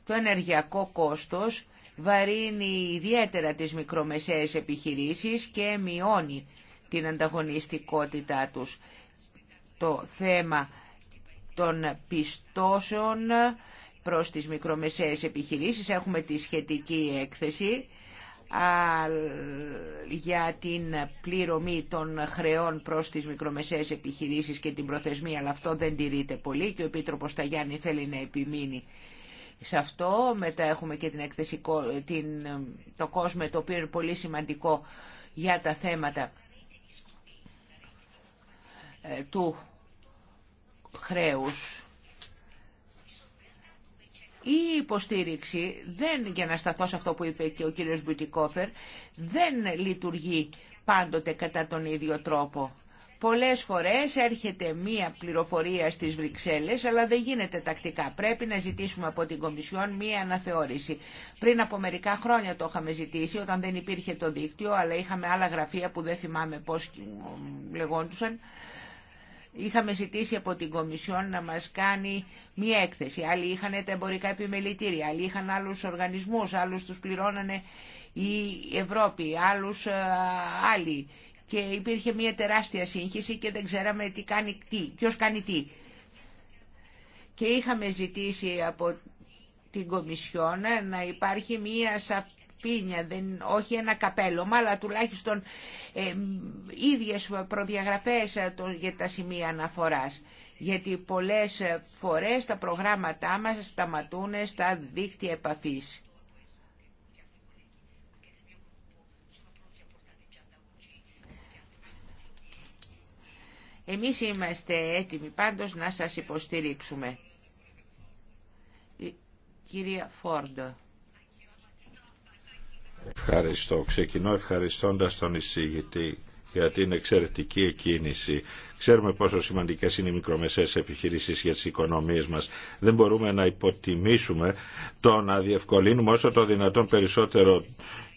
το ενεργειακό κόστος βαρύνει ιδιαίτερα τις μικρομεσαίες επιχειρήσεις και μειώνει την ανταγωνιστικότητά τους. Το θέμα των πιστώσεων προς τις μικρομεσαίες επιχειρήσεις έχουμε τη σχετική έκθεση για την πληρωμή των χρεών προς τις μικρομεσαίες επιχειρήσεις και την προθεσμία, αλλά αυτό δεν τηρείται πολύ και ο Επίτροπος Ταγιάννη θέλει να επιμείνει σε αυτό. Μετά έχουμε και την την, το κόσμο το οποίο είναι πολύ σημαντικό για τα θέματα ε, του χρέους η υποστήριξη, δεν, για να σταθώ σε αυτό που είπε και ο κύριος Μπουτικόφερ, δεν λειτουργεί πάντοτε κατά τον ίδιο τρόπο. Πολλές φορές έρχεται μία πληροφορία στις Βρυξέλλες, αλλά δεν γίνεται τακτικά. Πρέπει να ζητήσουμε από την Κομισιόν μία αναθεώρηση. Πριν από μερικά χρόνια το είχαμε ζητήσει, όταν δεν υπήρχε το δίκτυο, αλλά είχαμε άλλα γραφεία που δεν θυμάμαι πώς λεγόντουσαν. Είχαμε ζητήσει από την Κομισιόν να μας κάνει μία έκθεση. Άλλοι είχαν τα εμπορικά επιμελητήρια, άλλοι είχαν άλλους οργανισμούς, άλλους τους πληρώνανε η Ευρώπη, άλλους ε, άλλοι. Και υπήρχε μία τεράστια σύγχυση και δεν ξέραμε τι κάνει, τι, ποιος κάνει τι. Και είχαμε ζητήσει από την Κομισιόν να υπάρχει μία σαφή Πίνια, δεν, όχι ένα καπέλωμα, αλλά τουλάχιστον ε, ίδιες προδιαγραφές ε, για τα σημεία αναφοράς. Γιατί πολλές ε, φορές τα προγράμματά μας σταματούν στα δίκτυα επαφής. Εμείς είμαστε έτοιμοι πάντως να σας υποστηρίξουμε. κυρία Φόρντο. Ευχαριστώ. Ξεκινώ ευχαριστώντας τον εισηγητή για την εξαιρετική εκκίνηση. Ξέρουμε πόσο σημαντικές είναι οι μικρομεσαίες επιχειρήσεις για τις οικονομίες μας. Δεν μπορούμε να υποτιμήσουμε το να διευκολύνουμε όσο το δυνατόν περισσότερο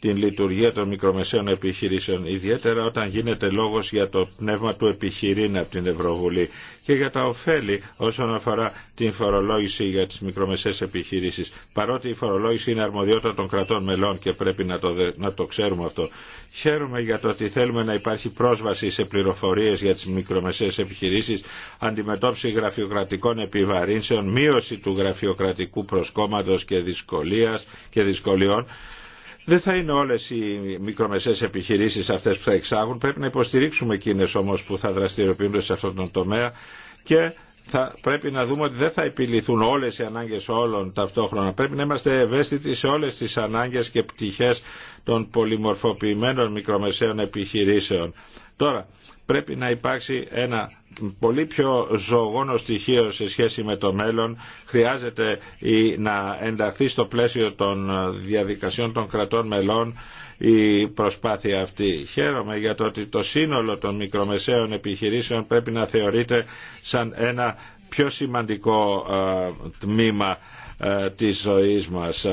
την λειτουργία των μικρομεσαίων επιχειρήσεων, ιδιαίτερα όταν γίνεται λόγος για το πνεύμα του επιχειρήν από την Ευρωβουλή και για τα ωφέλη όσον αφορά την φορολόγηση για τις μικρομεσαίες επιχειρήσεις. Παρότι η φορολόγηση είναι αρμοδιότητα των κρατών μελών και πρέπει να το, να το ξέρουμε αυτό. Χαίρομαι για το ότι θέλουμε να υπάρχει πρόσβαση σε πληροφορίες για τις μικρομεσαίες επιχειρήσεις, αντιμετώπιση γραφειοκρατικών επιβαρύνσεων, μείωση του γραφειοκρατικού προσκόμματος και, δυσκολίας, και δυσκολιών δεν θα είναι όλε οι μικρομεσαίε επιχειρήσεις αυτές που θα εξάγουν. Πρέπει να υποστηρίξουμε εκείνες όμως που θα δραστηριοποιούνται σε αυτόν τον τομέα και θα πρέπει να δούμε ότι δεν θα επιληθούν όλες οι ανάγκες όλων ταυτόχρονα. Πρέπει να είμαστε ευαίσθητοι σε όλες τις ανάγκες και πτυχέ των πολυμορφοποιημένων μικρομεσαίων επιχειρήσεων. Τώρα, πρέπει να υπάρξει ένα πολύ πιο ζωγόνο στοιχείο σε σχέση με το μέλλον χρειάζεται να ενταχθεί στο πλαίσιο των διαδικασιών των κρατών μελών η προσπάθεια αυτή. Χαίρομαι για το ότι το σύνολο των μικρομεσαίων επιχειρήσεων πρέπει να θεωρείται σαν ένα πιο σημαντικό ε, τμήμα ε, της ζωής μας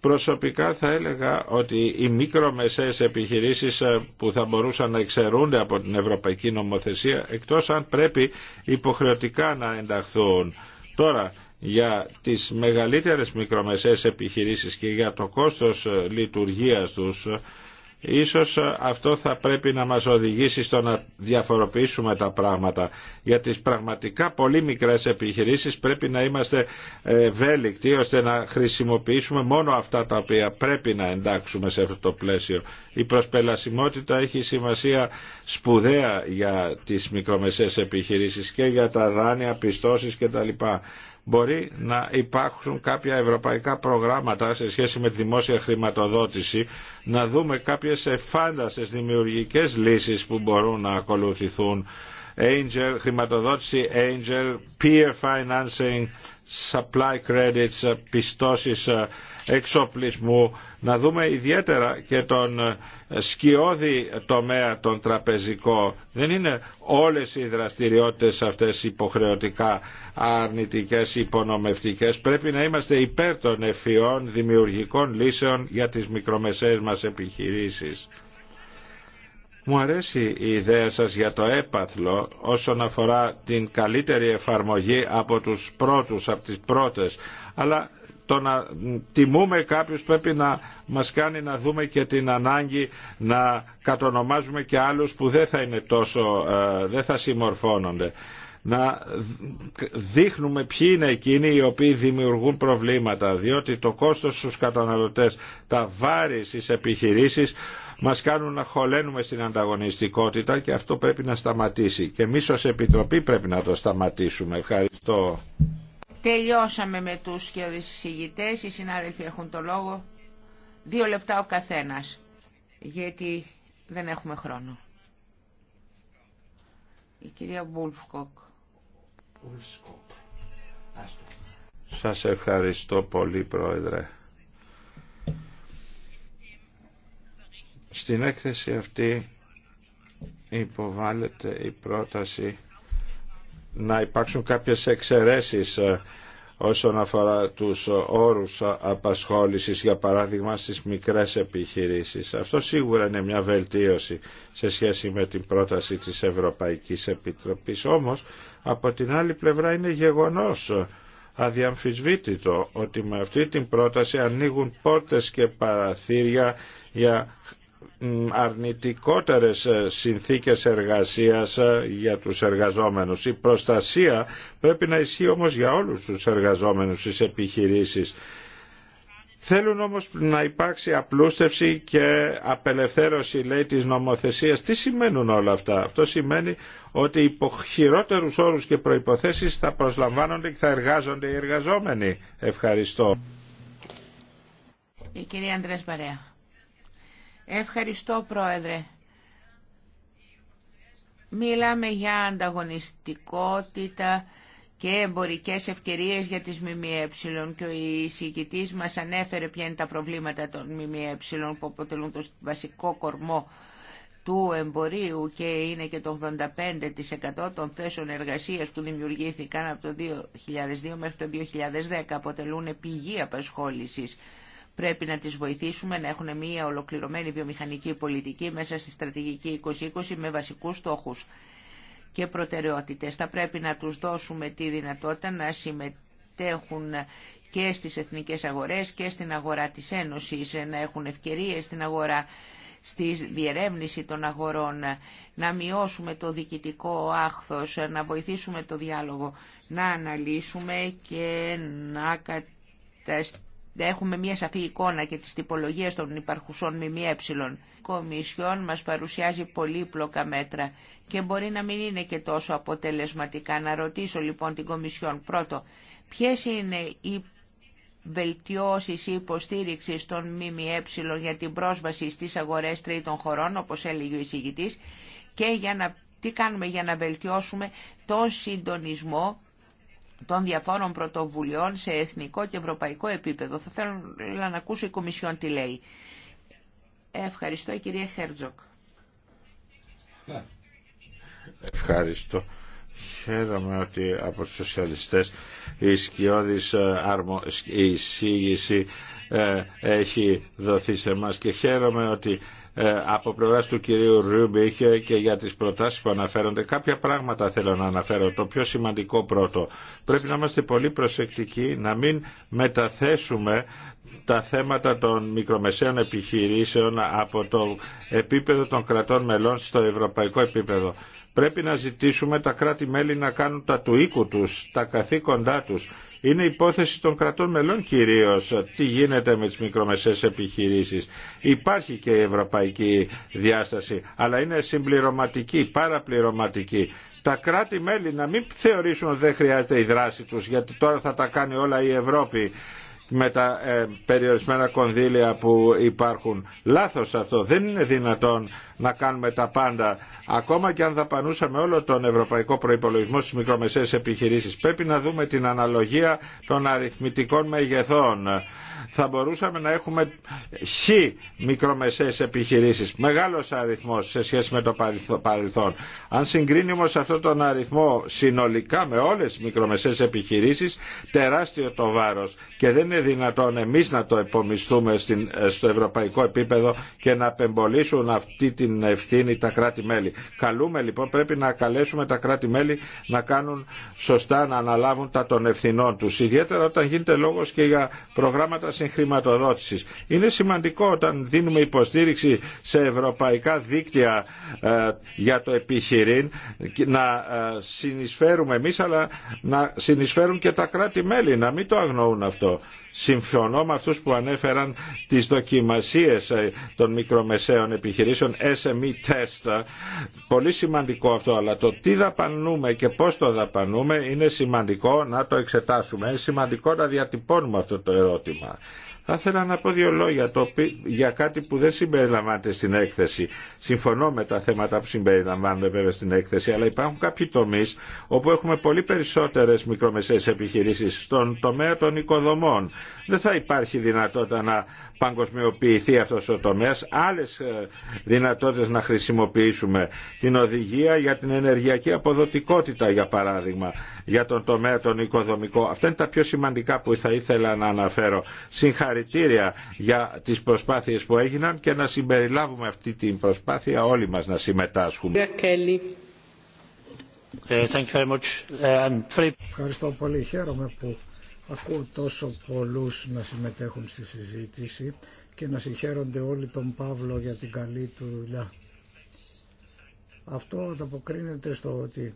Προσωπικά θα έλεγα ότι οι μικρομεσαίες επιχειρήσεις ε, που θα μπορούσαν να εξαιρούνται από την Ευρωπαϊκή Νομοθεσία εκτός αν πρέπει υποχρεωτικά να ενταχθούν. Τώρα, για τις μεγαλύτερες μικρομεσαίες επιχειρήσεις και για το κόστος ε, λειτουργίας τους Ίσως αυτό θα πρέπει να μας οδηγήσει στο να διαφοροποιήσουμε τα πράγματα. Για τις πραγματικά πολύ μικρές επιχειρήσεις πρέπει να είμαστε ε, ευέλικτοι ώστε να χρησιμοποιήσουμε μόνο αυτά τα οποία πρέπει να εντάξουμε σε αυτό το πλαίσιο. Η προσπελασιμότητα έχει σημασία σπουδαία για τις μικρομεσαίες επιχειρήσεις και για τα δάνεια, πιστώσεις κτλ μπορεί να υπάρχουν κάποια ευρωπαϊκά προγράμματα σε σχέση με τη δημόσια χρηματοδότηση, να δούμε κάποιες εφάντασες δημιουργικές λύσεις που μπορούν να ακολουθηθούν. Angel, χρηματοδότηση Angel, peer financing, supply credits, πιστώσεις εξοπλισμού να δούμε ιδιαίτερα και τον ε, σκιώδη τομέα τον τραπεζικό. Δεν είναι όλες οι δραστηριότητες αυτές υποχρεωτικά αρνητικές, υπονομευτικές. Πρέπει να είμαστε υπέρ των ευφυών δημιουργικών λύσεων για τις μικρομεσαίες μας επιχειρήσεις. Μου αρέσει η ιδέα σας για το έπαθλο όσον αφορά την καλύτερη εφαρμογή από τους πρώτους, από τις πρώτες. Αλλά το να τιμούμε κάποιους πρέπει να μας κάνει να δούμε και την ανάγκη να κατονομάζουμε και άλλους που δεν θα είναι τόσο, ε, δεν θα συμμορφώνονται να δείχνουμε ποιοι είναι εκείνοι οι οποίοι δημιουργούν προβλήματα, διότι το κόστος στους καταναλωτές, τα βάρη στις επιχειρήσεις μας κάνουν να χωλένουμε στην ανταγωνιστικότητα και αυτό πρέπει να σταματήσει. Και εμείς ως Επιτροπή πρέπει να το σταματήσουμε. Ευχαριστώ. Τελειώσαμε με τους συγητές οι συνάδελφοι έχουν το λόγο. Δύο λεπτά ο καθένας, γιατί δεν έχουμε χρόνο. Η κυρία Μπούλφκοκ. Σας ευχαριστώ πολύ Πρόεδρε. Στην έκθεση αυτή υποβάλλεται η πρόταση να υπάρξουν κάποιες εξαιρέσεις ε, όσον αφορά τους όρους απασχόλησης, για παράδειγμα στις μικρές επιχειρήσεις. Αυτό σίγουρα είναι μια βελτίωση σε σχέση με την πρόταση της Ευρωπαϊκής Επιτροπής. Όμως, από την άλλη πλευρά είναι γεγονός αδιαμφισβήτητο ότι με αυτή την πρόταση ανοίγουν πόρτες και παραθύρια για αρνητικότερες ε, συνθήκες εργασίας ε, για τους εργαζόμενους. Η προστασία πρέπει να ισχύει όμως για όλους τους εργαζόμενους στις επιχειρήσεις. Θέλουν όμως να υπάρξει απλούστευση και απελευθέρωση λέει της νομοθεσίας. Τι σημαίνουν όλα αυτά. Αυτό σημαίνει ότι υπό χειρότερους όρους και προϋποθέσεις θα προσλαμβάνονται και θα εργάζονται οι εργαζόμενοι. Ευχαριστώ. Η κυρία Ευχαριστώ Πρόεδρε. Μιλάμε για ανταγωνιστικότητα και εμπορικές ευκαιρίες για τις ΜΜΕ και ο εισηγητής μας ανέφερε ποια είναι τα προβλήματα των ΜΜΕ που αποτελούν το βασικό κορμό του εμπορίου και είναι και το 85% των θέσεων εργασίας που δημιουργήθηκαν από το 2002 μέχρι το 2010 αποτελούν πηγή απασχόλησης Πρέπει να τις βοηθήσουμε να έχουν μια ολοκληρωμένη βιομηχανική πολιτική μέσα στη στρατηγική 2020 με βασικούς στόχους και προτεραιότητες. Θα πρέπει να τους δώσουμε τη δυνατότητα να συμμετέχουν και στις εθνικές αγορές και στην αγορά της Ένωσης, να έχουν ευκαιρίες στην αγορά στη διερεύνηση των αγορών, να μειώσουμε το διοικητικό άχθος, να βοηθήσουμε το διάλογο, να αναλύσουμε και να καταστήσουμε έχουμε μια σαφή εικόνα και τις τυπολογίες των υπαρχουσών ΜΜΕ. Η Κομισιόν μας παρουσιάζει πολύπλοκα μέτρα και μπορεί να μην είναι και τόσο αποτελεσματικά. Να ρωτήσω λοιπόν την Κομισιόν πρώτο, ποιες είναι οι βελτιώσεις ή υποστήριξη των ΜΜΕ για την πρόσβαση στις αγορές τρίτων χωρών, όπως έλεγε ο εισηγητής, και για να, τι κάνουμε για να βελτιώσουμε τον συντονισμό των διαφόρων πρωτοβουλειών σε εθνικό και ευρωπαϊκό επίπεδο. Θα θέλω να ακούσω η Κομισιόν τι λέει. Ευχαριστώ η κυρία Χέρτζοκ. Ευχαριστώ. Χαίρομαι ότι από τους σοσιαλιστές η σκιώδης αρμο... Ε, εισήγηση ε, έχει δοθεί σε εμά και χαίρομαι ότι ε, από πλευρά του κυρίου Ρούμπιχ και για τις προτάσεις που αναφέρονται. Κάποια πράγματα θέλω να αναφέρω. Το πιο σημαντικό πρώτο. Πρέπει να είμαστε πολύ προσεκτικοί να μην μεταθέσουμε τα θέματα των μικρομεσαίων επιχειρήσεων από το επίπεδο των κρατών μελών στο ευρωπαϊκό επίπεδο. Πρέπει να ζητήσουμε τα κράτη-μέλη να κάνουν τα του οίκου τους, τα καθήκοντά τους είναι υπόθεση των κρατών μελών κυρίως τι γίνεται με τι μικρομεσαίες επιχειρήσεις. Υπάρχει και η ευρωπαϊκή διάσταση, αλλά είναι συμπληρωματική, παραπληρωματική τα κράτη-μέλη να μην θεωρήσουν ότι δεν χρειάζεται η δράση τους γιατί τώρα θα τα κάνει όλα η Ευρώπη με τα ε, περιορισμένα κονδύλια που υπάρχουν. Λάθος αυτό. Δεν είναι δυνατόν να κάνουμε τα πάντα. Ακόμα και αν δαπανούσαμε όλο τον ευρωπαϊκό προπολογισμό στι μικρομεσαίε επιχειρήσει, πρέπει να δούμε την αναλογία των αριθμητικών μεγεθών. Θα μπορούσαμε να έχουμε χ μικρομεσαίες επιχειρήσει, μεγάλο αριθμό σε σχέση με το παρελθόν. Αν συγκρίνουμε όμως αυτόν τον αριθμό συνολικά με όλε τις μικρομεσαίες επιχειρήσεις, τεράστιο το βάρο και δεν είναι δυνατόν εμεί να το επομισθούμε στο ευρωπαϊκό επίπεδο και να απεμπολίσουν αυτή την ευθύνη τα κράτη-μέλη. Καλούμε λοιπόν, πρέπει να καλέσουμε τα κράτη-μέλη να κάνουν σωστά, να αναλάβουν τα των ευθυνών τους. Ιδιαίτερα όταν γίνεται λόγος και για προγράμματα συγχρηματοδότησης. Είναι σημαντικό όταν δίνουμε υποστήριξη σε ευρωπαϊκά δίκτυα ε, για το επιχειρήν να ε, συνεισφέρουμε εμείς αλλά να συνεισφέρουν και τα κράτη-μέλη, να μην το αγνοούν αυτό συμφωνώ με αυτούς που ανέφεραν τις δοκιμασίες ε, των μικρομεσαίων επιχειρήσεων SME test πολύ σημαντικό αυτό αλλά το τι δαπανούμε και πώς το δαπανούμε είναι σημαντικό να το εξετάσουμε είναι σημαντικό να διατυπώνουμε αυτό το ερώτημα θα ήθελα να πω δύο λόγια για κάτι που δεν συμπεριλαμβάνεται στην έκθεση. Συμφωνώ με τα θέματα που συμπεριλαμβάνονται βέβαια στην έκθεση, αλλά υπάρχουν κάποιοι τομεί όπου έχουμε πολύ περισσότερε μικρομεσαίε επιχειρήσει στον τομέα των οικοδομών. Δεν θα υπάρχει δυνατότητα να παγκοσμιοποιηθεί αυτός ο τομέας, άλλες ε, δυνατότητες να χρησιμοποιήσουμε την οδηγία για την ενεργειακή αποδοτικότητα για παράδειγμα, για τον τομέα τον οικοδομικό. Αυτά είναι τα πιο σημαντικά που θα ήθελα να αναφέρω. Συγχαρητήρια για τις προσπάθειες που έγιναν και να συμπεριλάβουμε αυτή την προσπάθεια όλοι μας να συμμετάσχουμε. Ε, ε, Ευχαριστώ πολύ. Χαίρομαι ακούω τόσο πολλούς να συμμετέχουν στη συζήτηση και να συγχαίρονται όλοι τον Παύλο για την καλή του δουλειά. Αυτό ανταποκρίνεται στο ότι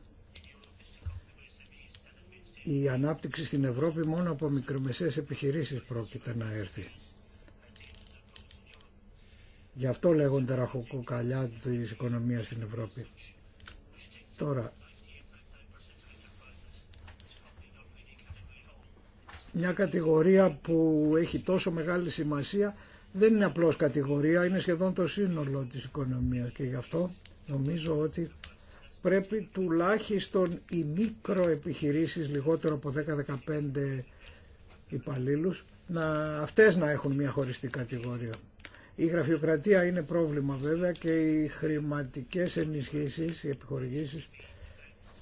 η ανάπτυξη στην Ευρώπη μόνο από μικρομεσαίες επιχειρήσεις πρόκειται να έρθει. Γι' αυτό λέγονται ραχοκοκαλιά της οικονομίας στην Ευρώπη. Τώρα, Μια κατηγορία που έχει τόσο μεγάλη σημασία δεν είναι απλώς κατηγορία, είναι σχεδόν το σύνολο της οικονομίας και γι' αυτό νομίζω ότι πρέπει τουλάχιστον οι μικροεπιχειρήσεις λιγότερο από 10-15 υπαλλήλους να, αυτές να έχουν μια χωριστή κατηγορία. Η γραφειοκρατία είναι πρόβλημα βέβαια και οι χρηματικές ενισχύσεις, οι επιχορηγήσεις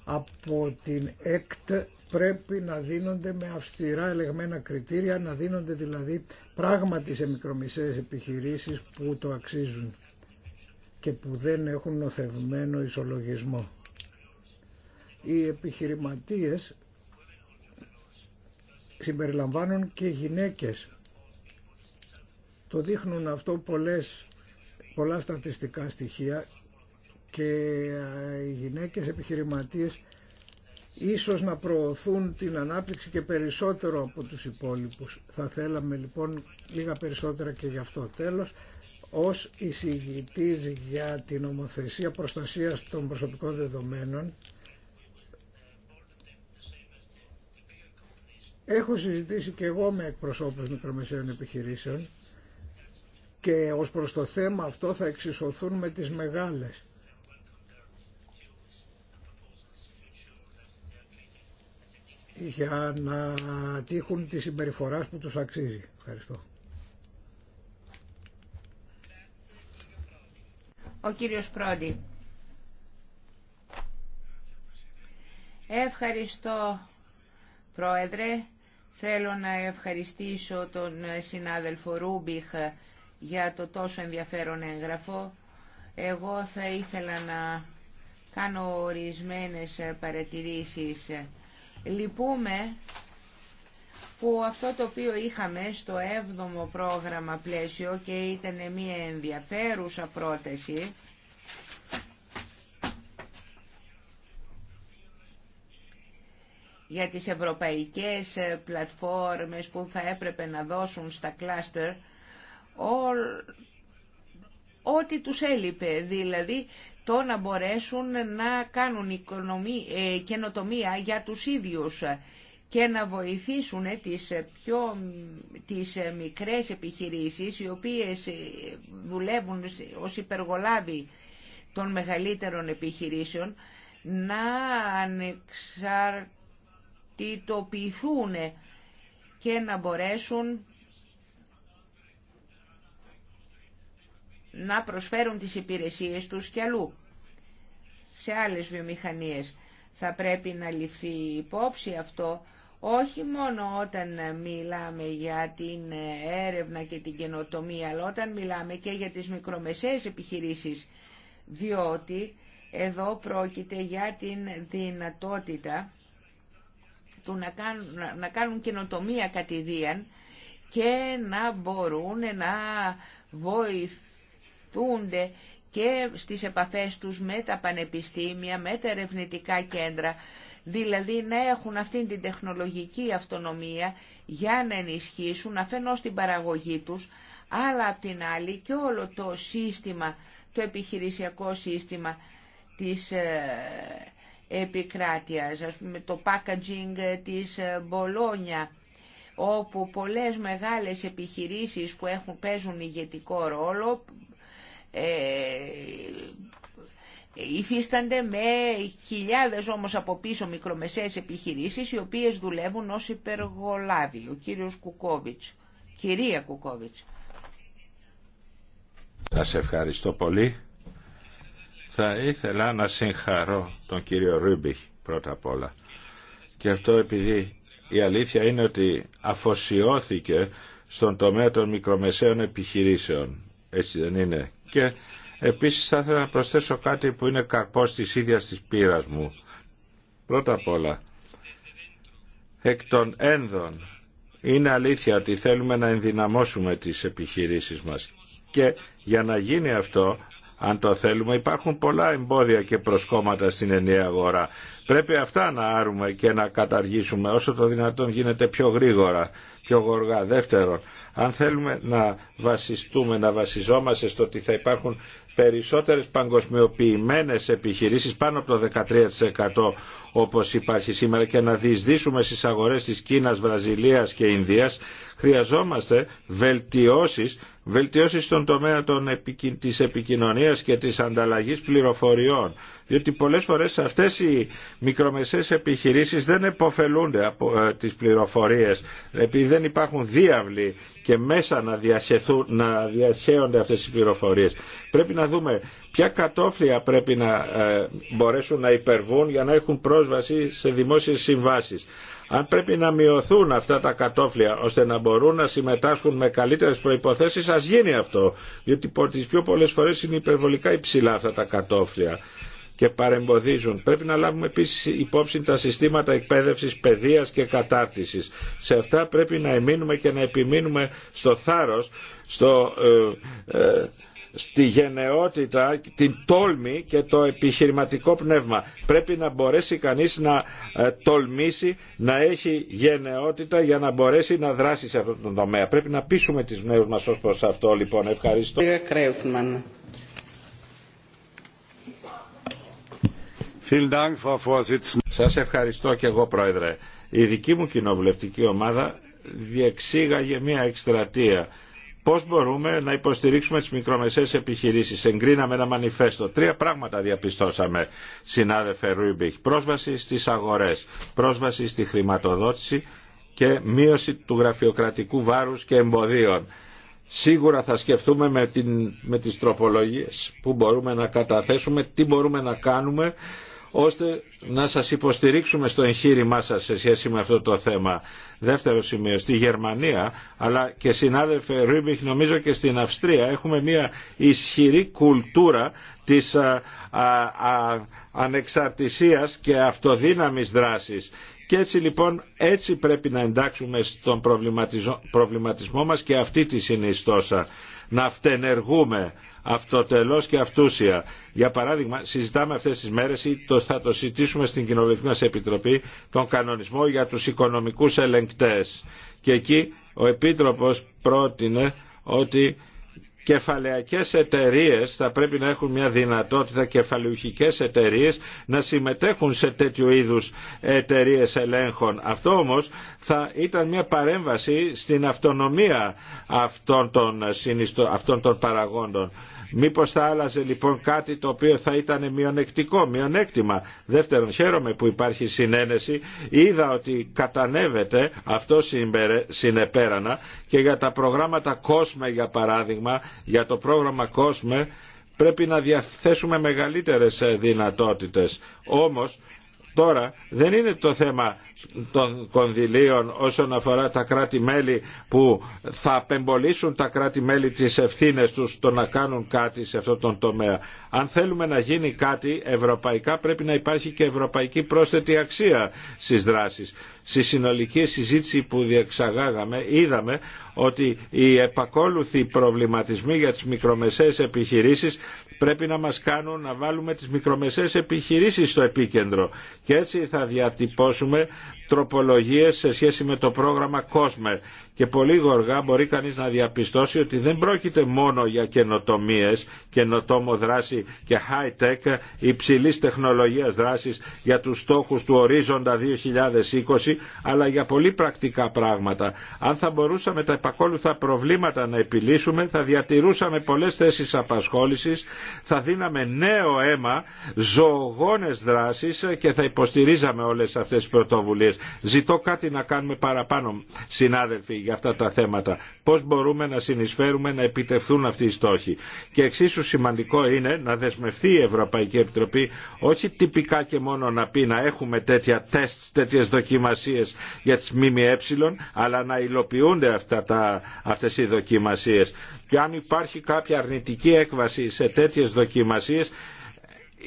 από την ΕΚΤ πρέπει να δίνονται με αυστηρά ελεγμένα κριτήρια, να δίνονται δηλαδή πράγματι σε μικρομεσαίες επιχειρήσεις που το αξίζουν και που δεν έχουν νοθευμένο ισολογισμό. Οι επιχειρηματίες συμπεριλαμβάνουν και γυναίκες. Το δείχνουν αυτό πολλές, πολλά στατιστικά στοιχεία και ε, οι γυναίκες επιχειρηματίες ίσως να προωθούν την ανάπτυξη και περισσότερο από τους υπόλοιπους. Θα θέλαμε λοιπόν λίγα περισσότερα και γι' αυτό τέλος. Ως εισηγητής για την ομοθεσία προστασίας των προσωπικών δεδομένων έχω συζητήσει και εγώ με εκπροσώπους μικρομεσαίων επιχειρήσεων και ως προς το θέμα αυτό θα εξισωθούν με τις μεγάλες για να τύχουν τη συμπεριφορά που τους αξίζει. Ευχαριστώ. Ο κύριος Πρόντι. Ευχαριστώ, Πρόεδρε. Θέλω να ευχαριστήσω τον συνάδελφο Ρούμπιχ για το τόσο ενδιαφέρον έγγραφο. Εγώ θα ήθελα να κάνω ορισμένες παρατηρήσεις. Λυπούμε που αυτό το οποίο είχαμε στο 7ο πρόγραμμα πλαίσιο και ήταν μια ενδιαφέρουσα πρόταση για τις ευρωπαϊκές ε, πλατφόρμες που θα έπρεπε να δώσουν στα κλάστερ ό,τι τους έλειπε, δηλαδή το να μπορέσουν να κάνουν οικονομή, ε, καινοτομία για τους ίδιους και να βοηθήσουν τις, ε, πιο, τις ε, μικρές επιχειρήσεις οι οποίες δουλεύουν ως υπεργολάβοι των μεγαλύτερων επιχειρήσεων να ανεξαρτητοποιηθούν και να μπορέσουν να προσφέρουν τις υπηρεσίες τους κι αλλού, σε άλλες βιομηχανίες. Θα πρέπει να ληφθεί υπόψη αυτό, όχι μόνο όταν μιλάμε για την έρευνα και την καινοτομία, αλλά όταν μιλάμε και για τις μικρομεσαίες επιχειρήσεις, διότι εδώ πρόκειται για την δυνατότητα του να κάνουν, να κάνουν καινοτομία κατηδίαν και να μπορούν να βοηθούν και στις επαφές τους με τα πανεπιστήμια, με τα ερευνητικά κέντρα, δηλαδή να έχουν αυτήν την τεχνολογική αυτονομία για να ενισχύσουν αφενός την παραγωγή τους, αλλά απ' την άλλη και όλο το σύστημα, το επιχειρησιακό σύστημα της ε, επικράτειας, το packaging της ε, Μπολόνια, όπου πολλές μεγάλες επιχειρήσεις που έχουν, παίζουν ηγετικό ρόλο ε, υφίστανται με χιλιάδες όμως από πίσω μικρομεσαίες επιχειρήσεις οι οποίες δουλεύουν ως υπεργολάβοι. Ο κύριος Κουκόβιτς, κυρία Κουκόβιτς. Σας ευχαριστώ πολύ. Θα ήθελα να συγχαρώ τον κύριο Ρούμπιχ πρώτα απ' όλα. Και αυτό επειδή η αλήθεια είναι ότι αφοσιώθηκε στον τομέα των μικρομεσαίων επιχειρήσεων. Έτσι δεν είναι και επίσης θα ήθελα να προσθέσω κάτι που είναι κακό της ίδιας της πείρας μου. Πρώτα απ' όλα, εκ των ένδων είναι αλήθεια ότι θέλουμε να ενδυναμώσουμε τις επιχειρήσεις μας και για να γίνει αυτό αν το θέλουμε υπάρχουν πολλά εμπόδια και προσκόμματα στην ενιαία αγορά πρέπει αυτά να άρουμε και να καταργήσουμε όσο το δυνατόν γίνεται πιο γρήγορα πιο γοργά δεύτερον αν θέλουμε να βασιστούμε, να βασιζόμαστε στο ότι θα υπάρχουν περισσότερες παγκοσμιοποιημένες επιχειρήσεις πάνω από το 13% όπως υπάρχει σήμερα και να διεισδύσουμε στις αγορές της Κίνας, Βραζιλίας και Ινδίας χρειαζόμαστε βελτιώσεις βελτιώσεις στον τομέα των, της επικοινωνίας και της ανταλλαγής πληροφοριών. Διότι πολλές φορές αυτές οι μικρομεσαίες επιχειρήσεις δεν επωφελούνται από ε, τις πληροφορίες επειδή δεν υπάρχουν διάβλοι και μέσα να, να διαχέονται αυτές τις πληροφορίες. Πρέπει να δούμε ποια κατόφλια πρέπει να ε, μπορέσουν να υπερβούν για να έχουν πρόσβαση σε δημόσιες συμβάσεις. Αν πρέπει να μειωθούν αυτά τα κατόφλια ώστε να μπορούν να συμμετάσχουν με καλύτερες προϋποθέσεις, ας γίνει αυτό. Διότι τις πιο πολλές φορές είναι υπερβολικά υψηλά αυτά τα κατόφλια και παρεμποδίζουν. Πρέπει να λάβουμε επίση υπόψη τα συστήματα εκπαίδευση, παιδεία και κατάρτιση. Σε αυτά πρέπει να εμείνουμε και να επιμείνουμε στο θάρρο, στο ε, ε, στη γενναιότητα, την τόλμη και το επιχειρηματικό πνεύμα. Πρέπει να μπορέσει κανείς να ε, τολμήσει, να έχει γενναιότητα για να μπορέσει να δράσει σε αυτόν τον τομέα. Πρέπει να πείσουμε τις νέους μας ως προς αυτό λοιπόν. Ευχαριστώ. Σας ευχαριστώ και εγώ Πρόεδρε. Η δική μου κοινοβουλευτική ομάδα διεξήγαγε μια εκστρατεία Πώς μπορούμε να υποστηρίξουμε τις μικρομεσαίες επιχειρήσεις. Εγκρίναμε ένα μανιφέστο. Τρία πράγματα διαπιστώσαμε, συνάδελφε Ρούιμπιχ. Πρόσβαση στις αγορές, πρόσβαση στη χρηματοδότηση και μείωση του γραφειοκρατικού βάρους και εμποδίων. Σίγουρα θα σκεφτούμε με, την, με τις τροπολογίες που μπορούμε να καταθέσουμε, τι μπορούμε να κάνουμε ώστε να σας υποστηρίξουμε στο εγχείρημά σας σε σχέση με αυτό το θέμα. Δεύτερο σημείο, στη Γερμανία, αλλά και συνάδελφε Ρούμπιχ, νομίζω και στην Αυστρία, έχουμε μια ισχυρή κουλτούρα της α, ανεξαρτησίας και αυτοδύναμης δράσης. Και έτσι λοιπόν έτσι πρέπει να εντάξουμε στον προβληματισμό, προβληματισμό μας και αυτή τη συνιστόσα να αυτενεργούμε αυτοτελώς και αυτούσια. Για παράδειγμα, συζητάμε αυτές τις μέρες ή το, θα το συζητήσουμε στην Κοινοβουλευτική μα Επιτροπή τον κανονισμό για τους οικονομικούς ελεγκτές. Και εκεί ο Επίτροπος πρότεινε ότι κεφαλαιακές εταιρείες θα πρέπει να έχουν μια δυνατότητα κεφαλαιουχικές εταιρείες να συμμετέχουν σε τέτοιου είδους εταιρείες ελέγχων. Αυτό όμως θα ήταν μια παρέμβαση στην αυτονομία αυτών των, αυτών των παραγόντων. Μήπως θα άλλαζε λοιπόν κάτι το οποίο θα ήταν μειονεκτικό, μειονέκτημα. Δεύτερον, χαίρομαι που υπάρχει συνένεση. Είδα ότι κατανέβεται αυτό συνεπέρανα και για τα προγράμματα COSME για παράδειγμα, για το πρόγραμμα COSME πρέπει να διαθέσουμε μεγαλύτερες ε, δυνατότητες. Όμως τώρα δεν είναι το θέμα των κονδυλίων όσον αφορά τα κράτη-μέλη που θα απεμπολίσουν τα κράτη-μέλη τις ευθύνες τους το να κάνουν κάτι σε αυτόν τον τομέα. Αν θέλουμε να γίνει κάτι ευρωπαϊκά πρέπει να υπάρχει και ευρωπαϊκή πρόσθετη αξία στις δράσεις. Στη συνολική συζήτηση που διεξαγάγαμε είδαμε ότι οι επακόλουθοι προβληματισμοί για τις μικρομεσαίες επιχειρήσεις πρέπει να μας κάνουν να βάλουμε τις μικρομεσαίες επιχειρήσεις στο επίκεντρο και έτσι θα διατυπώσουμε τροπολογίες σε σχέση με το πρόγραμμα COSME και πολύ γοργά μπορεί κανείς να διαπιστώσει ότι δεν πρόκειται μόνο για καινοτομίε, καινοτόμο δράση και high-tech υψηλής τεχνολογίας δράσης για τους στόχους του ορίζοντα 2020 αλλά για πολύ πρακτικά πράγματα. Αν θα μπορούσαμε τα επακόλουθα προβλήματα να επιλύσουμε θα διατηρούσαμε πολλές θέσεις απασχόλησης, θα δίναμε νέο αίμα, ζωογόνες δράσεις και θα υποστηρίζαμε όλες αυτές τις πρωτοβουλίες. Ζητώ κάτι να κάνουμε παραπάνω συνάδελφοι για αυτά τα θέματα. Πώς μπορούμε να συνεισφέρουμε να επιτευχθούν αυτοί οι στόχοι. Και εξίσου σημαντικό είναι να δεσμευτεί η Ευρωπαϊκή Επιτροπή όχι τυπικά και μόνο να πει να έχουμε τέτοια τεστ, τέτοιες δοκιμασίες για τις ΜΜΕ, αλλά να υλοποιούνται αυτά τα, αυτές οι δοκιμασίες. Και αν υπάρχει κάποια αρνητική έκβαση σε τέτοιες δοκιμασίες,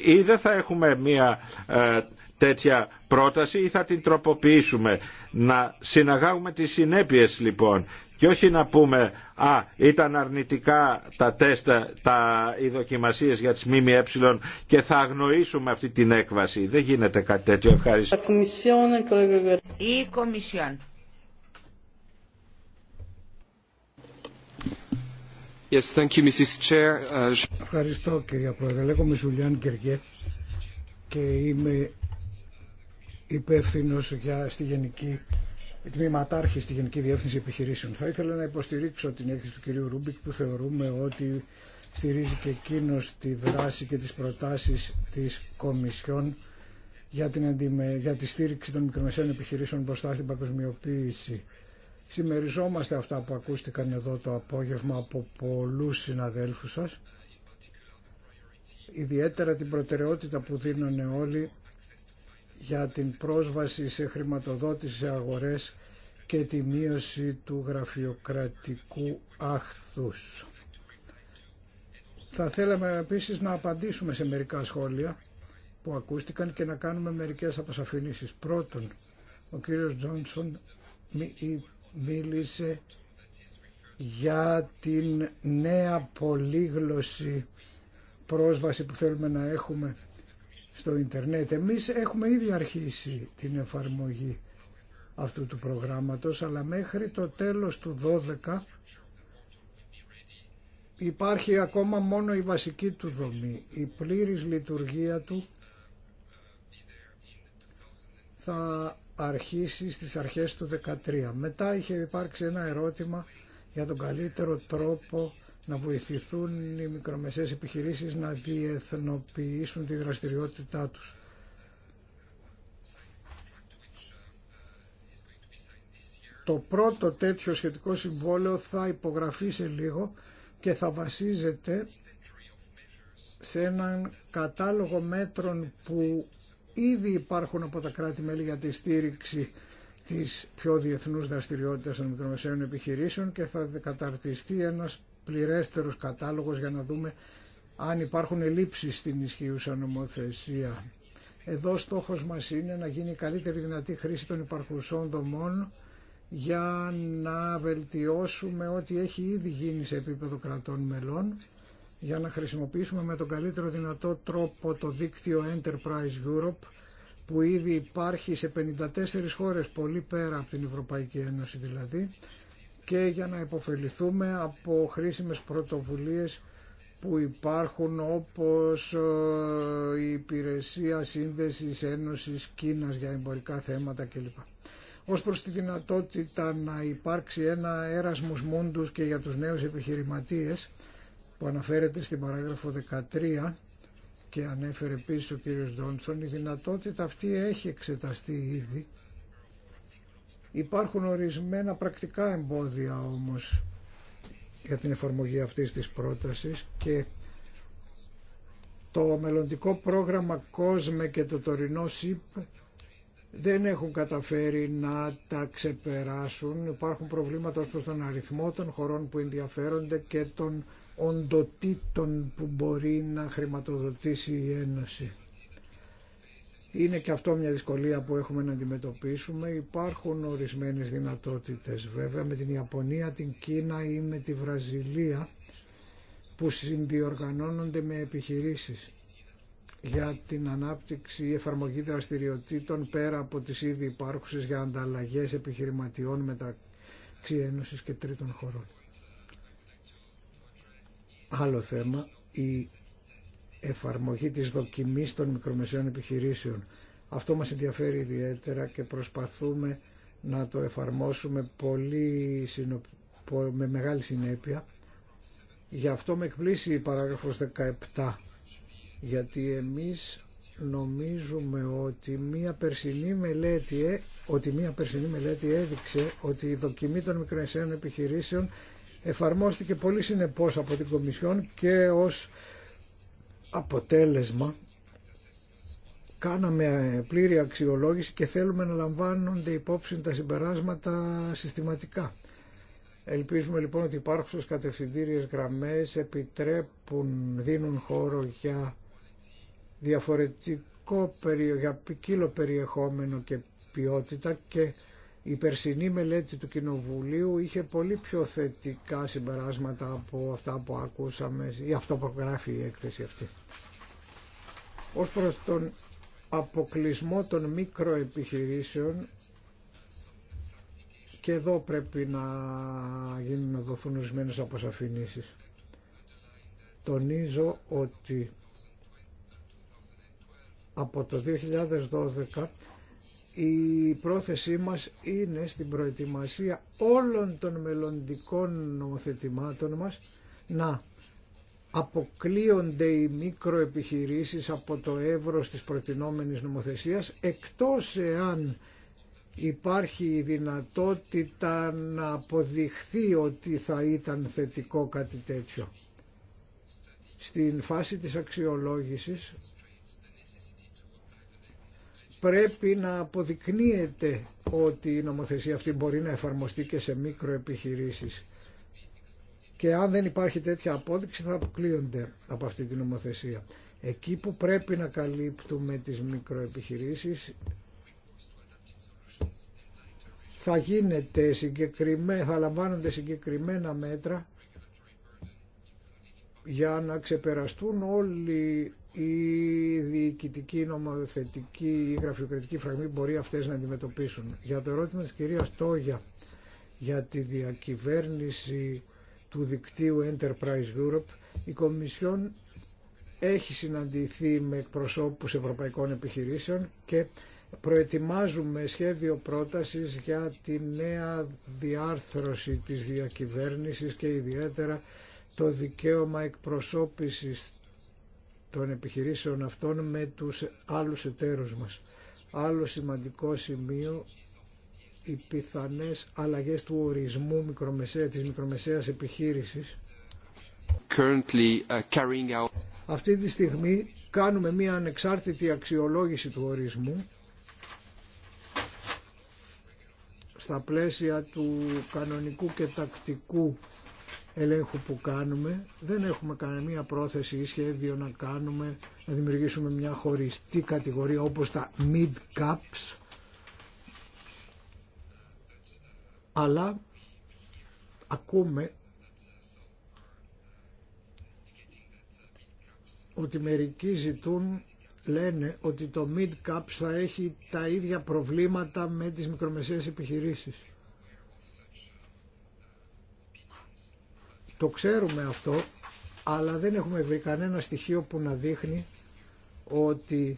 ή δεν θα έχουμε μια ε, τέτοια πρόταση ή θα την τροποποιήσουμε. Να συναγάγουμε τις συνέπειες λοιπόν και όχι να πούμε «Α, ήταν αρνητικά τα τεστ, τα, οι δοκιμασίες για τις ΜΜΕ και θα αγνοήσουμε αυτή την έκβαση». Δεν γίνεται κάτι τέτοιο. Ευχαριστώ. Η Κομισιόν. Yes, thank you, Mrs. Chair. Ευχαριστώ κυρία Πρόεδρε. Λέγομαι Ζουλιάν Κεργέ και είμαι υπεύθυνο στη Γενική Τμήματάρχη στη Γενική Διεύθυνση Επιχειρήσεων. Θα ήθελα να υποστηρίξω την έκθεση του κυρίου Ρούμπικ που θεωρούμε ότι στηρίζει και εκείνο τη δράση και τις προτάσεις της Κομισιόν για, την για τη στήριξη των μικρομεσαίων επιχειρήσεων μπροστά στην παγκοσμιοποίηση. Σημεριζόμαστε αυτά που ακούστηκαν εδώ το απόγευμα από πολλούς συναδέλφους σας ιδιαίτερα την προτεραιότητα που δίνουν όλοι για την πρόσβαση σε χρηματοδότηση σε αγορές και τη μείωση του γραφειοκρατικού άχθους. Θα θέλαμε επίσης να απαντήσουμε σε μερικά σχόλια που ακούστηκαν και να κάνουμε μερικές αποσαφηνήσεις. Πρώτον, ο κύριος Τζόνσον μίλησε για την νέα πολύγλωση πρόσβαση που θέλουμε να έχουμε στο Ιντερνετ. Εμείς έχουμε ήδη αρχίσει την εφαρμογή αυτού του προγράμματος, αλλά μέχρι το τέλος του 12 υπάρχει ακόμα μόνο η βασική του δομή. Η πλήρης λειτουργία του θα αρχίσει στις αρχές του 13. Μετά είχε υπάρξει ένα ερώτημα για τον καλύτερο τρόπο να βοηθηθούν οι μικρομεσαίες επιχειρήσεις να διεθνοποιήσουν τη δραστηριότητά τους. Το πρώτο τέτοιο σχετικό συμβόλαιο θα υπογραφεί σε λίγο και θα βασίζεται σε έναν κατάλογο μέτρων που ήδη υπάρχουν από τα κράτη-μέλη για τη στήριξη της πιο διεθνούς δραστηριότητας των μικρομεσαίων επιχειρήσεων και θα καταρτιστεί ένας πληρέστερος κατάλογος για να δούμε αν υπάρχουν ελλείψεις στην ισχύουσα νομοθεσία. Εδώ στόχος μας είναι να γίνει η καλύτερη δυνατή χρήση των υπαρχουσών δομών για να βελτιώσουμε ό,τι έχει ήδη γίνει σε επίπεδο κρατών μελών για να χρησιμοποιήσουμε με τον καλύτερο δυνατό τρόπο το δίκτυο Enterprise Europe που ήδη υπάρχει σε 54 χώρες, πολύ πέρα από την Ευρωπαϊκή Ένωση δηλαδή, και για να υποφεληθούμε από χρήσιμες πρωτοβουλίες που υπάρχουν όπως ε, η Υπηρεσία Σύνδεσης Ένωσης Κίνας για εμπορικά θέματα κλπ. Ως προς τη δυνατότητα να υπάρξει ένα έρασμος μόντους και για τους νέους επιχειρηματίες που αναφέρεται στην παράγραφο 13 και ανέφερε επίσης ο κύριος Ντόνσον, η δυνατότητα αυτή έχει εξεταστεί ήδη. Υπάρχουν ορισμένα πρακτικά εμπόδια όμως για την εφαρμογή αυτής της πρότασης και το μελλοντικό πρόγραμμα COSME και το τωρινό SIP δεν έχουν καταφέρει να τα ξεπεράσουν. Υπάρχουν προβλήματα προς τον αριθμό των χωρών που ενδιαφέρονται και των οντοτήτων που μπορεί να χρηματοδοτήσει η Ένωση. Είναι και αυτό μια δυσκολία που έχουμε να αντιμετωπίσουμε. Υπάρχουν ορισμένες δυνατότητες βέβαια με την Ιαπωνία, την Κίνα ή με τη Βραζιλία που συνδιοργανώνονται με επιχειρήσεις για την ανάπτυξη ή εφαρμογή δραστηριοτήτων πέρα από τις ήδη υπάρχουσες για ανταλλαγές επιχειρηματιών μεταξύ Ένωσης και τρίτων χωρών. Άλλο θέμα, η εφαρμογή της δοκιμής των μικρομεσαίων επιχειρήσεων. Αυτό μας ενδιαφέρει ιδιαίτερα και προσπαθούμε να το εφαρμόσουμε πολύ με μεγάλη συνέπεια. Γι' αυτό με εκπλήσει η παράγραφος 17, γιατί εμείς νομίζουμε ότι μία περσινή μελέτη, ε, ότι μία περσινή μελέτη έδειξε ότι η δοκιμή των μικρομεσαίων επιχειρήσεων εφαρμόστηκε πολύ συνεπώς από την Κομισιόν και ως αποτέλεσμα κάναμε πλήρη αξιολόγηση και θέλουμε να λαμβάνονται υπόψη τα συμπεράσματα συστηματικά. Ελπίζουμε λοιπόν ότι υπάρχουν κατευθυντήριες γραμμές, επιτρέπουν, δίνουν χώρο για διαφορετικό, για ποικίλο περιεχόμενο και ποιότητα και η περσινή μελέτη του Κοινοβουλίου είχε πολύ πιο θετικά συμπεράσματα από αυτά που ακούσαμε ή αυτό που γράφει η έκθεση αυτή. Ως προς τον αποκλεισμό των μικροεπιχειρήσεων και εδώ πρέπει να γίνουν να δοθούν ορισμένε αποσαφηνήσεις. Τονίζω ότι από το 2012 η πρόθεσή μας είναι στην προετοιμασία όλων των μελλοντικών νομοθετημάτων μας να αποκλείονται οι μικροεπιχειρήσεις από το εύρος της προτινόμενης νομοθεσίας εκτός εάν υπάρχει η δυνατότητα να αποδειχθεί ότι θα ήταν θετικό κάτι τέτοιο. Στην φάση της αξιολόγησης πρέπει να αποδεικνύεται ότι η νομοθεσία αυτή μπορεί να εφαρμοστεί και σε μικροεπιχειρήσεις. Και αν δεν υπάρχει τέτοια απόδειξη θα αποκλείονται από αυτή τη νομοθεσία. Εκεί που πρέπει να καλύπτουμε τις μικροεπιχειρήσεις θα γίνεται θα λαμβάνονται συγκεκριμένα μέτρα για να ξεπεραστούν όλοι η διοικητική, η νομοθετική, η γραφειοκρατική φραγμή μπορεί αυτές να αντιμετωπίσουν. Για το ερώτημα της κυρίας Τόγια για τη διακυβέρνηση του δικτύου Enterprise Europe, η Κομισιόν έχει συναντηθεί με εκπροσώπους ευρωπαϊκών επιχειρήσεων και προετοιμάζουμε σχέδιο πρότασης για τη νέα διάρθρωση της διακυβέρνησης και ιδιαίτερα το δικαίωμα εκπροσώπησης των επιχειρήσεων αυτών με τους άλλους εταίρους μας. Άλλο σημαντικό σημείο οι πιθανές αλλαγές του ορισμού μικρομεσαία, της μικρομεσαίας επιχείρησης. Currently, uh, carrying out... Αυτή τη στιγμή κάνουμε μία ανεξάρτητη αξιολόγηση του ορισμού στα πλαίσια του κανονικού και τακτικού ελέγχου που κάνουμε δεν έχουμε καμία πρόθεση ή σχέδιο να κάνουμε να δημιουργήσουμε μια χωριστή κατηγορία όπως τα mid caps αλλά ακούμε ότι μερικοί ζητούν λένε ότι το mid caps θα έχει τα ίδια προβλήματα με τις μικρομεσαίες επιχειρήσεις. Το ξέρουμε αυτό, αλλά δεν έχουμε βρει κανένα στοιχείο που να δείχνει ότι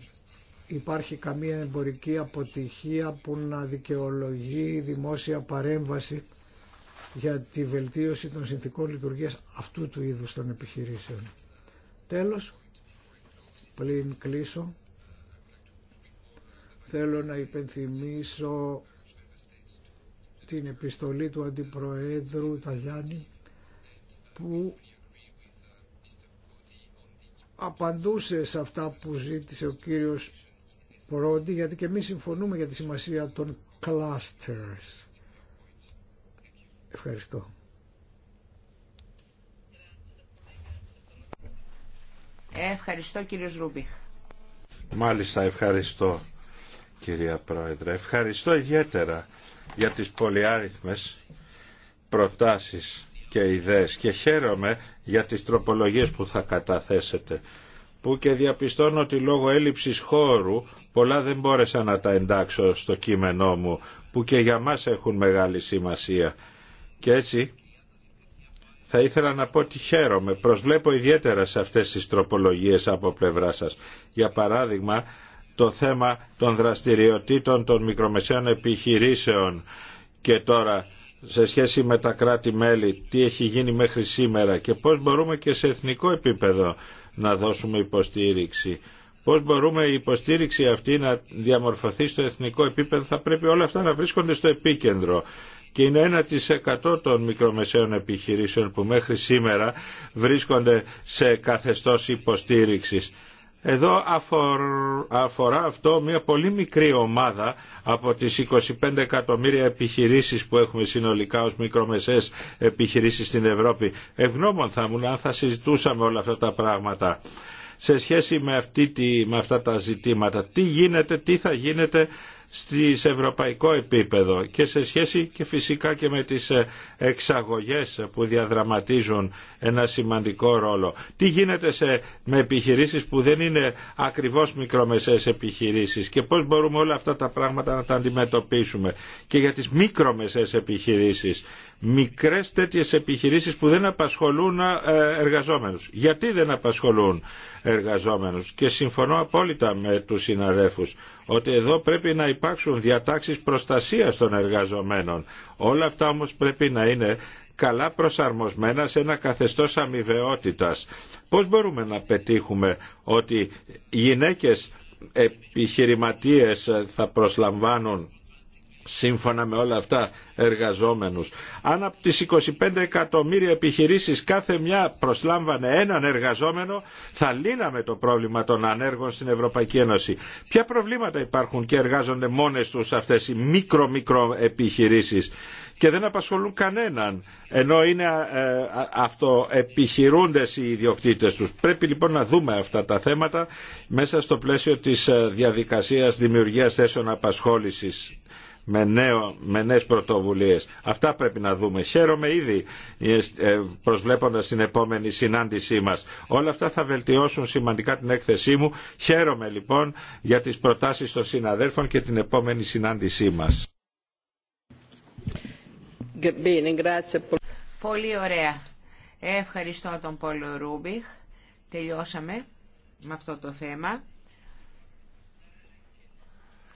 υπάρχει καμία εμπορική αποτυχία που να δικαιολογεί δημόσια παρέμβαση για τη βελτίωση των συνθήκων λειτουργίας αυτού του είδους των επιχειρήσεων. Τέλος, πλην κλείσω, θέλω να υπενθυμίσω την επιστολή του Αντιπροέδρου Ταγιάννη που απαντούσε σε αυτά που ζήτησε ο κύριος Πρόντι γιατί και εμείς συμφωνούμε για τη σημασία των clusters. Ευχαριστώ. Ευχαριστώ κύριος Ρούμπιχ. Μάλιστα ευχαριστώ κυρία Πρόεδρε. Ευχαριστώ ιδιαίτερα για τις πολυάριθμες προτάσεις και ιδέες και χαίρομαι για τις τροπολογίες που θα καταθέσετε που και διαπιστώνω ότι λόγω έλλειψης χώρου πολλά δεν μπόρεσα να τα εντάξω στο κείμενό μου που και για μας έχουν μεγάλη σημασία και έτσι θα ήθελα να πω ότι χαίρομαι προσβλέπω ιδιαίτερα σε αυτές τις τροπολογίες από πλευρά σας για παράδειγμα το θέμα των δραστηριοτήτων των μικρομεσαίων επιχειρήσεων και τώρα σε σχέση με τα κράτη-μέλη, τι έχει γίνει μέχρι σήμερα και πώς μπορούμε και σε εθνικό επίπεδο να δώσουμε υποστήριξη. Πώς μπορούμε η υποστήριξη αυτή να διαμορφωθεί στο εθνικό επίπεδο, θα πρέπει όλα αυτά να βρίσκονται στο επίκεντρο και είναι 1% των μικρομεσαίων επιχειρήσεων που μέχρι σήμερα βρίσκονται σε καθεστώς υποστήριξης. Εδώ αφορά αυτό μια πολύ μικρή ομάδα από τις 25 εκατομμύρια επιχειρήσεις που έχουμε συνολικά ως μικρομεσαίες επιχειρήσεις στην Ευρώπη. Ευγνώμων θα ήμουν αν θα συζητούσαμε όλα αυτά τα πράγματα σε σχέση με, αυτή τη, με αυτά τα ζητήματα. Τι γίνεται, τι θα γίνεται στις ευρωπαϊκό επίπεδο και σε σχέση και φυσικά και με τις ε, εξαγωγές που διαδραματίζουν ένα σημαντικό ρόλο. Τι γίνεται με επιχειρήσεις που δεν είναι ακριβώς μικρομεσαίες επιχειρήσεις και πώς μπορούμε όλα αυτά τα πράγματα να τα αντιμετωπίσουμε. Και για τις μικρομεσαίες επιχειρήσεις μικρές τέτοιες επιχειρήσεις που δεν απασχολούν ε, εργαζόμενους. Γιατί δεν απασχολούν εργαζόμενους και συμφωνώ απόλυτα με τους συναδέφους ότι εδώ πρέπει να υπάρξουν διατάξεις προστασίας των εργαζομένων. Όλα αυτά όμως πρέπει να είναι καλά προσαρμοσμένα σε ένα καθεστώς αμοιβαιότητας. Πώς μπορούμε να πετύχουμε ότι γυναίκες επιχειρηματίες θα προσλαμβάνουν σύμφωνα με όλα αυτά εργαζόμενους. Αν από τις 25 εκατομμύρια επιχειρήσεις κάθε μια προσλάμβανε έναν εργαζόμενο, θα λύναμε το πρόβλημα των ανέργων στην Ευρωπαϊκή Ένωση. Ποια προβλήματα υπάρχουν και εργάζονται μόνες τους αυτές οι μικρο-μικρο επιχειρήσεις και δεν απασχολούν κανέναν, ενώ είναι ε, αυτοεπιχειρούντες οι ιδιοκτήτες τους. Πρέπει λοιπόν να δούμε αυτά τα θέματα μέσα στο πλαίσιο της ε, διαδικασίας δημιουργίας θέσεων απασχόλησης με, νέο, με νέες πρωτοβουλίες. Αυτά πρέπει να δούμε. Χαίρομαι ήδη ε, ε, προσβλέποντας την επόμενη συνάντησή μας. Όλα αυτά θα βελτιώσουν σημαντικά την έκθεσή μου. Χαίρομαι λοιπόν για τις προτάσεις των συναδέλφων και την επόμενη συνάντησή μας. Πολύ ωραία. Ευχαριστώ τον Πόλο Ρούμπιχ. Τελειώσαμε με αυτό το θέμα.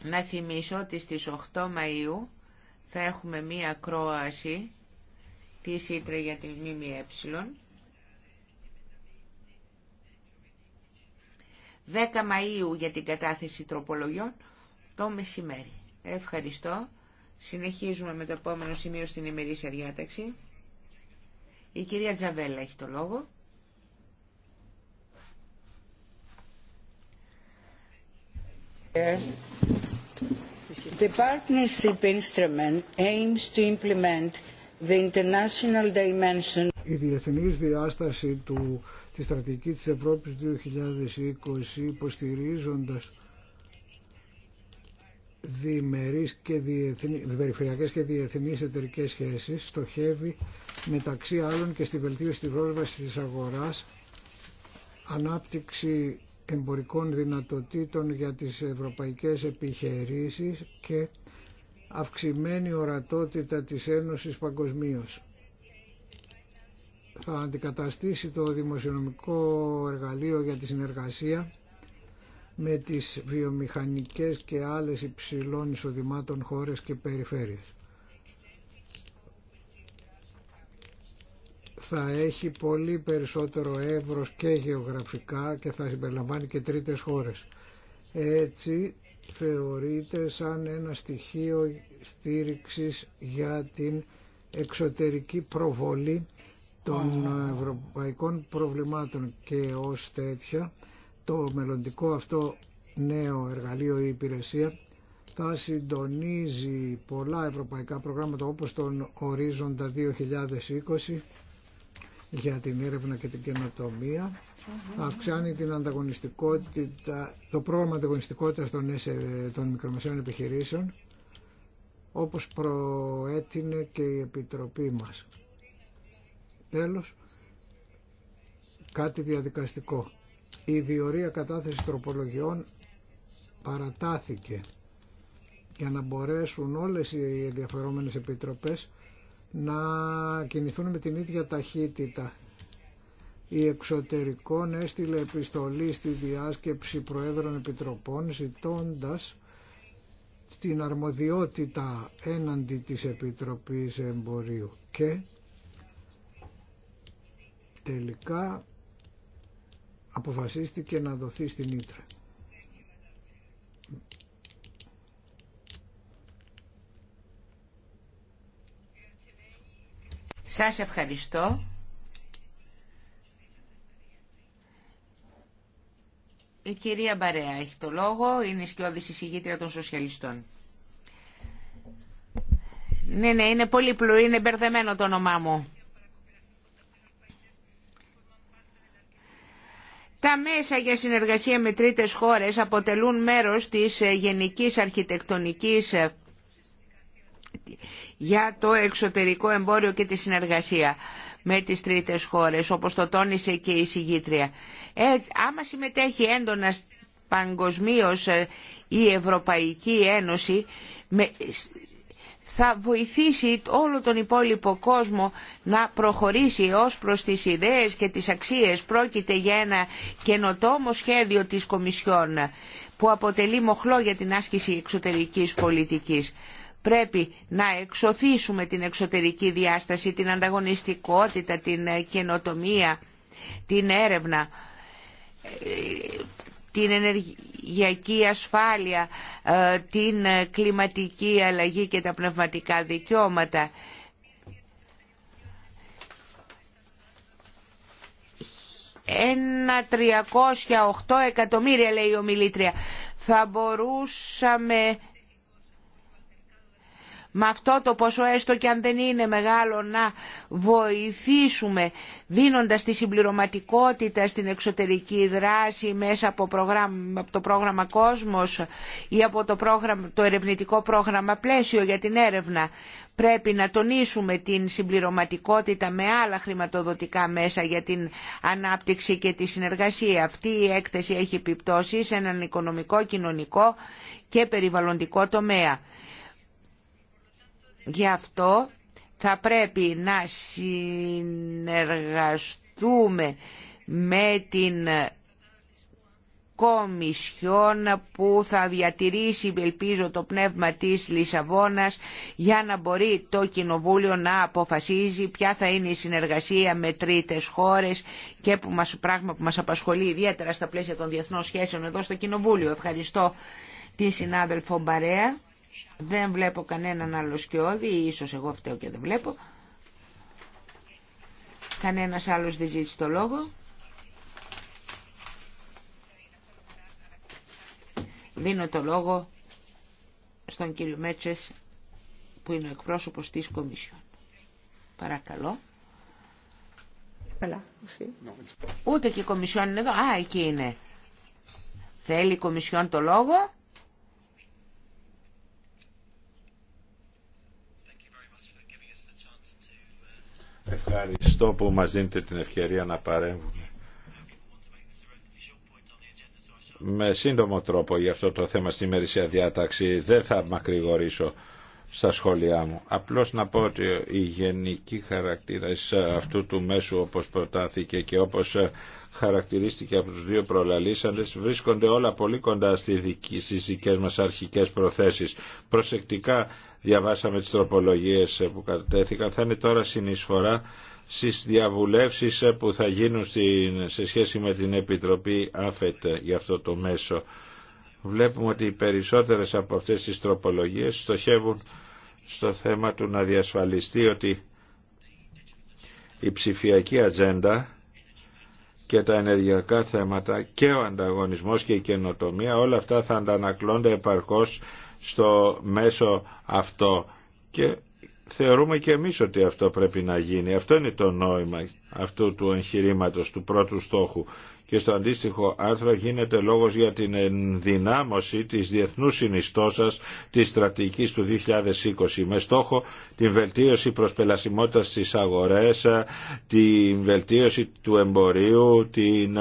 Να θυμίσω ότι στις 8 Μαΐου θα έχουμε μία κρόαση τη Ήτρα για τη ΜΜΕ. 10 Μαΐου για την κατάθεση τροπολογιών το μεσημέρι. Ευχαριστώ. Συνεχίζουμε με το επόμενο σημείο στην ημερήσια διάταξη. Η κυρία Τζαβέλα έχει το λόγο. Ε, η διεθνής διάσταση του, της στρατηγικής της Ευρώπης 2020 υποστηρίζοντας διμερείς και διεθνή, περιφερειακές και διεθνείς εταιρικές σχέσεις στοχεύει μεταξύ άλλων και στη βελτίωση της πρόσβασης της αγοράς ανάπτυξη εμπορικών δυνατοτήτων για τις ευρωπαϊκές επιχειρήσεις και αυξημένη ορατότητα της Ένωσης παγκοσμίω. Θα αντικαταστήσει το δημοσιονομικό εργαλείο για τη συνεργασία με τις βιομηχανικές και άλλες υψηλών εισοδημάτων χώρες και περιφέρειες. θα έχει πολύ περισσότερο εύρος και γεωγραφικά και θα συμπεριλαμβάνει και τρίτες χώρες. Έτσι θεωρείται σαν ένα στοιχείο στήριξης για την εξωτερική προβολή των ευρωπαϊκών προβλημάτων και ως τέτοια το μελλοντικό αυτό νέο εργαλείο ή υπηρεσία θα συντονίζει πολλά ευρωπαϊκά προγράμματα όπως τον Ορίζοντα 2020 για την έρευνα και την καινοτομία, αυξάνει την ανταγωνιστικότητα, το πρόγραμμα ανταγωνιστικότητας των, των μικρομεσαίων επιχειρήσεων, όπως προέτεινε και η Επιτροπή μας. Τέλος, κάτι διαδικαστικό. Η διορία κατάθεση τροπολογιών παρατάθηκε για να μπορέσουν όλες οι ενδιαφερόμενες επιτροπές να κινηθούν με την ίδια ταχύτητα. Η εξωτερικών έστειλε επιστολή στη διάσκεψη Προέδρων Επιτροπών ζητώντας την αρμοδιότητα έναντι της Επιτροπής Εμπορίου και τελικά αποφασίστηκε να δοθεί στην Ήτρα. Σας ευχαριστώ. Η κυρία Μπαρέα έχει το λόγο, είναι η σκιώδης εισηγήτρια των σοσιαλιστών. Ναι, ναι, είναι πολύ είναι μπερδεμένο το όνομά μου. Τα μέσα για συνεργασία με τρίτες χώρες αποτελούν μέρος της γενικής αρχιτεκτονικής για το εξωτερικό εμπόριο και τη συνεργασία με τις τρίτες χώρες, όπως το τόνισε και η συγγήτρια. Ε, άμα συμμετέχει έντονα παγκοσμίω ε, η Ευρωπαϊκή Ένωση, θα βοηθήσει όλο τον υπόλοιπο κόσμο να προχωρήσει ως προς τις ιδέες και τις αξίες. Πρόκειται για ένα καινοτόμο σχέδιο της Κομισιόν που αποτελεί μοχλό για την άσκηση εξωτερικής πολιτικής πρέπει να εξωθήσουμε την εξωτερική διάσταση, την ανταγωνιστικότητα, την καινοτομία, την έρευνα, την ενεργειακή ασφάλεια, ε, την κλιματική αλλαγή και τα πνευματικά δικαιώματα. Ένα 308 εκατομμύρια λέει η ομιλήτρια. Θα μπορούσαμε με αυτό το ποσό έστω και αν δεν είναι μεγάλο να βοηθήσουμε δίνοντας τη συμπληρωματικότητα στην εξωτερική δράση μέσα από, το πρόγραμμα Κόσμος ή από το, πρόγραμμα, το ερευνητικό πρόγραμμα Πλαίσιο για την έρευνα. Πρέπει να τονίσουμε την συμπληρωματικότητα με άλλα χρηματοδοτικά μέσα για την ανάπτυξη και τη συνεργασία. Αυτή η έκθεση έχει επιπτώσει σε έναν οικονομικό, κοινωνικό και περιβαλλοντικό τομέα. Γι' αυτό θα πρέπει να συνεργαστούμε με την Κομισιόν που θα διατηρήσει ελπίζω το πνεύμα της Λισαβόνας για να μπορεί το Κοινοβούλιο να αποφασίζει ποια θα είναι η συνεργασία με τρίτες χώρες και που μας, πράγμα που μας απασχολεί ιδιαίτερα στα πλαίσια των διεθνών σχέσεων εδώ στο Κοινοβούλιο. Ευχαριστώ την συνάδελφο Μπαρέα. Δεν βλέπω κανέναν άλλο σκιώδη, ίσως εγώ φταίω και δεν βλέπω. Κανένας άλλος δεν ζήτησε το λόγο. Δίνω το λόγο στον κύριο Μέτσες που είναι ο εκπρόσωπος της Κομισιόν. Παρακαλώ. Ούτε και η Κομισιόν είναι εδώ. Α, εκεί είναι. Θέλει η Κομισιόν το λόγο. Ευχαριστώ που μας δίνετε την ευκαιρία να παρέμβουμε. Με σύντομο τρόπο για αυτό το θέμα στη μερισία διάταξη δεν θα μακρηγορήσω στα σχόλιά μου. Απλώς να πω ότι η γενική χαρακτήρα αυτού του μέσου όπως προτάθηκε και όπως χαρακτηρίστηκε από τους δύο προλαλήσαντες βρίσκονται όλα πολύ κοντά στις δικές μας αρχικές προθέσεις. Προσεκτικά διαβάσαμε τις τροπολογίες που κατέθηκαν. Θα είναι τώρα συνεισφορά στις διαβουλεύσεις που θα γίνουν σε σχέση με την Επιτροπή ΑΦΕΤ για αυτό το μέσο. Βλέπουμε ότι οι περισσότερες από αυτές τις τροπολογίες στοχεύουν στο θέμα του να διασφαλιστεί ότι η ψηφιακή ατζέντα και τα ενεργειακά θέματα και ο ανταγωνισμός και η καινοτομία όλα αυτά θα αντανακλώνται επαρκώς στο μέσο αυτό και θεωρούμε και εμείς ότι αυτό πρέπει να γίνει. Αυτό είναι το νόημα αυτού του εγχειρήματος, του πρώτου στόχου και στο αντίστοιχο άρθρο γίνεται λόγος για την ενδυνάμωση της διεθνούς συνιστώσας της στρατηγικής του 2020 με στόχο την βελτίωση προσπελασιμότητας στις αγορές, την βελτίωση του εμπορίου, την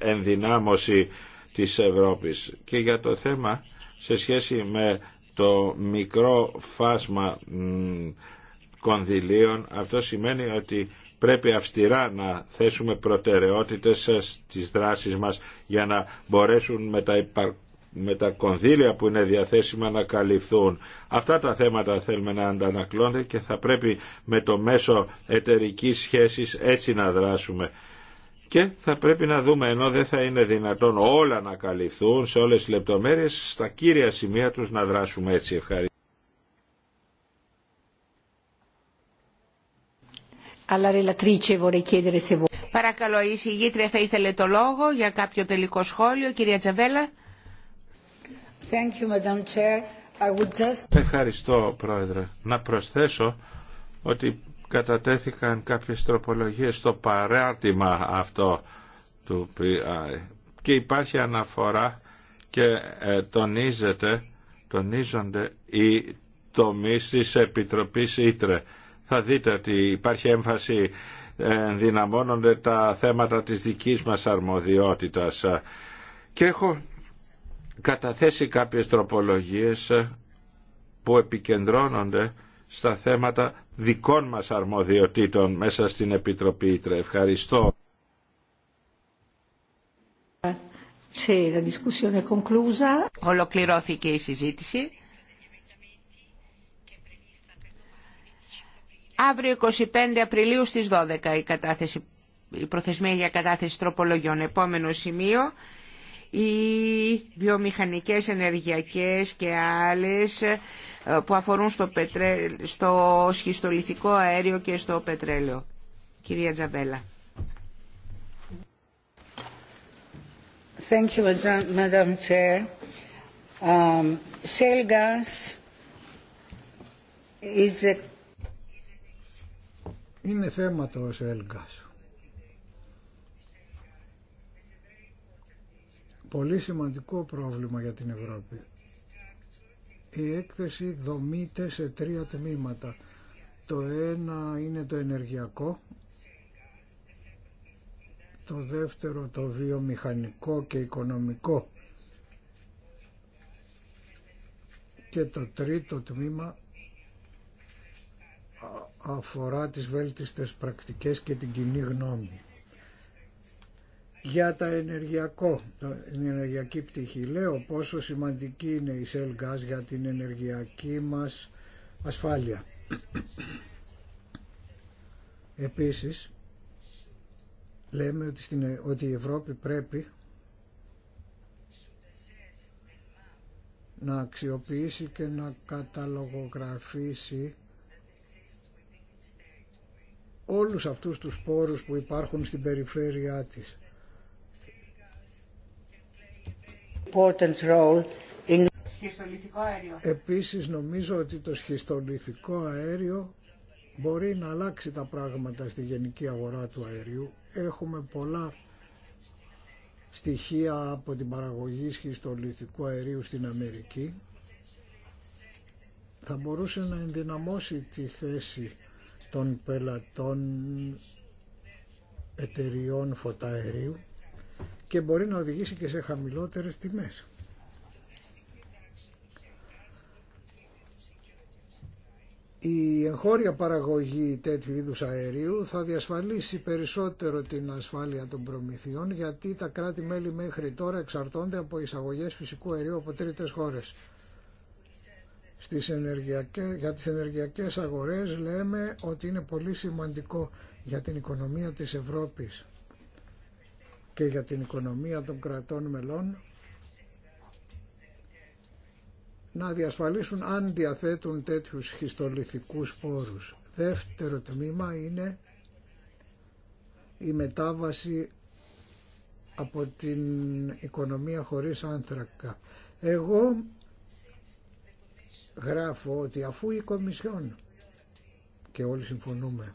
ενδυνάμωση της Ευρώπης. Και για το θέμα σε σχέση με το μικρό φάσμα κονδυλίων, αυτό σημαίνει ότι πρέπει αυστηρά να θέσουμε προτεραιότητες στις δράσεις μας για να μπορέσουν με τα με τα κονδύλια που είναι διαθέσιμα να καλυφθούν. Αυτά τα θέματα θέλουμε να αντανακλώνται και θα πρέπει με το μέσο εταιρικής σχέσης έτσι να δράσουμε. Και θα πρέπει να δούμε, ενώ δεν θα είναι δυνατόν όλα να καλυφθούν σε όλες τις λεπτομέρειες, στα κύρια σημεία τους να δράσουμε έτσι. Ευχαριστώ. Παρακαλώ, η συγγήτρια θα ήθελε το λόγο για κάποιο τελικό σχόλιο. Κυρία Τζαβέλα. Ευχαριστώ, Πρόεδρε. Να προσθέσω ότι κατατέθηκαν κάποιες τροπολογίες στο παράρτημα αυτό του PI και υπάρχει αναφορά και ε, τονίζεται, τονίζονται οι τομείς της Επιτροπής Ήτρε θα δείτε ότι υπάρχει έμφαση ε, ενδυναμώνονται τα θέματα της δικής μας αρμοδιότητας και έχω καταθέσει κάποιες τροπολογίες που επικεντρώνονται στα θέματα δικών μας αρμοδιοτήτων μέσα στην Επιτροπή Ήτρε. Ευχαριστώ. Ολοκληρώθηκε η συζήτηση. Αύριο 25 Απριλίου στις 12 η, κατάθεση, η προθεσμία για κατάθεση τροπολογιών. Επόμενο σημείο, οι βιομηχανικές, ενεργειακές και άλλες ε, που αφορούν στο, πετρέ, σχιστολιθικό αέριο και στο πετρέλαιο. Κυρία Τζαβέλα. Thank you, Madam Chair. Um, shale gas is a είναι θέμα το ΣΕΛΚΑΣ. Πολύ σημαντικό πρόβλημα για την Ευρώπη. Η έκθεση δομείται σε τρία τμήματα. Το ένα είναι το ενεργειακό, το δεύτερο το βιομηχανικό και οικονομικό και το τρίτο τμήμα αφορά τις βέλτιστες πρακτικές και την κοινή γνώμη. Για τα ενεργειακό, την ενεργειακή πτυχή, λέω πόσο σημαντική είναι η Shell Gas για την ενεργειακή μας ασφάλεια. Επίσης, λέμε ότι, στην, ότι η Ευρώπη πρέπει να αξιοποιήσει και να καταλογογραφήσει όλους αυτούς τους σπόρους που υπάρχουν στην περιφέρειά της. In... Αέριο. Επίσης νομίζω ότι το σχιστολιθικό αέριο μπορεί να αλλάξει τα πράγματα στη γενική αγορά του αέριου. Έχουμε πολλά στοιχεία από την παραγωγή σχιστολιθικού αερίου στην Αμερική. Θα μπορούσε να ενδυναμώσει τη θέση των πελατών εταιριών φωταερίου και μπορεί να οδηγήσει και σε χαμηλότερες τιμές. Η εγχώρια παραγωγή τέτοιου είδους αερίου θα διασφαλίσει περισσότερο την ασφάλεια των προμηθειών γιατί τα κράτη-μέλη μέχρι τώρα εξαρτώνται από εισαγωγές φυσικού αερίου από τρίτες χώρες στις ενεργειακές, για τις ενεργειακές αγορές λέμε ότι είναι πολύ σημαντικό για την οικονομία της Ευρώπης και για την οικονομία των κρατών μελών να διασφαλίσουν αν διαθέτουν τέτοιους χιστολιθικούς πόρους. Δεύτερο τμήμα είναι η μετάβαση από την οικονομία χωρίς άνθρακα. Εγώ γράφω ότι αφού η Κομισιόν και όλοι συμφωνούμε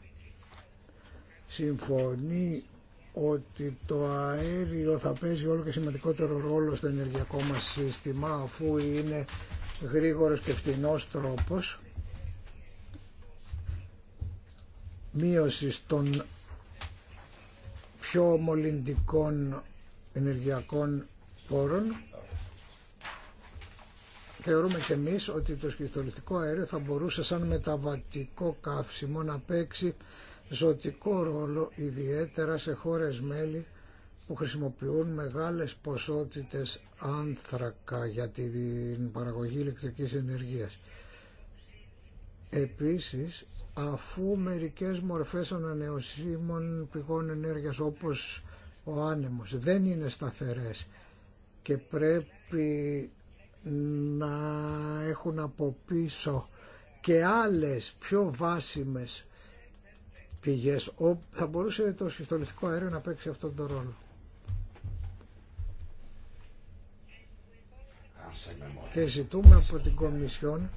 συμφωνεί ότι το αέριο θα παίζει όλο και σημαντικότερο ρόλο στο ενεργειακό μας σύστημα αφού είναι γρήγορος και φτηνός τρόπος μείωση των πιο μολυντικών ενεργειακών πόρων θεωρούμε και εμείς ότι το σχιστολιθικό αέριο θα μπορούσε σαν μεταβατικό καύσιμο να παίξει ζωτικό ρόλο ιδιαίτερα σε χώρες μέλη που χρησιμοποιούν μεγάλες ποσότητες άνθρακα για την παραγωγή ηλεκτρικής ενεργείας. Επίσης, αφού μερικές μορφές ανανεωσίμων πηγών ενέργειας όπως ο άνεμος δεν είναι σταθερές και πρέπει να έχουν από πίσω και άλλες πιο βάσιμες πηγές θα μπορούσε το συστολιστικό αέριο να παίξει αυτόν τον ρόλο. Και ζητούμε από την Κομισιόν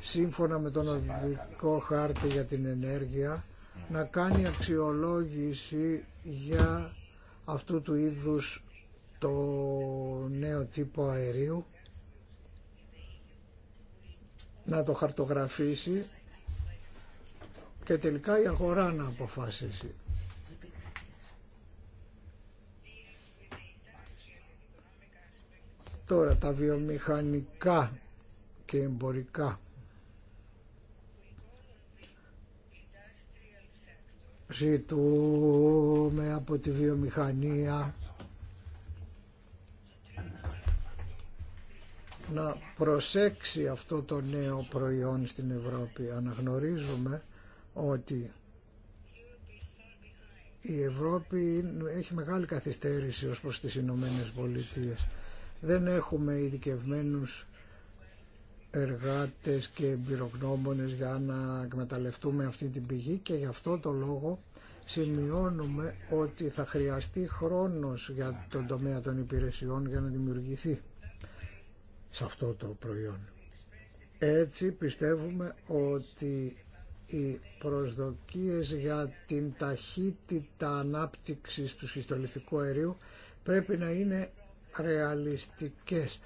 σύμφωνα με τον οδικό χάρτη για την ενέργεια να κάνει αξιολόγηση για αυτού του είδους το νέο τύπο αερίου να το χαρτογραφήσει και τελικά η αγορά να αποφασίσει. Τώρα τα βιομηχανικά και εμπορικά ζητούμε από τη βιομηχανία να προσέξει αυτό το νέο προϊόν στην Ευρώπη. Αναγνωρίζουμε ότι η Ευρώπη έχει μεγάλη καθυστέρηση ως προς τις Ηνωμένε Πολιτείε. Δεν έχουμε ειδικευμένου εργάτες και εμπειρογνώμονες για να εκμεταλλευτούμε αυτή την πηγή και γι' αυτό το λόγο σημειώνουμε ότι θα χρειαστεί χρόνος για τον τομέα των υπηρεσιών για να δημιουργηθεί σε αυτό το προϊόν. Έτσι πιστεύουμε ότι οι προσδοκίες για την ταχύτητα ανάπτυξης του σχιστολιθικού αερίου πρέπει να είναι ρεαλιστικές.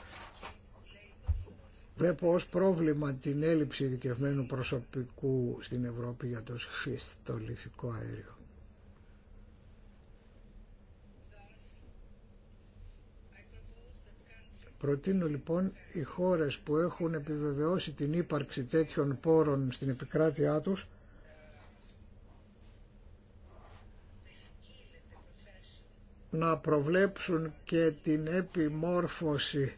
Βλέπω ως πρόβλημα την έλλειψη ειδικευμένου προσωπικού στην Ευρώπη για το σχιστολιθικό αέριο. Προτείνω λοιπόν οι χώρες που έχουν επιβεβαιώσει την ύπαρξη τέτοιων πόρων στην επικράτειά τους να προβλέψουν και την επιμόρφωση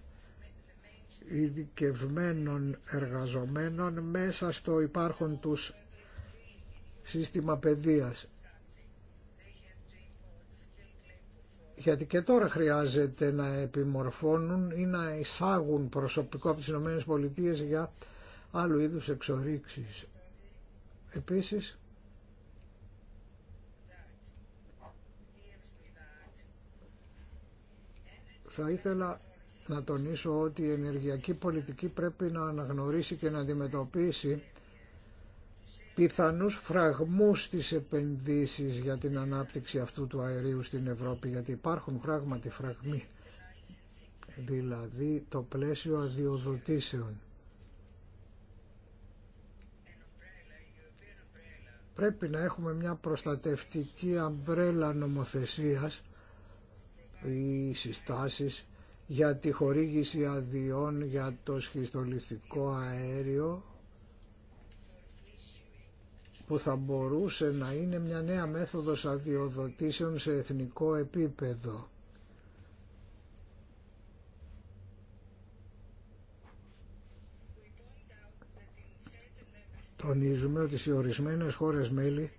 ειδικευμένων εργαζομένων μέσα στο υπάρχον τους σύστημα παιδείας. γιατί και τώρα χρειάζεται να επιμορφώνουν ή να εισάγουν προσωπικό από τις Ηνωμένες Πολιτείες για άλλου είδους εξορίξεις. Επίσης, θα ήθελα να τονίσω ότι η ενεργειακή πολιτική πρέπει να εισαγουν προσωπικο απο τις ηνωμενες για αλλου ειδους εξοριξεις επισης θα ηθελα να τονισω οτι η ενεργειακη πολιτικη πρεπει να αναγνωρισει και να αντιμετωπίσει πιθανούς φραγμούς της επενδύσεις για την ανάπτυξη αυτού του αερίου στην Ευρώπη, γιατί υπάρχουν πράγματι φραγμοί, δηλαδή το πλαίσιο αδειοδοτήσεων. Πρέπει να έχουμε μια προστατευτική αμπρέλα νομοθεσίας ή συστάσεις για τη χορήγηση αδειών για το σχιστολιθικό αέριο που θα μπορούσε να είναι μια νέα μέθοδος αδειοδοτήσεων σε εθνικό επίπεδο. Τονίζουμε ότι σε ορισμένες χώρες μέλη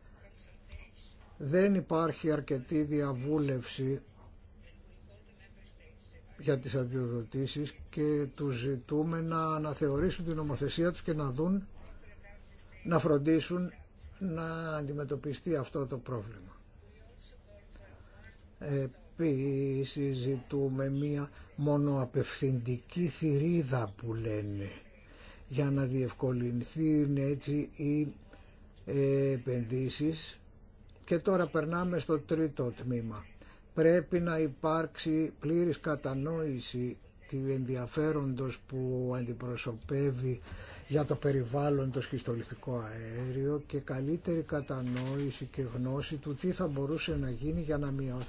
δεν υπάρχει αρκετή διαβούλευση για τις αδειοδοτήσεις και τους ζητούμε να αναθεωρήσουν την νομοθεσία τους και να δουν να φροντίσουν να αντιμετωπιστεί αυτό το πρόβλημα. Επίσης ζητούμε μία μονοαπευθυντική θηρίδα που λένε για να διευκολυνθούν έτσι οι ε, επενδύσεις και τώρα περνάμε στο τρίτο τμήμα. Πρέπει να υπάρξει πλήρης κατανόηση του ενδιαφέροντος που αντιπροσωπεύει για το περιβάλλον το σχιστολιθικό αέριο και καλύτερη κατανόηση και γνώση του τι θα μπορούσε να γίνει για να μειωθούν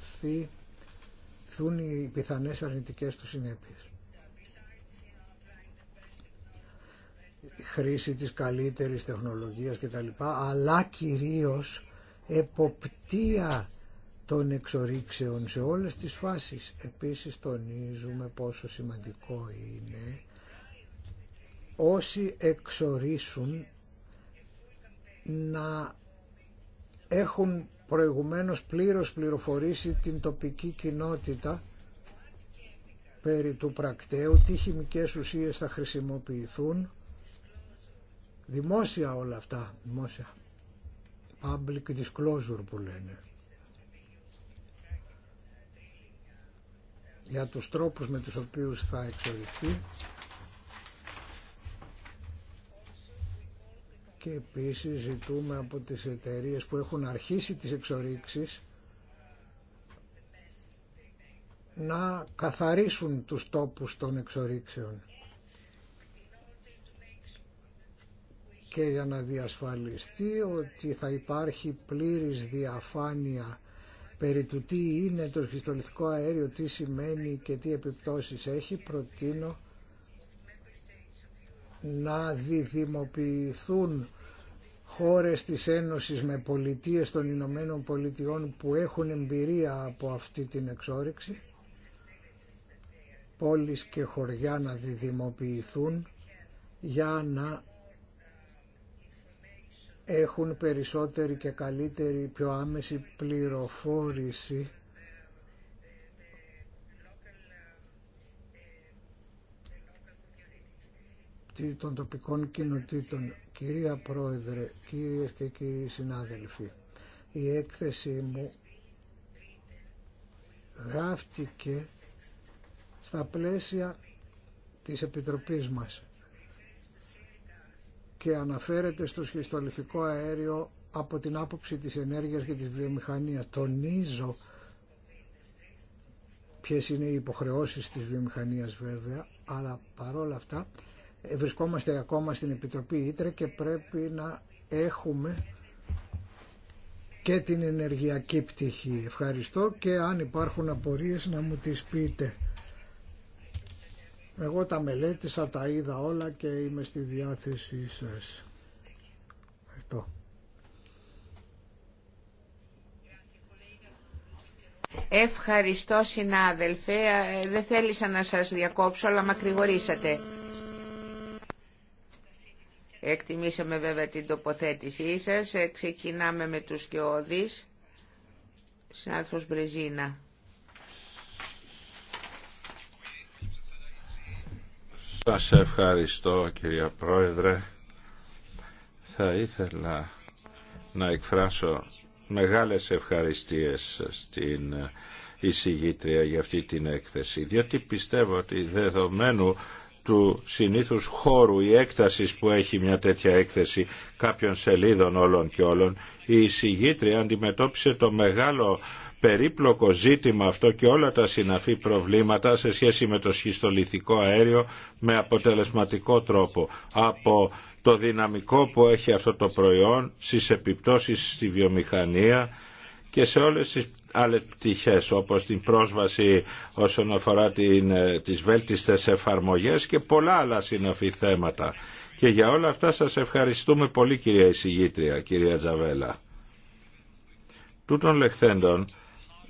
οι πιθανές αρνητικές του συνέπειες. Η χρήση της καλύτερης τεχνολογίας κτλ. Αλλά κυρίως εποπτεία των εξορίξεων σε όλες τις φάσεις. Επίσης τονίζουμε πόσο σημαντικό είναι όσοι εξορίσουν να έχουν προηγουμένως πλήρως πληροφορήσει την τοπική κοινότητα περί του πρακτέου, τι χημικές ουσίες θα χρησιμοποιηθούν, δημόσια όλα αυτά, δημόσια, public disclosure που λένε. για τους τρόπους με τους οποίους θα εξοριστεί και επίσης ζητούμε από τις εταιρείες που έχουν αρχίσει τις εξορίξεις να καθαρίσουν τους τόπους των εξορίξεων. Και για να διασφαλιστεί ότι θα υπάρχει πλήρης διαφάνεια περί του τι είναι το σχιστολιθικό αέριο, τι σημαίνει και τι επιπτώσεις έχει, προτείνω να διδημοποιηθούν χώρες της Ένωσης με πολιτείες των Ηνωμένων Πολιτειών που έχουν εμπειρία από αυτή την εξόρυξη, πόλεις και χωριά να διδημοποιηθούν για να έχουν περισσότερη και καλύτερη πιο άμεση πληροφόρηση των τοπικών κοινοτήτων. Κυρία Πρόεδρε, κύριε και κύριοι συνάδελφοι, η έκθεση μου γράφτηκε στα πλαίσια της Επιτροπής μας και αναφέρεται στο σχιστολιθικό αέριο από την άποψη της ενέργειας και της βιομηχανίας. Τονίζω ποιες είναι οι υποχρεώσεις της βιομηχανίας βέβαια, αλλά παρόλα αυτά βρισκόμαστε ακόμα στην Επιτροπή Ήτρε και πρέπει να έχουμε και την ενεργειακή πτυχή. Ευχαριστώ και αν υπάρχουν απορίες να μου τις πείτε. Εγώ τα μελέτησα, τα είδα όλα και είμαι στη διάθεσή σας. Ευχαριστώ. Ευχαριστώ συνάδελφε. Ε, δεν θέλησα να σας διακόψω αλλά μακρηγορήσατε. Εκτιμήσαμε βέβαια την τοποθέτησή σας. Ε, ξεκινάμε με τους Κιώδης. Συνάδελφος Μπρεζίνα. Σας ευχαριστώ κυρία Πρόεδρε. Θα ήθελα να εκφράσω μεγάλες ευχαριστίες στην εισηγήτρια για αυτή την έκθεση, διότι πιστεύω ότι δεδομένου του συνήθους χώρου ή έκτασης που έχει μια τέτοια έκθεση κάποιων σελίδων όλων και όλων. Η έκταση που αντιμετώπισε το μεγάλο περίπλοκο ζήτημα αυτό και όλα τα συναφή προβλήματα σε σχέση με το σχιστολιθικό αέριο με αποτελεσματικό τρόπο από το δυναμικό που έχει αυτό το προϊόν στις επιπτώσεις στη βιομηχανία και σε όλες τις άλλες πτυχές όπως την πρόσβαση όσον αφορά την, ε, τις βέλτιστες εφαρμογές και πολλά άλλα συναφή θέματα. Και για όλα αυτά σας ευχαριστούμε πολύ κυρία εισηγήτρια, κυρία Τζαβέλα. Τούτων λεχθέντων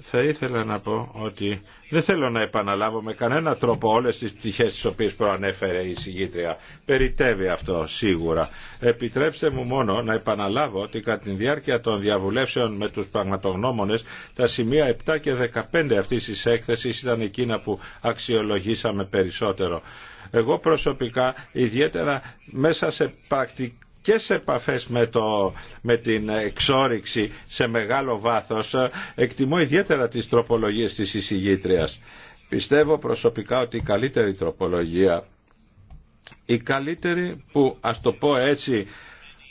θα ήθελα να πω ότι δεν θέλω να επαναλάβω με κανένα τρόπο όλες τις πτυχές τις οποίες προανέφερε η συγγήτρια. Περιτεύει αυτό σίγουρα. Επιτρέψτε μου μόνο να επαναλάβω ότι κατά τη διάρκεια των διαβουλεύσεων με τους πραγματογνώμονες τα σημεία 7 και 15 αυτής της έκθεσης ήταν εκείνα που αξιολογήσαμε περισσότερο. Εγώ προσωπικά ιδιαίτερα μέσα σε πρακτική και σε επαφές με, το, με την εξόριξη σε μεγάλο βάθος ε, εκτιμώ ιδιαίτερα τις τροπολογίες της εισηγήτριας. Πιστεύω προσωπικά ότι η καλύτερη τροπολογία, η καλύτερη που ας το πω έτσι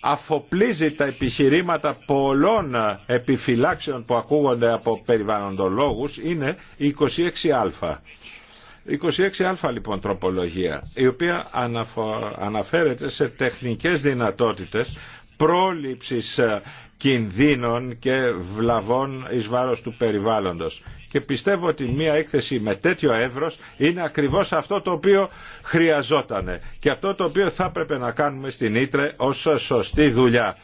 αφοπλίζει τα επιχειρήματα πολλών ε, επιφυλάξεων που ακούγονται από περιβαλλοντολόγους είναι η 26α 26α λοιπόν τροπολογία, η οποία αναφέρεται σε τεχνικές δυνατότητες πρόληψης ε, κινδύνων και βλαβών εις βάρος του περιβάλλοντος. Και πιστεύω ότι μια έκθεση με τέτοιο εύρος είναι ακριβώς αυτό το οποίο χρειαζότανε και αυτό το οποίο θα έπρεπε να κάνουμε στην Ήτρε ως σωστή δουλειά.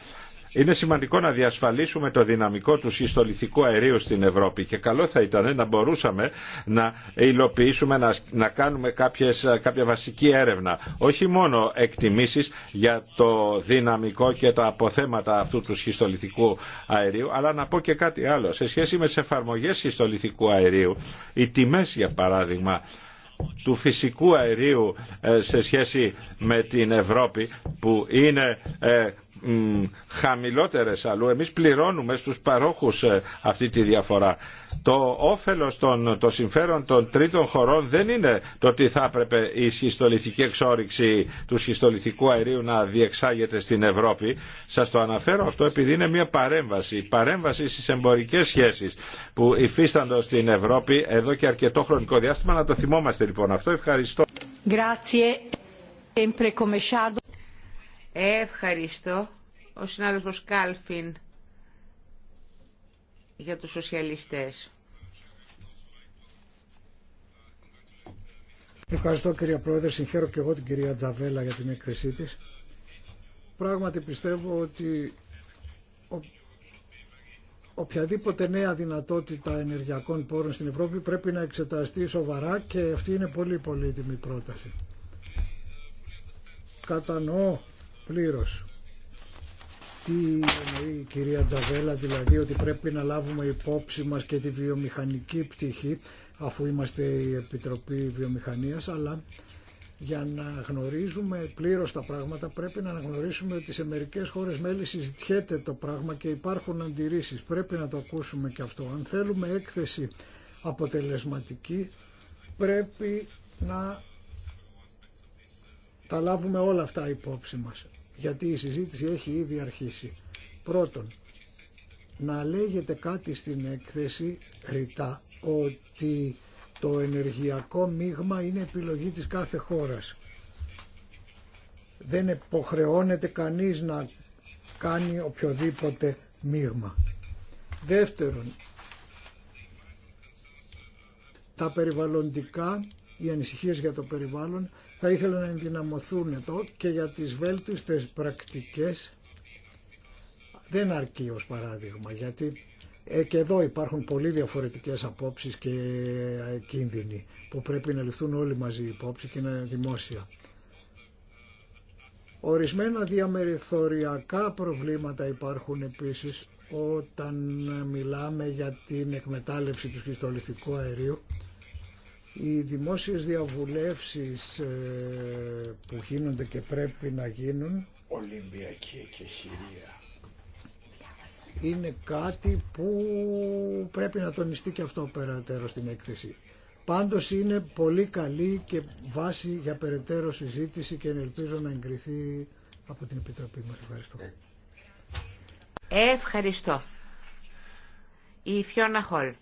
Είναι σημαντικό να διασφαλίσουμε το δυναμικό του συστολιθικού αερίου στην Ευρώπη και καλό θα ήταν να μπορούσαμε να υλοποιήσουμε, να, κάνουμε κάποιες, κάποια βασική έρευνα. Όχι μόνο εκτιμήσεις για το δυναμικό και τα αποθέματα αυτού του συστολιθικού αερίου, αλλά να πω και κάτι άλλο. Σε σχέση με τι εφαρμογέ συστολιθικού αερίου, οι τιμέ για παράδειγμα, του φυσικού αερίου ε, σε σχέση με την Ευρώπη που είναι ε, χαμηλότερες αλλού. Εμείς πληρώνουμε στους παρόχους ε, αυτή τη διαφορά. Το όφελος των το συμφέρον των τρίτων χωρών δεν είναι το ότι θα έπρεπε η σχιστολιθική εξόριξη του σχιστολιθικού αερίου να διεξάγεται στην Ευρώπη. Σας το αναφέρω αυτό επειδή είναι μια παρέμβαση. Παρέμβαση στις εμπορικές σχέσεις που υφίστανται στην Ευρώπη εδώ και αρκετό χρονικό διάστημα. Να το θυμόμαστε λοιπόν αυτό. Ευχαριστώ. Ευχαριστώ ο συνάδελφος Κάλφιν για τους σοσιαλιστές. Ευχαριστώ κυρία Πρόεδρε, συγχαίρω και εγώ την κυρία Τζαβέλα για την έκθεσή της. Πράγματι πιστεύω ότι οποιαδήποτε νέα δυνατότητα ενεργειακών πόρων στην Ευρώπη πρέπει να εξεταστεί σοβαρά και αυτή είναι πολύ πολύτιμη πρόταση. Κατανοώ πλήρως τι εννοεί η κυρία Τζαβέλα, δηλαδή ότι πρέπει να λάβουμε υπόψη μας και τη βιομηχανική πτυχή, αφού είμαστε η Επιτροπή Βιομηχανίας, αλλά για να γνωρίζουμε πλήρως τα πράγματα πρέπει να γνωρίσουμε ότι σε μερικές χώρες μέλη συζητιέται το πράγμα και υπάρχουν αντιρρήσεις. Πρέπει να το ακούσουμε και αυτό. Αν θέλουμε έκθεση αποτελεσματική πρέπει να τα λάβουμε όλα αυτά υπόψη μας γιατί η συζήτηση έχει ήδη αρχίσει. Πρώτον, να λέγεται κάτι στην έκθεση ρητά ότι το ενεργειακό μείγμα είναι επιλογή της κάθε χώρας. Δεν υποχρεώνεται κανείς να κάνει οποιοδήποτε μείγμα. Δεύτερον, τα περιβαλλοντικά, οι ανησυχίες για το περιβάλλον θα ήθελα να ενδυναμωθούν εδώ και για τις βέλτιστες πρακτικές δεν αρκεί ως παράδειγμα γιατί ε, και εδώ υπάρχουν πολύ διαφορετικές απόψεις και ε, κίνδυνοι που πρέπει να ληφθούν όλοι μαζί οι υπόψη και να είναι δημόσια. Ορισμένα διαμεριθωριακά προβλήματα υπάρχουν επίσης όταν μιλάμε για την εκμετάλλευση του σχιστολιθικού αερίου οι δημόσιες διαβουλεύσεις ε, που γίνονται και πρέπει να γίνουν Ολυμπιακή και είναι κάτι που πρέπει να τονιστεί και αυτό περαιτέρω στην έκθεση. Πάντως είναι πολύ καλή και βάση για περαιτέρω συζήτηση και ελπίζω να εγκριθεί από την Επιτροπή μας. Ευχαριστώ. Ευχαριστώ. Η Φιώνα Χολ.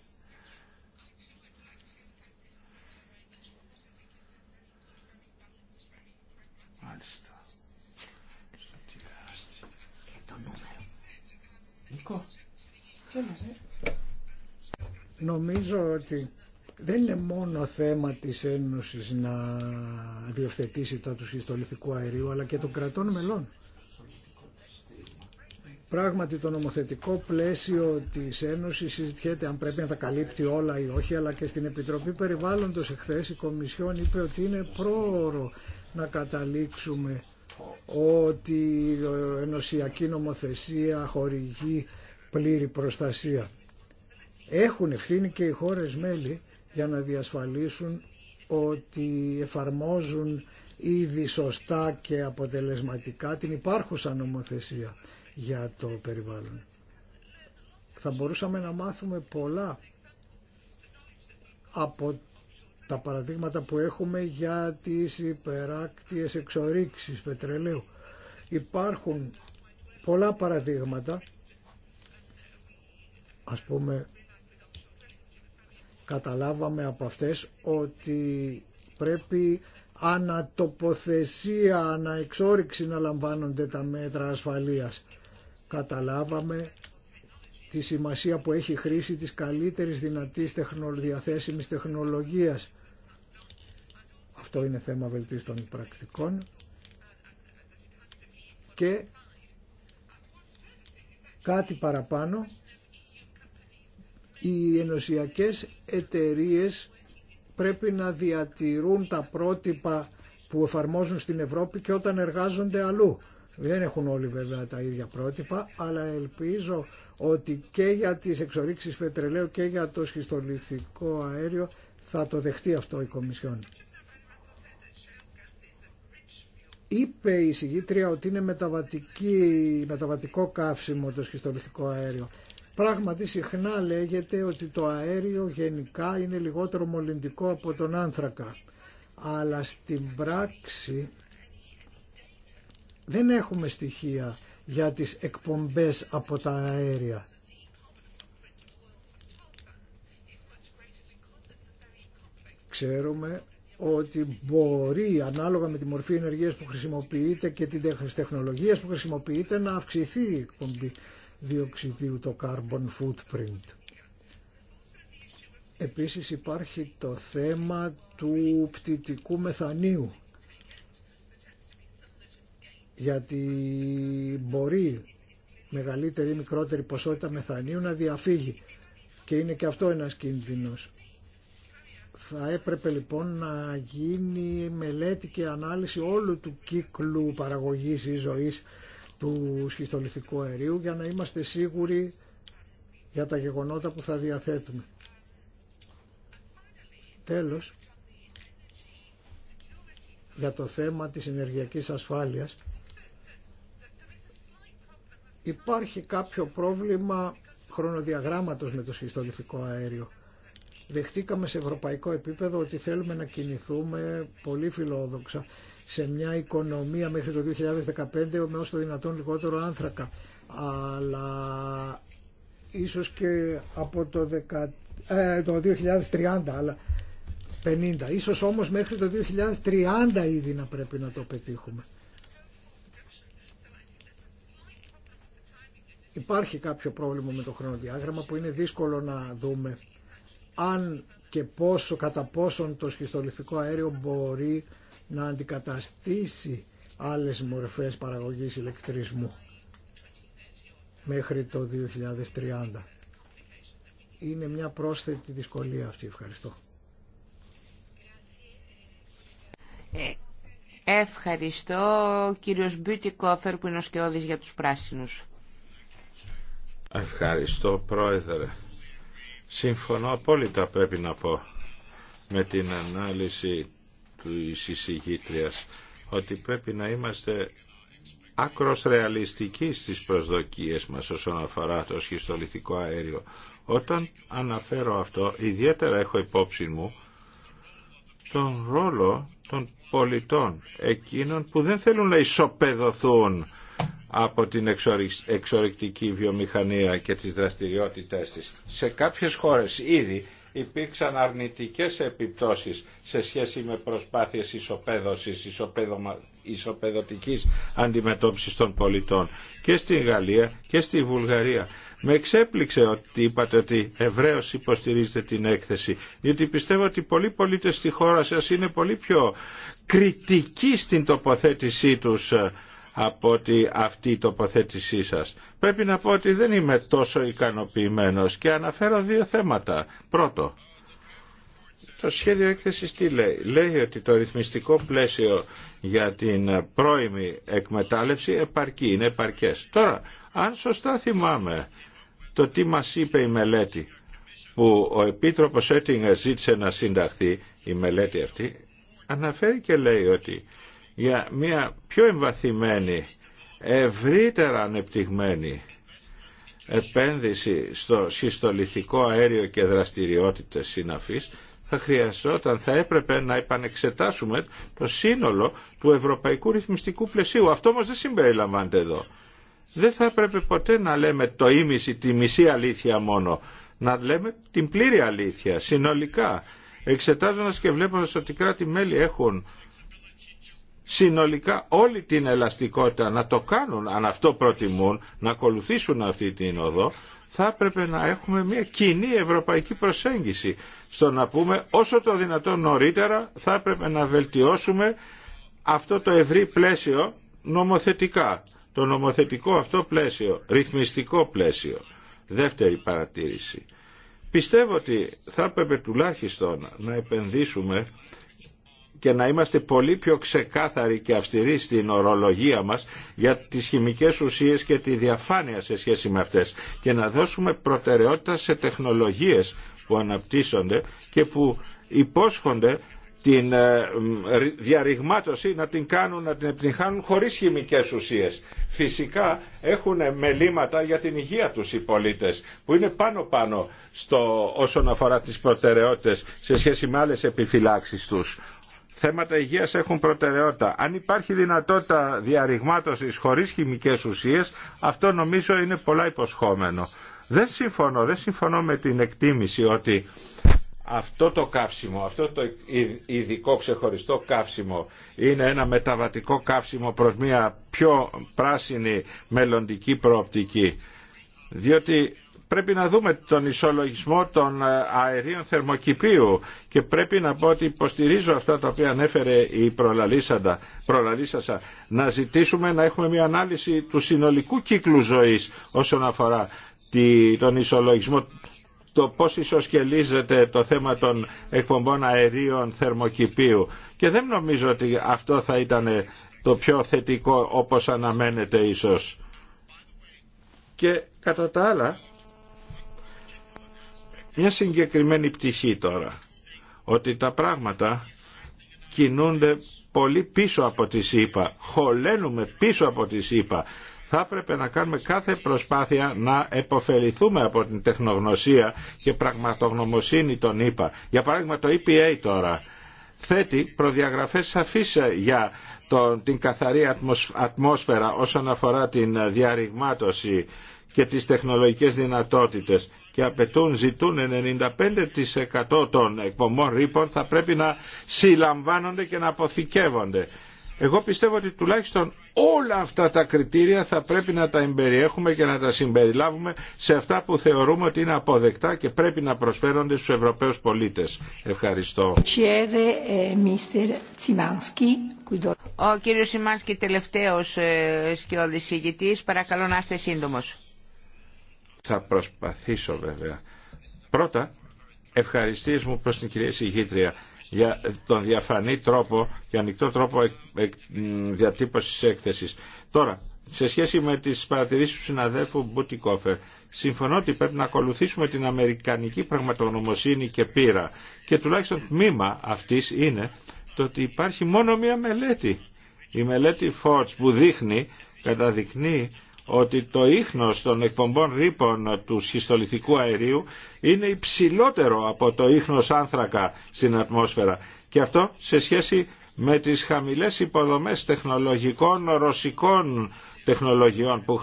Νομίζω ότι δεν είναι μόνο θέμα της Ένωσης να διευθετήσει τα του συστολιθικού αερίου, αλλά και των κρατών μελών. Πράγματι το νομοθετικό πλαίσιο της Ένωσης συζητιέται αν πρέπει να τα καλύπτει όλα ή όχι, αλλά και στην Επιτροπή Περιβάλλοντος εχθές η Κομισιόν είπε ότι είναι πρόωρο να καταλήξουμε ότι η ενωσιακή νομοθεσία χορηγεί πλήρη προστασία. Έχουν ευθύνη και οι χώρες μέλη για να διασφαλίσουν ότι εφαρμόζουν ήδη σωστά και αποτελεσματικά την υπάρχουσα νομοθεσία για το περιβάλλον. Θα μπορούσαμε να μάθουμε πολλά από τα παραδείγματα που έχουμε για τις υπεράκτιες εξορίξεις πετρελαίου. Υπάρχουν πολλά παραδείγματα, ας πούμε καταλάβαμε από αυτές ότι πρέπει ανατοποθεσία, αναεξόρυξη να λαμβάνονται τα μέτρα ασφαλείας. Καταλάβαμε τη σημασία που έχει χρήση της καλύτερης δυνατής διαθέσιμης τεχνολογίας αυτό είναι θέμα βελτίστων πρακτικών και κάτι παραπάνω οι ενωσιακές εταιρείες πρέπει να διατηρούν τα πρότυπα που εφαρμόζουν στην Ευρώπη και όταν εργάζονται αλλού. Δεν έχουν όλοι βέβαια τα ίδια πρότυπα, αλλά ελπίζω ότι και για τις εξορίξεις πετρελαίου και για το σχιστολιθικό αέριο θα το δεχτεί αυτό η Κομισιόν. είπε η συγγήτρια ότι είναι μεταβατική, μεταβατικό καύσιμο το σχιστολιστικό αέριο. Πράγματι συχνά λέγεται ότι το αέριο γενικά είναι λιγότερο μολυντικό από τον άνθρακα. Αλλά στην πράξη δεν έχουμε στοιχεία για τις εκπομπές από τα αέρια. Ξέρουμε ότι μπορεί ανάλογα με τη μορφή ενεργείας που χρησιμοποιείται και την τεχνολογίες που χρησιμοποιείται να αυξηθεί η εκπομπή διοξιδίου το carbon footprint. Επίσης υπάρχει το θέμα του πτητικού μεθανίου γιατί μπορεί μεγαλύτερη ή μικρότερη ποσότητα μεθανίου να διαφύγει και είναι και αυτό ένας κίνδυνος. Θα έπρεπε λοιπόν να γίνει μελέτη και ανάλυση όλου του κύκλου παραγωγής ή ζωής του σχιστολιθικού αερίου για να είμαστε σίγουροι για τα γεγονότα που θα διαθέτουμε. Τέλος, για το θέμα της ενεργειακής ασφάλειας υπάρχει κάποιο πρόβλημα χρονοδιαγράμματος με το σχιστολιθικό αέριο δεχτήκαμε σε ευρωπαϊκό επίπεδο ότι θέλουμε να κινηθούμε πολύ φιλόδοξα σε μια οικονομία μέχρι το 2015 με όσο δυνατόν λιγότερο άνθρακα. Αλλά ίσως και από το, ε, το 2030, αλλά 50. Ίσως όμως μέχρι το 2030 ήδη να πρέπει να το πετύχουμε. Υπάρχει κάποιο πρόβλημα με το χρονοδιάγραμμα που είναι δύσκολο να δούμε αν και πόσο, κατά πόσον το σχιστολιθικό αέριο μπορεί να αντικαταστήσει άλλες μορφές παραγωγής ηλεκτρισμού μέχρι το 2030. Είναι μια πρόσθετη δυσκολία αυτή. Ευχαριστώ. Ε, ευχαριστώ κύριος Μπιούτι Κόφερ που είναι ο για τους πράσινους. Ευχαριστώ πρόεδρε. Συμφωνώ απόλυτα πρέπει να πω με την ανάλυση του εισηγήτριας ότι πρέπει να είμαστε άκρος ρεαλιστικοί στις προσδοκίες μας όσον αφορά το σχιστολιθικό αέριο. Όταν αναφέρω αυτό, ιδιαίτερα έχω υπόψη μου τον ρόλο των πολιτών, εκείνων που δεν θέλουν να ισοπεδωθούν από την εξορρυκτική βιομηχανία και τις δραστηριότητές της. Σε κάποιες χώρες ήδη υπήρξαν αρνητικές επιπτώσεις σε σχέση με προσπάθειες ισοπαίδωσης, ισοπαίδωμα, ισοπαιδωτικής αντιμετώπισης των πολιτών και στη Γαλλία και στη Βουλγαρία. Με εξέπληξε ότι είπατε ότι ευρέω υποστηρίζετε την έκθεση, διότι πιστεύω ότι πολλοί πολίτες στη χώρα σας είναι πολύ πιο κριτικοί στην τοποθέτησή τους ε, από ότι αυτή η τοποθέτησή σας. Πρέπει να πω ότι δεν είμαι τόσο ικανοποιημένος και αναφέρω δύο θέματα. Πρώτο, το σχέδιο έκθεσης τι λέει. Λέει ότι το ρυθμιστικό πλαίσιο για την πρώιμη εκμετάλλευση επαρκεί, είναι επαρκές. Τώρα, αν σωστά θυμάμαι το τι μας είπε η μελέτη που ο Επίτροπος Έτιγκας ζήτησε να συνταχθεί η μελέτη αυτή, αναφέρει και λέει ότι για μια πιο εμβαθυμένη, ευρύτερα ανεπτυγμένη επένδυση στο συστολιθικό αέριο και δραστηριότητες συναφής θα χρειαζόταν, θα έπρεπε να επανεξετάσουμε το σύνολο του ευρωπαϊκού ρυθμιστικού πλαισίου. Αυτό όμως δεν συμπεριλαμβάνεται εδώ. Δεν θα έπρεπε ποτέ να λέμε το ίμιση, τη μισή αλήθεια μόνο. Να λέμε την πλήρη αλήθεια, συνολικά. Εξετάζοντας και βλέποντας ότι κράτη-μέλη έχουν συνολικά όλη την ελαστικότητα να το κάνουν αν αυτό προτιμούν, να ακολουθήσουν αυτή την οδό, θα έπρεπε να έχουμε μια κοινή ευρωπαϊκή προσέγγιση στο να πούμε όσο το δυνατόν νωρίτερα θα έπρεπε να βελτιώσουμε αυτό το ευρύ πλαίσιο νομοθετικά, το νομοθετικό αυτό πλαίσιο, ρυθμιστικό πλαίσιο. Δεύτερη παρατήρηση. Πιστεύω ότι θα έπρεπε τουλάχιστον να επενδύσουμε και να είμαστε πολύ πιο ξεκάθαροι και αυστηροί στην ορολογία μας για τις χημικές ουσίες και τη διαφάνεια σε σχέση με αυτές και να δώσουμε προτεραιότητα σε τεχνολογίες που αναπτύσσονται και που υπόσχονται την ε, διαρριγμάτωση να την κάνουν, να την επιτυγχάνουν χωρίς χημικές ουσίες. Φυσικά έχουν μελήματα για την υγεία τους οι πολίτες που είναι πάνω-πάνω όσον αφορά τις προτεραιότητες σε σχέση με άλλες επιφυλάξεις τους θέματα υγείας έχουν προτεραιότητα. Αν υπάρχει δυνατότητα διαρριγμάτωσης χωρίς χημικές ουσίες, αυτό νομίζω είναι πολλά υποσχόμενο. Δεν συμφωνώ, δεν συμφωνώ με την εκτίμηση ότι αυτό το καύσιμο, αυτό το ειδικό ξεχωριστό καύσιμο είναι ένα μεταβατικό καύσιμο προς μια πιο πράσινη μελλοντική προοπτική. Διότι πρέπει να δούμε τον ισολογισμό των ε, αερίων θερμοκηπίου και πρέπει να πω ότι υποστηρίζω αυτά τα οποία ανέφερε η προλαλήσασα να ζητήσουμε να έχουμε μια ανάλυση του συνολικού κύκλου ζωής όσον αφορά τον ισολογισμό το πώς ισοσκελίζεται το θέμα των εκπομπών αερίων θερμοκηπίου και δεν νομίζω ότι αυτό θα ήταν το πιο θετικό όπως αναμένεται ίσως. Και κατά τα άλλα μια συγκεκριμένη πτυχή τώρα, ότι τα πράγματα κινούνται πολύ πίσω από τη ΣΥΠΑ, χωλένουμε πίσω από τη ΣΥΠΑ. Θα έπρεπε να κάνουμε κάθε προσπάθεια να επωφεληθούμε από την τεχνογνωσία και πραγματογνωμοσύνη των ΗΠΑ. Για παράδειγμα το EPA τώρα θέτει προδιαγραφές σαφείς για την καθαρή ατμόσφαιρα όσον αφορά την διαρριγμάτωση και τις τεχνολογικές δυνατότητες και απαιτούν, ζητούν 95% των εκπομπών ρήπων θα πρέπει να συλλαμβάνονται και να αποθηκεύονται. Εγώ πιστεύω ότι τουλάχιστον όλα αυτά τα κριτήρια θα πρέπει να τα εμπεριέχουμε και να τα συμπεριλάβουμε σε αυτά που θεωρούμε ότι είναι αποδεκτά και πρέπει να προσφέρονται στους Ευρωπαίους πολίτες. Ευχαριστώ. Ε, Ο κύριος Σιμάνσκι τελευταίος ε, σκιώδης ηγητής. Παρακαλώ να είστε σύντομος. Θα προσπαθήσω βέβαια. Πρώτα, ευχαριστίες μου προς την κυρία Συγχύτρια για τον διαφανή τρόπο και ανοιχτό τρόπο διατύπωσης έκθεσης. Τώρα, σε σχέση με τις παρατηρήσεις του συναδέλφου Μπουτικόφερ, συμφωνώ ότι πρέπει να ακολουθήσουμε την αμερικανική πραγματογνωμοσύνη και πείρα. Και τουλάχιστον τμήμα αυτής είναι το ότι υπάρχει μόνο μία μελέτη. Η μελέτη Φόρτς που δείχνει, καταδεικνύει ότι το ίχνος των εκπομπών ρήπων του σχιστολιθικού αερίου είναι υψηλότερο από το ίχνος άνθρακα στην ατμόσφαιρα και αυτό σε σχέση με τις χαμηλές υποδομές τεχνολογικών ρωσικών τεχνολογιών που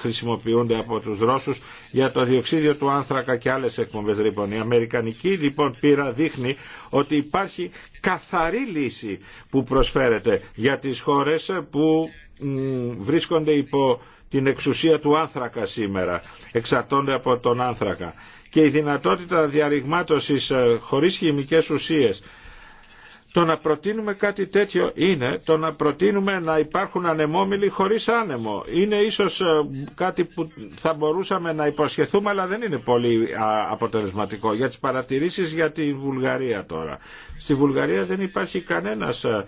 χρησιμοποιούνται από τους Ρώσους για το διοξίδιο του άνθρακα και άλλες εκπομπές ρήπων. Η Αμερικανική λοιπόν πείρα δείχνει ότι υπάρχει καθαρή λύση που προσφέρεται για τις χώρες που βρίσκονται υπό την εξουσία του άνθρακα σήμερα, εξαρτώνται από τον άνθρακα. Και η δυνατότητα διαρριγμάτωσης ε, χωρίς χημικές ουσίες. Το να προτείνουμε κάτι τέτοιο είναι το να προτείνουμε να υπάρχουν ανεμόμυλοι χωρίς άνεμο. Είναι ίσως ε, κάτι που θα μπορούσαμε να υποσχεθούμε αλλά δεν είναι πολύ αποτελεσματικό. Για τις παρατηρήσεις για τη Βουλγαρία τώρα. Στη Βουλγαρία δεν υπάρχει κανένας ε,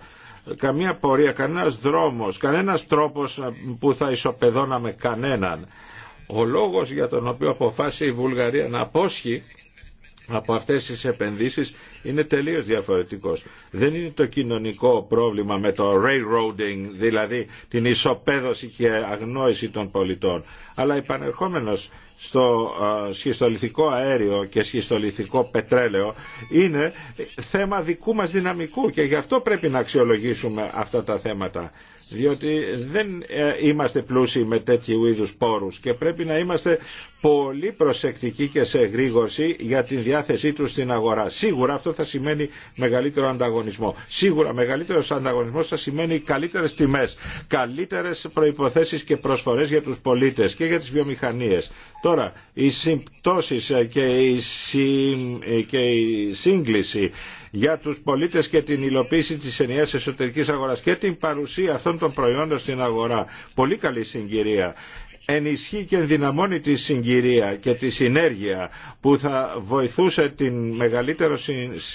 καμία πορεία, κανένας δρόμος, κανένας τρόπος που θα ισοπεδώναμε κανέναν. Ο λόγος για τον οποίο αποφάσισε η Βουλγαρία να απόσχει από αυτές τις επενδύσεις είναι τελείως διαφορετικός. Δεν είναι το κοινωνικό πρόβλημα με το railroading, δηλαδή την ισοπαίδωση και αγνόηση των πολιτών. Αλλά επανερχόμενος στο σχιστολιθικό αέριο και σχιστολιθικό πετρέλαιο είναι θέμα δικού μας δυναμικού και γι' αυτό πρέπει να αξιολογήσουμε αυτά τα θέματα διότι δεν ε, είμαστε πλούσιοι με τέτοιου είδους πόρους και πρέπει να είμαστε πολύ προσεκτικοί και σε γρήγορση για τη διάθεσή τους στην αγορά. Σίγουρα αυτό θα σημαίνει μεγαλύτερο ανταγωνισμό. Σίγουρα μεγαλύτερος ανταγωνισμός θα σημαίνει καλύτερες τιμές, καλύτερες προϋποθέσεις και προσφορές για τους πολίτες και για τις βιομηχανίες. Τώρα, οι συμπτώσεις ε, και η, ε, και σύγκληση για τους πολίτες και την υλοποίηση της ενιαίας εσωτερικής αγοράς και την παρουσία αυτών των προϊόντων στην αγορά. Πολύ καλή συγκυρία ενισχύει και ενδυναμώνει τη συγκυρία και τη συνέργεια που θα βοηθούσε την μεγαλύτερο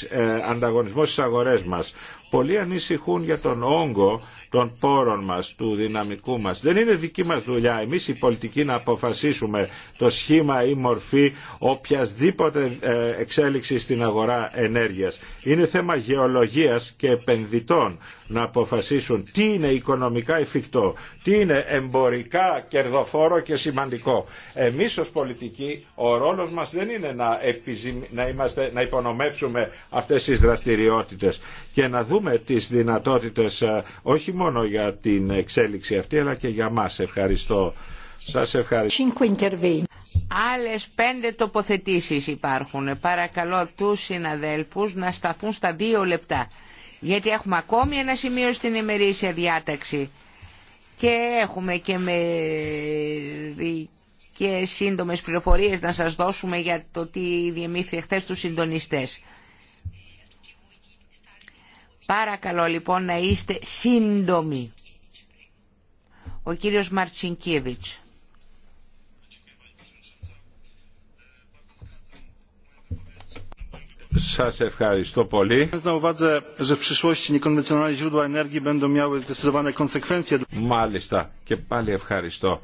ε, ανταγωνισμό στις αγορές μας. Πολλοί ανησυχούν για τον όγκο των πόρων μας, του δυναμικού μας. Δεν είναι δική μας δουλειά εμείς οι πολιτικοί να αποφασίσουμε το σχήμα ή μορφή οποιασδήποτε ε, εξέλιξη στην αγορά ενέργειας. Είναι θέμα γεωλογίας και επενδυτών να αποφασίσουν τι είναι οικονομικά εφικτό, τι είναι εμπορικά κερδοφόρο και σημαντικό. Εμείς ως πολιτικοί ο ρόλος μας δεν είναι να, υπονομεύσουμε αυτές τις δραστηριότητες και να δούμε τις δυνατότητες ε, όχι μόνο για την εξέλιξη αυτή αλλά και για μας. Ευχαριστώ. Σας ευχαριστώ. Άλλες πέντε τοποθετήσεις υπάρχουν. Παρακαλώ τους συναδέλφους να σταθούν στα δύο λεπτά. Γιατί έχουμε ακόμη ένα σημείο στην ημερήσια διάταξη. Και έχουμε και, με... και σύντομες πληροφορίες να σας δώσουμε για το τι διεμήθη χθες τους συντονιστές. Παρακαλώ λοιπόν να είστε σύντομοι. Ο κύριος Μαρτσινκίεβιτς. Σας ευχαριστώ πολύ. Μάλιστα και πάλι ευχαριστώ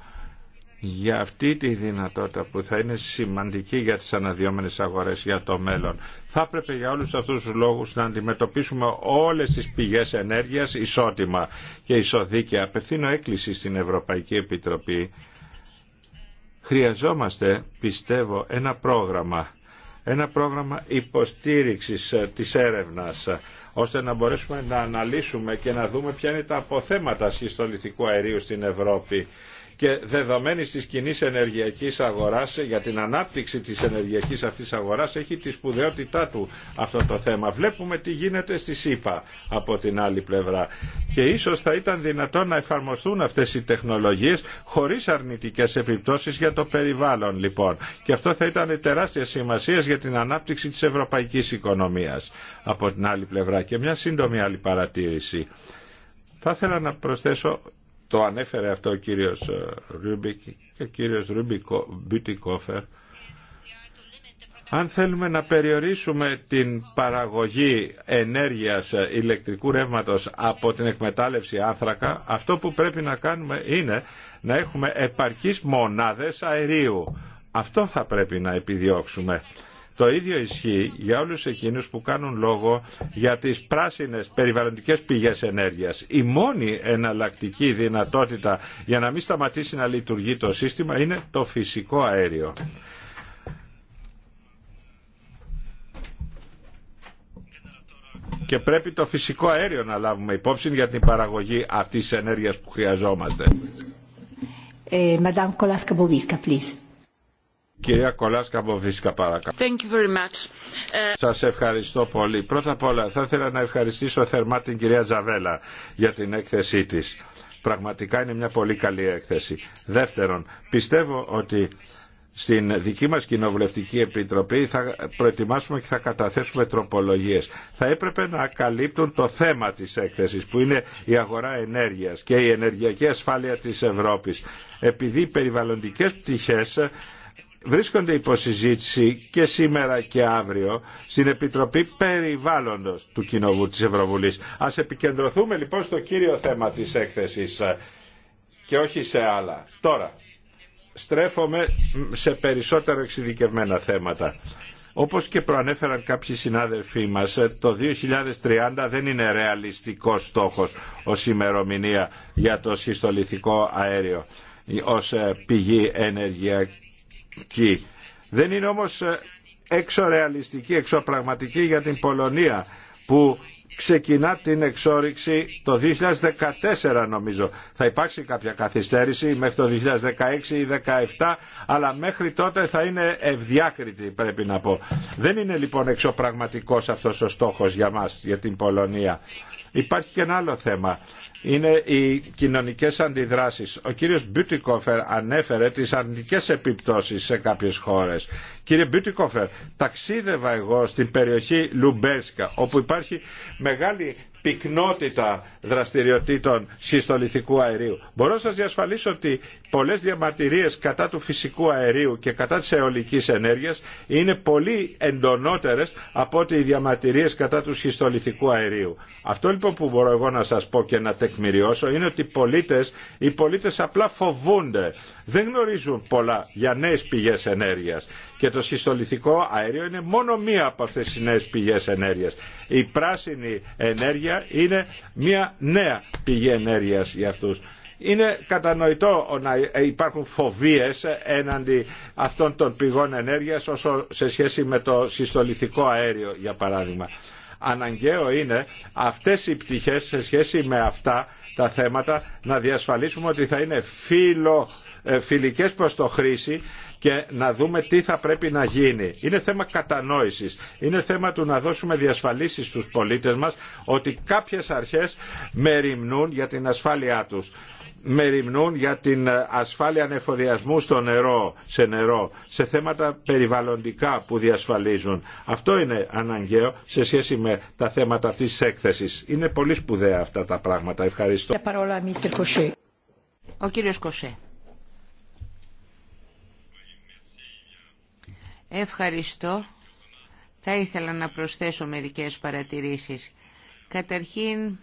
για αυτή τη δυνατότητα που θα είναι σημαντική για τις αναδυόμενες αγορές για το μέλλον. Θα έπρεπε για όλους αυτούς τους λόγους να αντιμετωπίσουμε όλες τις πηγές ενέργειας ισότιμα και ισοδίκαια. Απευθύνω έκκληση στην Ευρωπαϊκή Επιτροπή. Χρειαζόμαστε, πιστεύω, ένα πρόγραμμα ένα πρόγραμμα υποστήριξης ε, της έρευνας ώστε να μπορέσουμε να αναλύσουμε και να δούμε ποια είναι τα αποθέματα σχιστολιθικού αερίου στην Ευρώπη και δεδομένης της κοινή ενεργειακής αγοράς για την ανάπτυξη της ενεργειακής αυτής αγοράς έχει τη σπουδαιότητά του αυτό το θέμα. Βλέπουμε τι γίνεται στη ΣΥΠΑ από την άλλη πλευρά και ίσως θα ήταν δυνατόν να εφαρμοστούν αυτές οι τεχνολογίες χωρίς αρνητικές επιπτώσεις για το περιβάλλον λοιπόν και αυτό θα ήταν τεράστια σημασία για την ανάπτυξη της ευρωπαϊκής οικονομίας από την άλλη πλευρά και μια σύντομη άλλη παρατήρηση. Θα ήθελα να προσθέσω το ανέφερε αυτό ο κύριος ε, Ρούμπικ και ο κύριος Ρούμπικ Μπιουτικόφερ. Αν θέλουμε να περιορίσουμε την παραγωγή ενέργειας ε, ηλεκτρικού ρεύματος από την εκμετάλλευση άνθρακα, αυτό που πρέπει να κάνουμε είναι να έχουμε επαρκείς μονάδες αερίου. Αυτό θα πρέπει να επιδιώξουμε. Το ίδιο ισχύει για όλους εκείνους που κάνουν λόγο για τις πράσινες περιβαλλοντικές πηγές ενέργειας. Η μόνη εναλλακτική δυνατότητα για να μην σταματήσει να λειτουργεί το σύστημα είναι το φυσικό αέριο. και πρέπει το φυσικό αέριο να λάβουμε υπόψη για την παραγωγή αυτής της ενέργειας που χρειαζόμαστε. Ε, Madame please. Κυρία Κολάσκα Μποβίσκα παρακαλώ. Thank you very much. Ε, Σας ευχαριστώ πολύ. Πρώτα απ' όλα θα ήθελα να ευχαριστήσω θερμά την κυρία Ζαβέλα για την έκθεσή της. Πραγματικά είναι μια πολύ καλή έκθεση. Δεύτερον, πιστεύω ότι στην δική μας κοινοβουλευτική επιτροπή θα προετοιμάσουμε και θα καταθέσουμε τροπολογίες. Θα έπρεπε να καλύπτουν το θέμα της έκθεσης που είναι η αγορά ενέργειας και η ενεργειακή ασφάλεια της Ευρώπης. Επειδή οι περιβαλλοντικές πτυχές βρίσκονται συζήτηση και σήμερα και αύριο στην Επιτροπή Περιβάλλοντος του Κοινοβού της Ευρωβουλής. Ας επικεντρωθούμε λοιπόν στο κύριο θέμα της έκθεσης ε, και όχι σε άλλα. Τώρα, στρέφομαι σε περισσότερο εξειδικευμένα θέματα. Όπως και προανέφεραν κάποιοι συνάδελφοί μας, ε, το 2030 δεν είναι ρεαλιστικό στόχος ως ημερομηνία για το συστολιθικό αέριο ως ε, πηγή ενέργεια δεν είναι όμως ε, εξωρεαλιστική, εξωπραγματική για την Πολωνία που ξεκινά την εξόριξη το 2014 νομίζω. Θα υπάρξει κάποια καθυστέρηση μέχρι το 2016 ή 2017, αλλά μέχρι τότε θα είναι ευδιάκριτη πρέπει να πω. Δεν είναι λοιπόν εξωπραγματικός αυτός ο στόχος για μας, για την Πολωνία. Υπάρχει και ένα άλλο θέμα είναι οι κοινωνικές αντιδράσεις. Ο κύριος Μπιουτικόφερ ανέφερε τις αρνητικές επιπτώσεις σε κάποιες χώρες. Κύριε Μπιουτικόφερ, ταξίδευα εγώ στην περιοχή Λουμπέσκα, όπου υπάρχει μεγάλη πυκνότητα δραστηριοτήτων συστολιθικού αερίου. Μπορώ να σας διασφαλίσω ότι πολλές διαμαρτυρίες κατά του φυσικού αερίου και κατά της αιωλικής ενέργειας είναι πολύ εντονότερες από ότι οι διαμαρτυρίες κατά του συστολιθικού αερίου. Αυτό λοιπόν που μπορώ εγώ να σας πω και να τεκμηριώσω είναι ότι οι πολίτες, οι πολίτες απλά φοβούνται. Δεν γνωρίζουν πολλά για νέες πηγές ενέργειας και το συστολιθικό αέριο είναι μόνο μία από αυτές τις νέες πηγές ενέργειας. Η πράσινη ενέργεια είναι μία νέα πηγή ενέργειας για αυτούς. Είναι κατανοητό να υπάρχουν φοβίες έναντι αυτών των πηγών ενέργειας όσο σε σχέση με το συστολιθικό αέριο για παράδειγμα αναγκαίο είναι αυτές οι πτυχές σε σχέση με αυτά τα θέματα να διασφαλίσουμε ότι θα είναι φιλο, ε, φιλικές προς το χρήση και να δούμε τι θα πρέπει να γίνει. Είναι θέμα κατανόησης. Είναι θέμα του να δώσουμε διασφαλίσεις στους πολίτες μας ότι κάποιες αρχές μεριμνούν για την ασφάλειά τους μεριμνούν για την ε, ασφάλεια ανεφοδιασμού στο νερό, σε νερό, σε θέματα περιβαλλοντικά που διασφαλίζουν. Αυτό είναι αναγκαίο σε σχέση με τα θέματα αυτής της έκθεσης. Είναι πολύ σπουδαία αυτά τα πράγματα. Ευχαριστώ. Ο κύριος Κωσέ. Ευχαριστώ. Θα ήθελα να προσθέσω μερικές παρατηρήσεις. Καταρχήν,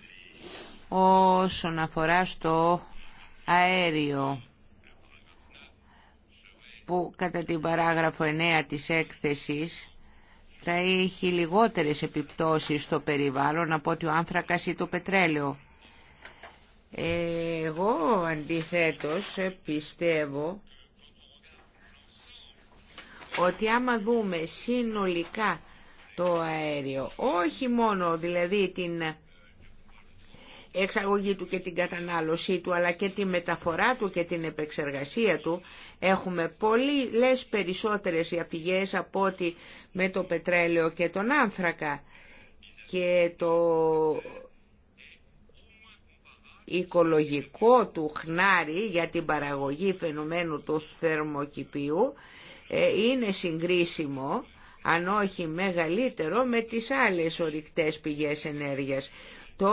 όσον αφορά στο αέριο που κατά την παράγραφο 9 της έκθεσης θα έχει λιγότερες επιπτώσεις στο περιβάλλον από ότι ο άνθρακας ή το πετρέλαιο. Εγώ αντιθέτως πιστεύω ότι άμα δούμε συνολικά το αέριο, όχι μόνο δηλαδή την εξαγωγή του και την κατανάλωσή του αλλά και τη μεταφορά του και την επεξεργασία του έχουμε πολύ λες περισσότερες διαφυγές από ότι με το πετρέλαιο και τον άνθρακα και το οικολογικό του χνάρι για την παραγωγή φαινομένου του θερμοκηπίου ε, είναι συγκρίσιμο αν όχι μεγαλύτερο με τις άλλες ορυκτές πηγές ενέργειας. Το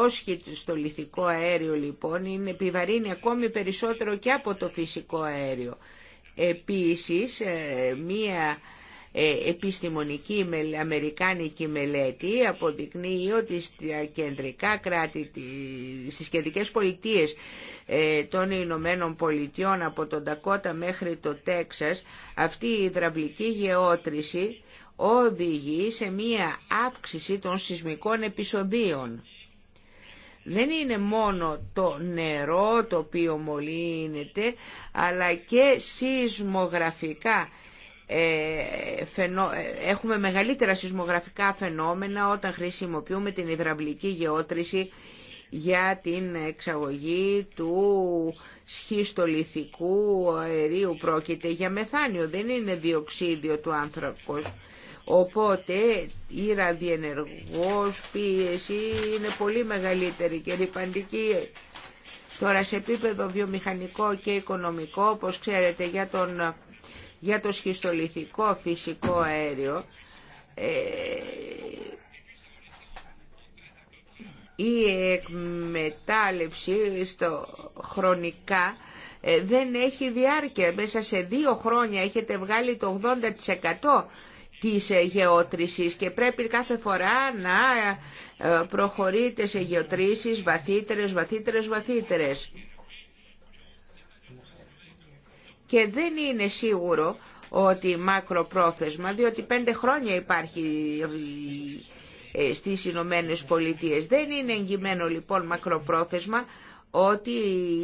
στο λιθικό αέριο λοιπόν είναι επιβαρύνει ακόμη περισσότερο και από το φυσικό αέριο. Επίσης, ε, μία ε, επιστημονική αμερικάνικη μελέτη αποδεικνύει ότι στα κεντρικά κράτη, στις κεντρικές πολιτείες ε, των Ηνωμένων Πολιτειών από τον Τακότα μέχρι το Τέξας αυτή η υδραυλική γεώτρηση οδηγεί σε μία αύξηση των σεισμικών επεισοδίων δεν είναι μόνο το νερό το οποίο μολύνεται, αλλά και σεισμογραφικά ε, ε, έχουμε μεγαλύτερα σεισμογραφικά φαινόμενα όταν χρησιμοποιούμε την υδραυλική γεώτρηση για την εξαγωγή του σχιστολιθικού αερίου πρόκειται για μεθάνιο, δεν είναι διοξίδιο του άνθρακος. Οπότε η ραδιενεργός πίεση είναι πολύ μεγαλύτερη και ρηπαντική. Τώρα σε επίπεδο βιομηχανικό και οικονομικό, όπως ξέρετε για, τον, για το σχιστολιθικό φυσικό αέριο, ε, η εκμετάλλευση στο χρονικά ε, δεν έχει διάρκεια. Μέσα σε δύο χρόνια έχετε βγάλει το 80% της γεώτρησης και πρέπει κάθε φορά να ε, προχωρείτε σε γεωτρήσεις βαθύτερες, βαθύτερες, βαθύτερες. Και δεν είναι σίγουρο ότι μακροπρόθεσμα, διότι πέντε χρόνια υπάρχει ε, στις Ηνωμένε Πολιτείε. Δεν είναι εγγυμένο λοιπόν μακροπρόθεσμα ότι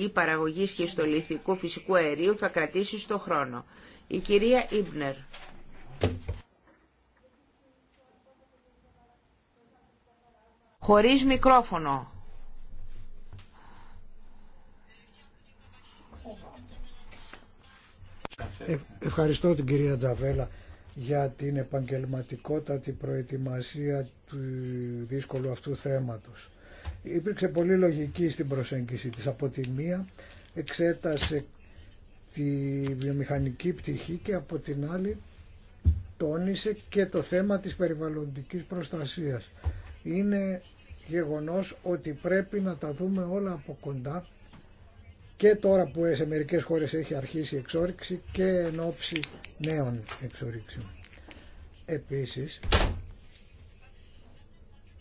η παραγωγή σχιστολιθικού φυσικού αερίου θα κρατήσει στο χρόνο. Η κυρία Ήμπνερ. χωρίς μικρόφωνο. Ε, ευχαριστώ την κυρία Τζαβέλα για την επαγγελματικότατη προετοιμασία του δύσκολου αυτού θέματος. Υπήρξε πολύ λογική στην προσέγγιση της. Από τη μία εξέτασε τη βιομηχανική πτυχή και από την άλλη τόνισε και το θέμα της περιβαλλοντικής προστασίας. Είναι γεγονός ότι πρέπει να τα δούμε όλα από κοντά και τώρα που σε μερικές χώρες έχει αρχίσει η εξόριξη και εν ώψη νέων εξορίξεων. Επίσης,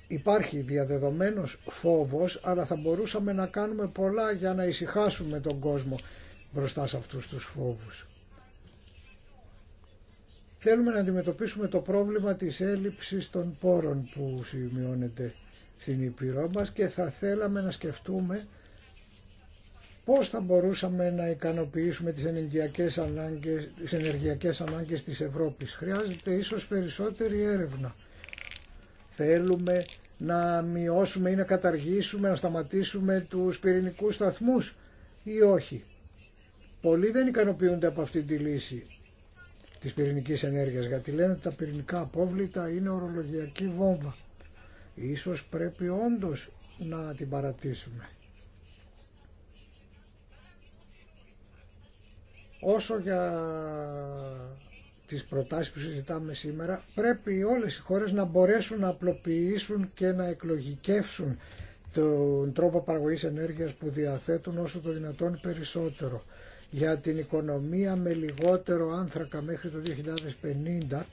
υπάρχει διαδεδομένος φόβος, αλλά θα μπορούσαμε να κάνουμε πολλά για να ησυχάσουμε τον κόσμο μπροστά σε αυτούς τους φόβους. Θέλουμε να αντιμετωπίσουμε το πρόβλημα της έλλειψης των πόρων που σημειώνεται στην Ήπειρό και θα θέλαμε να σκεφτούμε πώς θα μπορούσαμε να ικανοποιήσουμε τις ενεργειακές ανάγκες, τις ενεργειακές ανάγκες της Ευρώπης. Χρειάζεται ίσως περισσότερη έρευνα. Θέλουμε να μειώσουμε ή να καταργήσουμε, να σταματήσουμε τους πυρηνικούς σταθμούς ή όχι. Πολλοί δεν ικανοποιούνται από αυτή τη λύση της πυρηνικής ενέργειας γιατί λένε ότι τα πυρηνικά απόβλητα είναι ορολογιακή βόμβα. Ίσως πρέπει όντως να την παρατήσουμε. Όσο για τις προτάσεις που συζητάμε σήμερα, πρέπει όλες οι χώρες να μπορέσουν να απλοποιήσουν και να εκλογικεύσουν τον τρόπο παραγωγής ενέργειας που διαθέτουν όσο το δυνατόν περισσότερο. Για την οικονομία με λιγότερο άνθρακα μέχρι το 2050,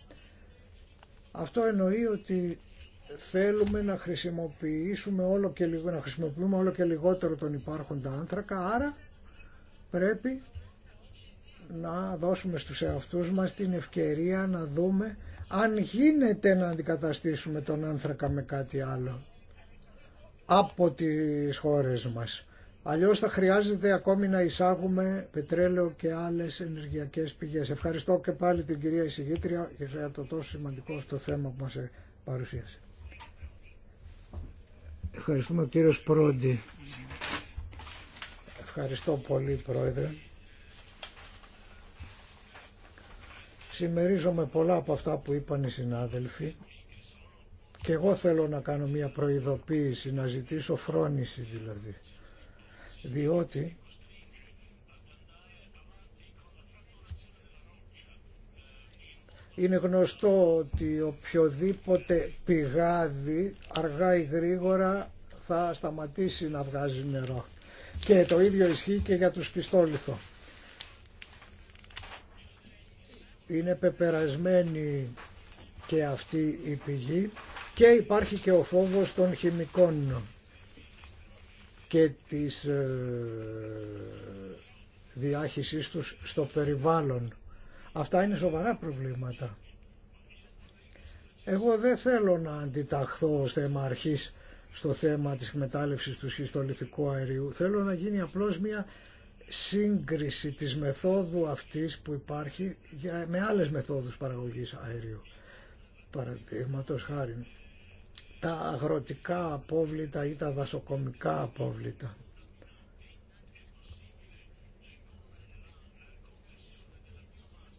αυτό εννοεί ότι θέλουμε να χρησιμοποιήσουμε όλο και λιγότερο, να χρησιμοποιούμε όλο και λιγότερο τον υπάρχοντα άνθρακα, άρα πρέπει να δώσουμε στους εαυτούς μας την ευκαιρία να δούμε αν γίνεται να αντικαταστήσουμε τον άνθρακα με κάτι άλλο από τις χώρες μας. Αλλιώς θα χρειάζεται ακόμη να εισάγουμε πετρέλαιο και άλλες ενεργειακές πηγές. Ευχαριστώ και πάλι την κυρία εισηγήτρια για το τόσο σημαντικό αυτό θέμα που μας παρουσίασε. Ευχαριστούμε κύριος Πρόντι. Ευχαριστώ πολύ πρόεδρε. Συμμερίζομαι πολλά από αυτά που είπαν οι συνάδελφοι και εγώ θέλω να κάνω μια προειδοποίηση, να ζητήσω φρόνηση δηλαδή. Διότι Είναι γνωστό ότι οποιοδήποτε πηγάδι αργά ή γρήγορα θα σταματήσει να βγάζει νερό. Και το ίδιο ισχύει και για τους πιστόλιθο. Είναι πεπερασμένη και αυτή η πηγή και υπάρχει και ο φόβος των χημικών και της ε, διάχυσής τους στο περιβάλλον. Αυτά είναι σοβαρά προβλήματα. Εγώ δεν θέλω να αντιταχθώ ως θέμα αρχής στο θέμα της εκμετάλλευσης του σχιστολιθικού αερίου. Θέλω να γίνει απλώς μια σύγκριση της μεθόδου αυτής που υπάρχει με άλλες μεθόδους παραγωγής αερίου. Παραδείγματο χάρη τα αγροτικά απόβλητα ή τα δασοκομικά απόβλητα.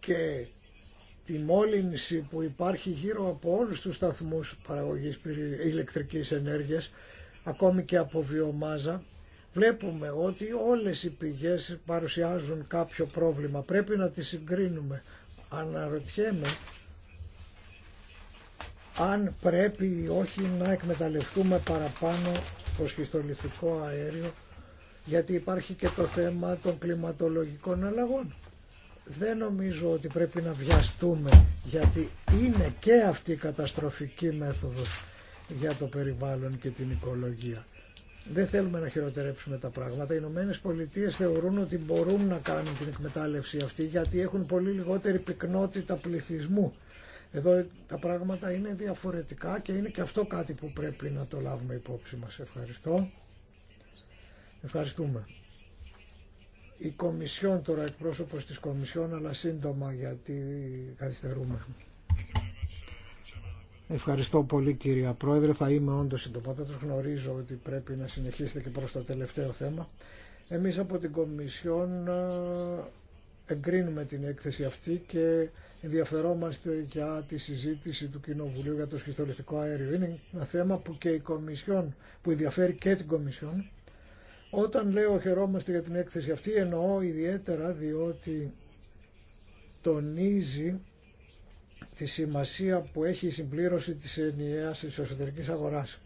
και τη μόλυνση που υπάρχει γύρω από όλους τους σταθμούς παραγωγής ηλεκτρικής ενέργειας, ακόμη και από βιομάζα, βλέπουμε ότι όλες οι πηγές παρουσιάζουν κάποιο πρόβλημα. Πρέπει να τις συγκρίνουμε. Αναρωτιέμαι αν πρέπει ή όχι να εκμεταλλευτούμε παραπάνω το σχιστολιθικό αέριο, γιατί υπάρχει και το θέμα των κλιματολογικών αλλαγών δεν νομίζω ότι πρέπει να βιαστούμε γιατί είναι και αυτή η καταστροφική μέθοδος για το περιβάλλον και την οικολογία. Δεν θέλουμε να χειροτερέψουμε τα πράγματα. Οι Ηνωμένε Πολιτείε θεωρούν ότι μπορούν να κάνουν την εκμετάλλευση αυτή γιατί έχουν πολύ λιγότερη πυκνότητα πληθυσμού. Εδώ τα πράγματα είναι διαφορετικά και είναι και αυτό κάτι που πρέπει να το λάβουμε υπόψη μας. Ευχαριστώ. Ευχαριστούμε. Η Κομισιόν τώρα, εκπρόσωπος της Κομισιόν, αλλά σύντομα γιατί καθυστερούμε. Ευχαριστώ πολύ κυρία Πρόεδρε. Θα είμαι όντως συντοπάτατος. Γνωρίζω ότι πρέπει να συνεχίσετε και προς το τελευταίο θέμα. Εμείς από την Κομισιόν ε, εγκρίνουμε την έκθεση αυτή και ενδιαφερόμαστε για τη συζήτηση του Κοινοβουλίου για το σχιστολιστικό αέριο. Είναι ένα θέμα που και η Κομισιόν, που ενδιαφέρει και την Κομισιόν όταν λέω χαιρόμαστε για την έκθεση αυτή εννοώ ιδιαίτερα διότι τονίζει τη σημασία που έχει η συμπλήρωση της ενιαίας της εσωτερικής αγοράς.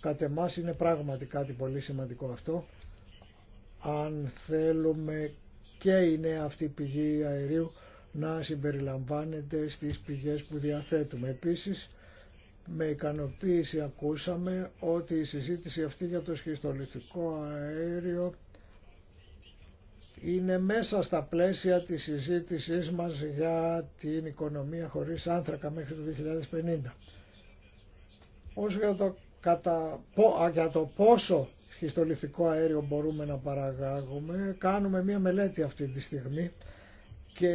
Κατ' εμάς είναι πράγματι κάτι πολύ σημαντικό αυτό. Αν θέλουμε και η νέα αυτή πηγή αερίου να συμπεριλαμβάνεται στις πηγές που διαθέτουμε. Επίσης με ικανοποίηση ακούσαμε ότι η συζήτηση αυτή για το σχιστολιθικό αέριο είναι μέσα στα πλαίσια της συζήτησής μας για την οικονομία χωρίς άνθρακα μέχρι το 2050. Όσο για το, κατα... πόσο σχιστολιθικό αέριο μπορούμε να παραγάγουμε, κάνουμε μία μελέτη αυτή τη στιγμή και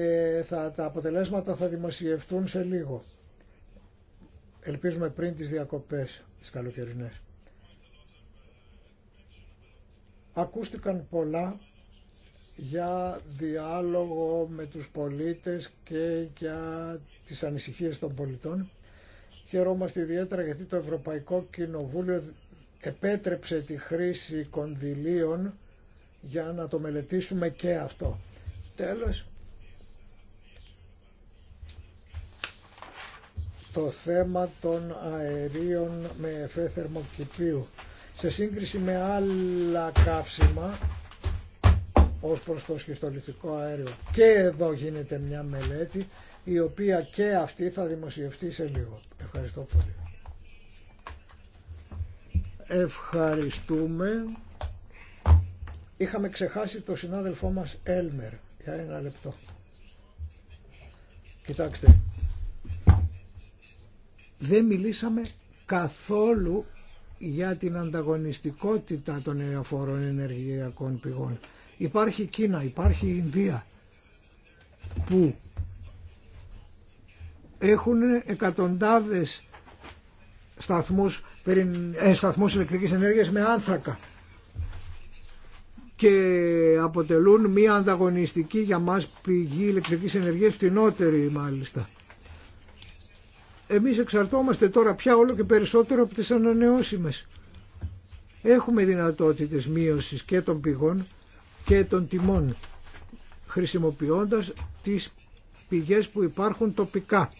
θα... τα αποτελέσματα θα δημοσιευτούν σε λίγο ελπίζουμε πριν τις διακοπές τις καλοκαιρινές. Ακούστηκαν πολλά για διάλογο με τους πολίτες και για τις ανησυχίες των πολιτών. Χαιρόμαστε ιδιαίτερα γιατί το Ευρωπαϊκό Κοινοβούλιο επέτρεψε τη χρήση κονδυλίων για να το μελετήσουμε και αυτό. Τέλος, το θέμα των αερίων με εφέ θερμοκηπίου. Σε σύγκριση με άλλα καύσιμα ως προς το σχιστολιθικό αέριο. Και εδώ γίνεται μια μελέτη η οποία και αυτή θα δημοσιευτεί σε λίγο. Ευχαριστώ πολύ. Ευχαριστούμε. Είχαμε ξεχάσει το συνάδελφό μας Έλμερ για ένα λεπτό. Κοιτάξτε, δεν μιλήσαμε καθόλου για την ανταγωνιστικότητα των εφορών ενεργειακών πηγών. Υπάρχει Κίνα, υπάρχει Ινδία που έχουν εκατοντάδες σταθμούς, ε, σταθμούς ηλεκτρικής ενέργειας με άνθρακα και αποτελούν μια ανταγωνιστική για μας πηγή ηλεκτρικής ενεργείας, φτηνότερη μάλιστα. Εμείς εξαρτώμαστε τώρα πια όλο και περισσότερο από τις ανανεώσιμες. Έχουμε δυνατότητες μείωσης και των πηγών και των τιμών χρησιμοποιώντας τις πηγές που υπάρχουν τοπικά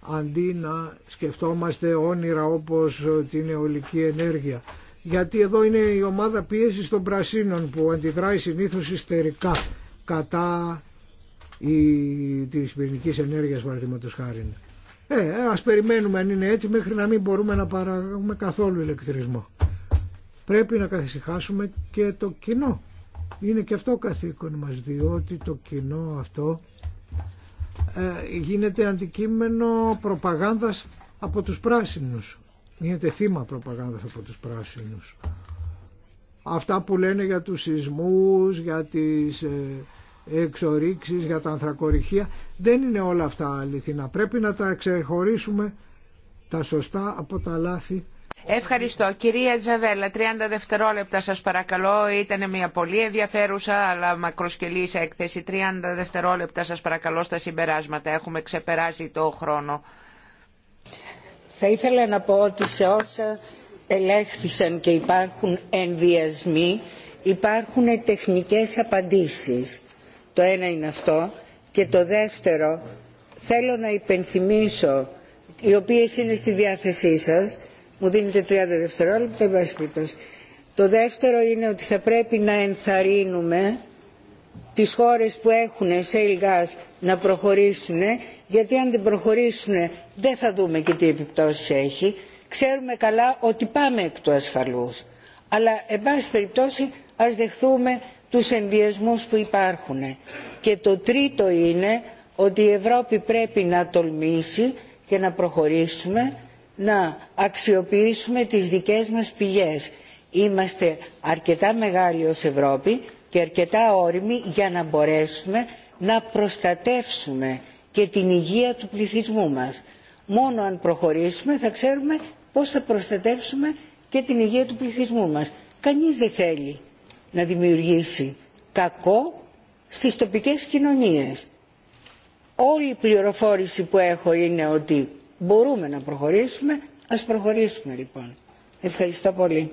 αντί να σκεφτόμαστε όνειρα όπως την αιωλική ενέργεια. Γιατί εδώ είναι η ομάδα πίεσης των πρασίνων που αντιδράει συνήθως ιστερικά κατά η, της πυρηνικής ενέργειας παραδείγματος χάρη. Ε, ας περιμένουμε αν είναι έτσι μέχρι να μην μπορούμε να παράγουμε καθόλου ηλεκτρισμό. Πρέπει να καθησυχάσουμε και το κοινό. Είναι και αυτό καθήκον μας, διότι το κοινό αυτό ε, γίνεται αντικείμενο προπαγάνδας από τους πράσινους. Γίνεται θύμα προπαγάνδας από τους πράσινους. Αυτά που λένε για τους σεισμούς, για τις... Ε, εξορίξεις, για τα ανθρακοριχεία. Δεν είναι όλα αυτά αληθινά. Πρέπει να τα εξεχωρίσουμε τα σωστά από τα λάθη. Ευχαριστώ. Κυρία Τζαβέλα, 30 δευτερόλεπτα σας παρακαλώ. Ήταν μια πολύ ενδιαφέρουσα αλλά μακροσκελής έκθεση. 30 δευτερόλεπτα σας παρακαλώ στα συμπεράσματα. Έχουμε ξεπεράσει το χρόνο. Θα ήθελα να πω ότι σε όσα ελέγχθησαν και υπάρχουν ενδιασμοί, υπάρχουν τεχνικές απαντήσεις το ένα είναι αυτό. Και το δεύτερο, θέλω να υπενθυμίσω, οι οποίες είναι στη διάθεσή σας, μου δίνετε 30 δευτερόλεπτα, εν Το δεύτερο είναι ότι θα πρέπει να ενθαρρύνουμε τις χώρες που έχουν σε gas να προχωρήσουν, γιατί αν δεν προχωρήσουν δεν θα δούμε και τι επιπτώσεις έχει. Ξέρουμε καλά ότι πάμε εκ του ασφαλούς. Αλλά, εν πάση περιπτώσει, ας δεχθούμε τους ενδιασμούς που υπάρχουν. Και το τρίτο είναι ότι η Ευρώπη πρέπει να τολμήσει και να προχωρήσουμε να αξιοποιήσουμε τις δικές μας πηγές. Είμαστε αρκετά μεγάλοι ως Ευρώπη και αρκετά όριμοι για να μπορέσουμε να προστατεύσουμε και την υγεία του πληθυσμού μας. Μόνο αν προχωρήσουμε θα ξέρουμε πώς θα προστατεύσουμε και την υγεία του πληθυσμού μας. Κανείς δεν θέλει να δημιουργήσει κακό στις τοπικές κοινωνίες. Όλη η πληροφόρηση που έχω είναι ότι μπορούμε να προχωρήσουμε, ας προχωρήσουμε λοιπόν. Ευχαριστώ πολύ.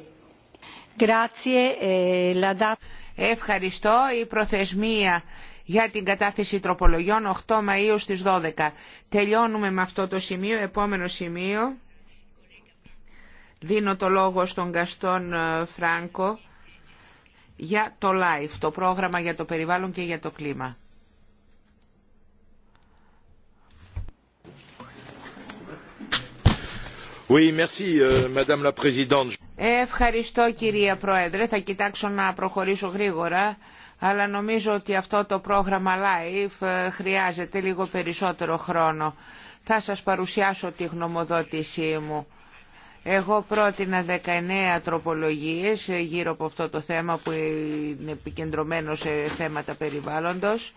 Ε, Ευχαριστώ. Η προθεσμία για την κατάθεση τροπολογιών 8 Μαΐου στις 12. Τελειώνουμε με αυτό το σημείο. Επόμενο σημείο. Δίνω το λόγο στον Καστόν ε, Φράνκο για το LIFE, το πρόγραμμα για το περιβάλλον και για το κλίμα. Oui, merci, euh, la Ευχαριστώ κυρία Πρόεδρε. Θα κοιτάξω να προχωρήσω γρήγορα, αλλά νομίζω ότι αυτό το πρόγραμμα LIFE ε, χρειάζεται λίγο περισσότερο χρόνο. Θα σας παρουσιάσω τη γνωμοδότησή μου. Εγώ πρότεινα 19 τροπολογίες ε, γύρω από αυτό το θέμα που είναι επικεντρωμένο σε θέματα περιβάλλοντος.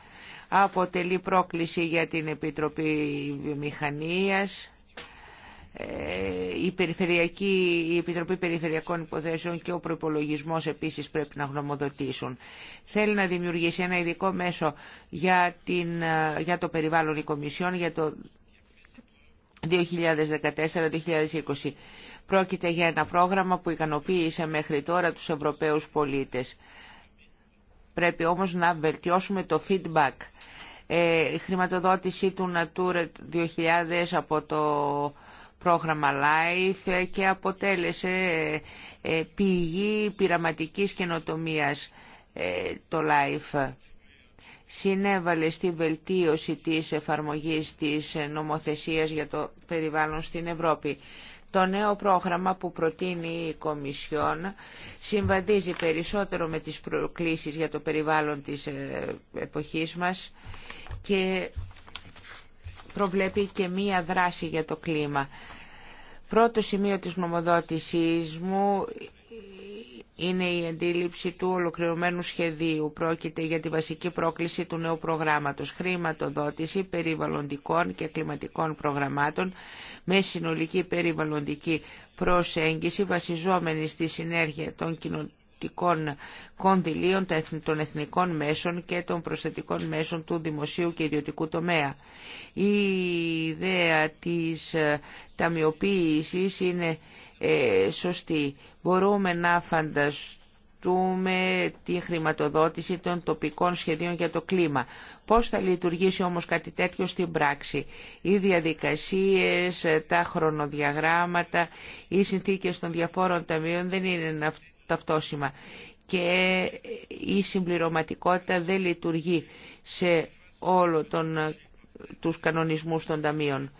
Αποτελεί πρόκληση για την Επιτροπή Βιομηχανίας, ε, η, Περιφερειακή, η Επιτροπή Περιφερειακών Υποθέσεων και ο προπολογισμό επίσης πρέπει να γνωμοδοτήσουν. Θέλει να δημιουργήσει ένα ειδικό μέσο για, την, ε, για το περιβάλλον η Κομισιόν για το 2014-2020. Πρόκειται για ένα πρόγραμμα που ικανοποίησε μέχρι τώρα τους Ευρωπαίους πολίτες. Πρέπει όμως να βελτιώσουμε το feedback. Ε, η χρηματοδότηση του Natura 2000 από το πρόγραμμα LIFE και αποτέλεσε ε, πηγή πειραματικής καινοτομίας ε, το LIFE. Συνέβαλε στη βελτίωση της εφαρμογής της νομοθεσίας για το περιβάλλον στην Ευρώπη. Το νέο πρόγραμμα που προτείνει η Κομισιόν συμβαδίζει περισσότερο με τις προκλήσεις για το περιβάλλον της ε, εποχής μας και προβλέπει και μία δράση για το κλίμα. Πρώτο σημείο της νομοδότησής μου είναι η αντίληψη του ολοκληρωμένου σχεδίου. Πρόκειται για τη βασική πρόκληση του νέου προγράμματος χρηματοδότηση περιβαλλοντικών και κλιματικών προγραμμάτων με συνολική περιβαλλοντική προσέγγιση βασιζόμενη στη συνέργεια των κοινωτικών κονδυλίων, των εθνικών μέσων και των προσθετικών μέσων του δημοσίου και ιδιωτικού τομέα. Η ιδέα της ε, ταμιοποίησης είναι ε, σωστή. Μπορούμε να φανταστούμε τη χρηματοδότηση των τοπικών σχεδίων για το κλίμα. Πώς θα λειτουργήσει όμως κάτι τέτοιο στην πράξη. Οι διαδικασίες, τα χρονοδιαγράμματα, οι συνθήκες των διαφόρων ταμείων δεν είναι ταυτόσιμα και η συμπληρωματικότητα δεν λειτουργεί σε όλο τον, τους κανονισμούς των ταμείων.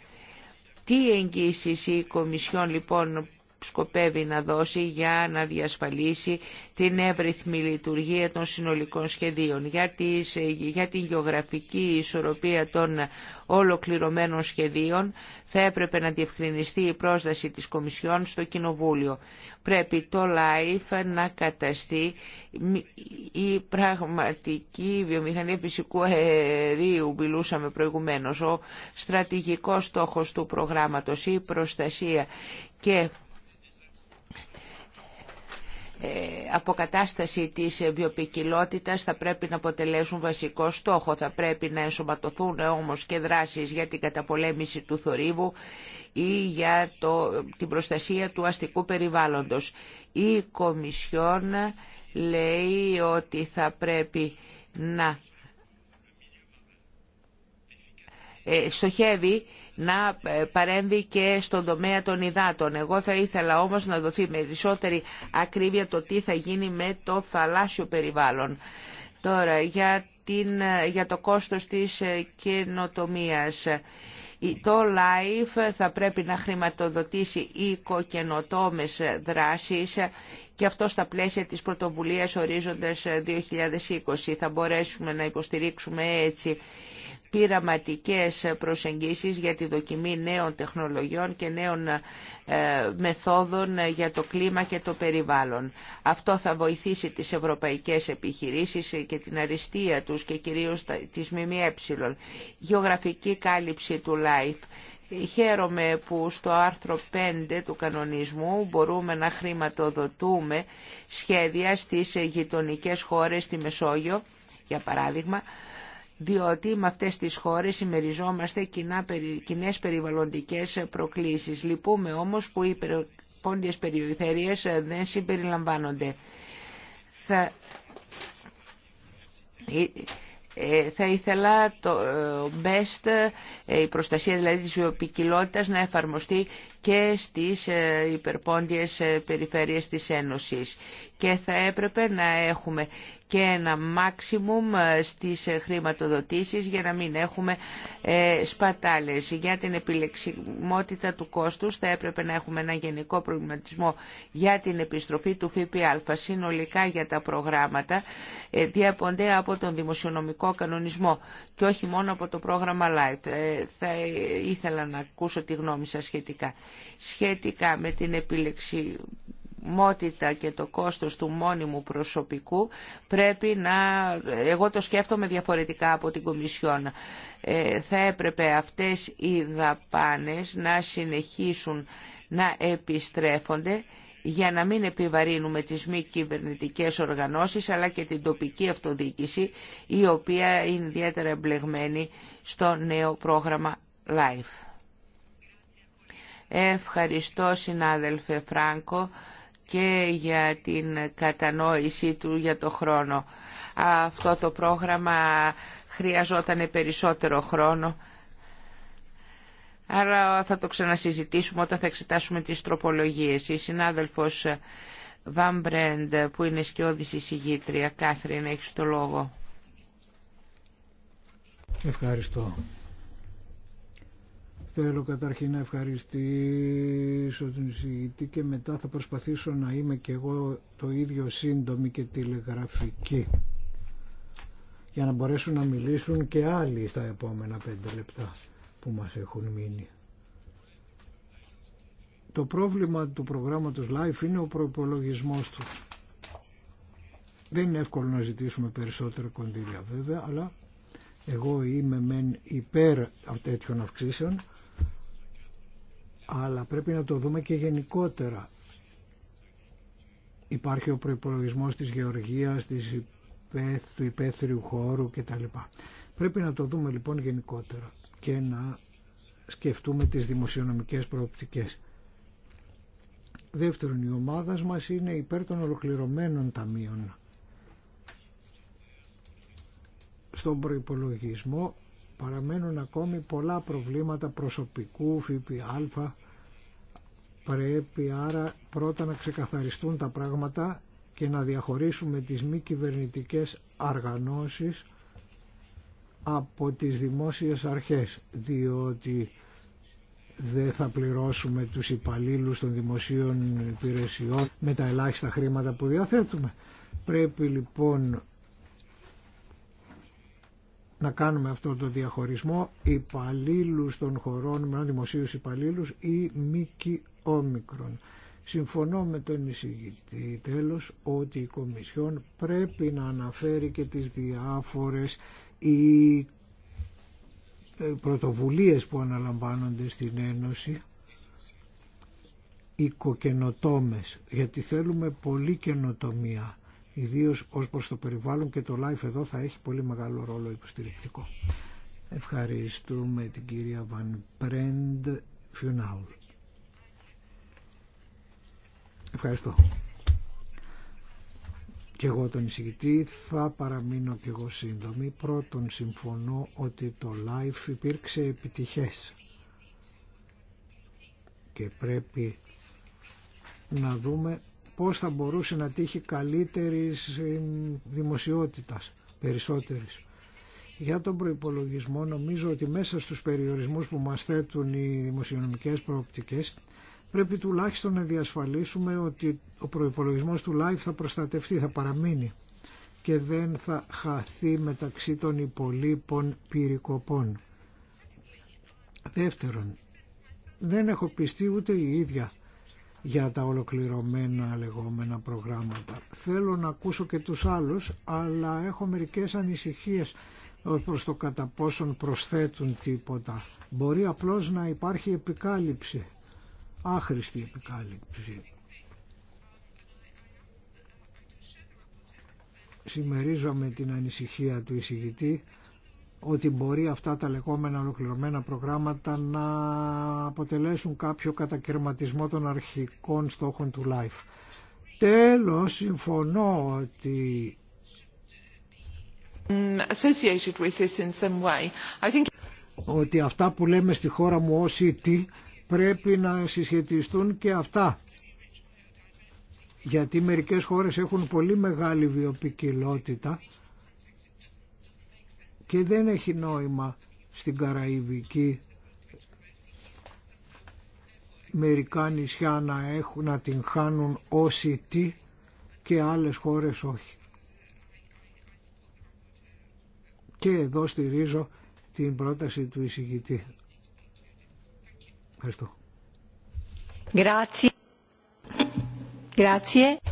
Τι εγγύσεις η Κομισιόν λοιπόν σκοπεύει να δώσει για να διασφαλίσει την εύρυθμη λειτουργία των συνολικών σχεδίων. Για, τις, για την γεωγραφική ισορροπία των ολοκληρωμένων σχεδίων θα έπρεπε να διευκρινιστεί η πρόσταση της Κομισιόν στο Κοινοβούλιο. Πρέπει το ΛΑΙΦ να καταστεί η πραγματική βιομηχανία φυσικού αερίου, μιλούσαμε προηγουμένως, ο στρατηγικός στόχος του προγράμματος, η προστασία και ε, αποκατάσταση της βιοπικιλότητας θα πρέπει να αποτελέσουν βασικό στόχο. Θα πρέπει να ενσωματωθούν όμως και δράσεις για την καταπολέμηση του θορύβου ή για την προστασία του αστικού περιβάλλοντος. Η Κομισιόν λέει ότι θα πρέπει να ε, στοχεύει να ε, παρέμβει και στον τομέα των υδάτων. Εγώ θα ήθελα όμως να δοθεί με περισσότερη ακρίβεια το τι θα γίνει με το θαλάσσιο περιβάλλον. Τώρα, για, την, ε, για το κόστος της ε, καινοτομίας. Το LIFE θα πρέπει να χρηματοδοτήσει οικοκαινοτόμες δράσεις και αυτό στα πλαίσια της πρωτοβουλίας ορίζοντας 2020. Θα μπορέσουμε να υποστηρίξουμε έτσι πειραματικές προσεγγίσεις για τη δοκιμή νέων τεχνολογιών και νέων ε, μεθόδων για το κλίμα και το περιβάλλον. Αυτό θα βοηθήσει τις ευρωπαϊκές επιχειρήσεις και την αριστεία τους και κυρίως τις ΜΜΕ. Γεωγραφική κάλυψη του LIFE. Χαίρομαι που στο άρθρο 5 του κανονισμού μπορούμε να χρηματοδοτούμε σχέδια στις γειτονικές χώρες στη Μεσόγειο, για παράδειγμα, διότι με αυτές τις χώρες συμμεριζόμαστε κοινέ περιβαλλοντικές προκλήσεις. Λυπούμε όμως που οι πόντιες περιφέρειες ε, δεν συμπεριλαμβάνονται. Θα, ε, ε, θα ήθελα το BEST, η προστασία δηλαδή της βιοποικιλότητας, να εφαρμοστεί και στις υπερπόντιες περιφέρειες της Ένωσης. Και θα έπρεπε να έχουμε και ένα μάξιμουμ ε, στις ε, χρηματοδοτήσεις για να μην έχουμε ε, σπατάλες. Για την επιλεξιμότητα του κόστους θα έπρεπε να έχουμε ένα γενικό προβληματισμό για την επιστροφή του ΦΠΑ συνολικά για τα προγράμματα διαποντέ από τον δημοσιονομικό κανονισμό και όχι μόνο από το πρόγραμμα LIFE. Θα ήθελα να ακούσω τη γνώμη σας σχετικά. Σχετικά με την επιλεξιμότητα και το κόστος του μόνιμου προσωπικού πρέπει να... Εγώ το σκέφτομαι διαφορετικά από την Κομισιόν. Ε, θα έπρεπε αυτές οι δαπάνες να συνεχίσουν να επιστρέφονται για να μην επιβαρύνουμε τις μη κυβερνητικέ οργανώσεις αλλά και την τοπική αυτοδιοίκηση η οποία είναι ιδιαίτερα εμπλεγμένη στο νέο πρόγραμμα LIFE. Ευχαριστώ συνάδελφε Φράνκο και για την κατανόησή του για το χρόνο. Αυτό το πρόγραμμα χρειαζόταν περισσότερο χρόνο. Άρα θα το ξανασυζητήσουμε όταν θα εξετάσουμε τις τροπολογίες. Η συνάδελφος Βαμπρέντ που είναι σκιώδης εισηγήτρια. Κάθριν, έχεις το λόγο. Ευχαριστώ. Θέλω καταρχήν να ευχαριστήσω τον εισηγητή και μετά θα προσπαθήσω να είμαι και εγώ το ίδιο σύντομη και τηλεγραφική για να μπορέσουν να μιλήσουν και άλλοι στα επόμενα πέντε λεπτά που μας έχουν μείνει. Το πρόβλημα του προγράμματος Life είναι ο προπολογισμός του. Δεν είναι εύκολο να ζητήσουμε περισσότερα κονδύλια βέβαια, αλλά εγώ είμαι μεν υπέρ τέτοιων αυξήσεων, αλλά πρέπει να το δούμε και γενικότερα. Υπάρχει ο προϋπολογισμός της γεωργίας, της υπέθ, του υπαίθριου χώρου κτλ. Πρέπει να το δούμε λοιπόν γενικότερα και να σκεφτούμε τις δημοσιονομικές προοπτικές. Δεύτερον, η ομάδα μας είναι υπέρ των ολοκληρωμένων ταμείων. Στον προϋπολογισμό παραμένουν ακόμη πολλά προβλήματα προσωπικού, ΦΠΑ. Πρέπει άρα πρώτα να ξεκαθαριστούν τα πράγματα και να διαχωρίσουμε τις μη κυβερνητικέ αργανώσεις από τις δημόσιες αρχές, διότι δεν θα πληρώσουμε τους υπαλλήλους των δημοσίων υπηρεσιών με τα ελάχιστα χρήματα που διαθέτουμε. Πρέπει λοιπόν να κάνουμε αυτό το διαχωρισμό υπαλλήλου των χωρών με δημοσίους υπαλλήλου ή μήκη όμικρον. Συμφωνώ με τον εισηγητή τέλος ότι η Κομισιόν πρέπει να αναφέρει και τις διάφορες οι ε, πρωτοβουλίες που αναλαμβάνονται στην Ένωση οικοκαινοτόμες γιατί θέλουμε πολύ καινοτομία Ιδίω ως προς το περιβάλλον και το live εδώ θα έχει πολύ μεγάλο ρόλο υποστηρικτικό. Ευχαριστούμε την κυρία Βαν Πρέντ Φιουνάουλ. Ευχαριστώ. Και εγώ τον εισηγητή θα παραμείνω και εγώ σύντομη. Πρώτον συμφωνώ ότι το live υπήρξε επιτυχές και πρέπει να δούμε πώς θα μπορούσε να τύχει καλύτερης δημοσιότητας, περισσότερης. Για τον προϋπολογισμό νομίζω ότι μέσα στους περιορισμούς που μας θέτουν οι δημοσιονομικές προοπτικές πρέπει τουλάχιστον να διασφαλίσουμε ότι ο προϋπολογισμός του live θα προστατευτεί, θα παραμείνει και δεν θα χαθεί μεταξύ των υπολείπων πυρικοπών. Δεύτερον, δεν έχω πιστεί ούτε η ίδια για τα ολοκληρωμένα λεγόμενα προγράμματα. Θέλω να ακούσω και τους άλλους, αλλά έχω μερικές ανησυχίες προς το κατά πόσον προσθέτουν τίποτα. Μπορεί απλώς να υπάρχει επικάλυψη, άχρηστη επικάλυψη. Συμμερίζομαι την ανησυχία του εισηγητή ότι μπορεί αυτά τα λεγόμενα ολοκληρωμένα προγράμματα να αποτελέσουν κάποιο κατακαιρματισμό των αρχικών στόχων του LIFE. Τέλος, συμφωνώ ότι ότι αυτά που λέμε στη χώρα μου ως τι πρέπει να συσχετιστούν και αυτά. Γιατί μερικές χώρες έχουν πολύ μεγάλη βιοπικιλότητα και δεν έχει νόημα στην Καραϊβική μερικά νησιά να, έχουν, να την χάνουν όσοι τι και άλλες χώρες όχι. Και εδώ στηρίζω την πρόταση του εισηγητή. Ευχαριστώ.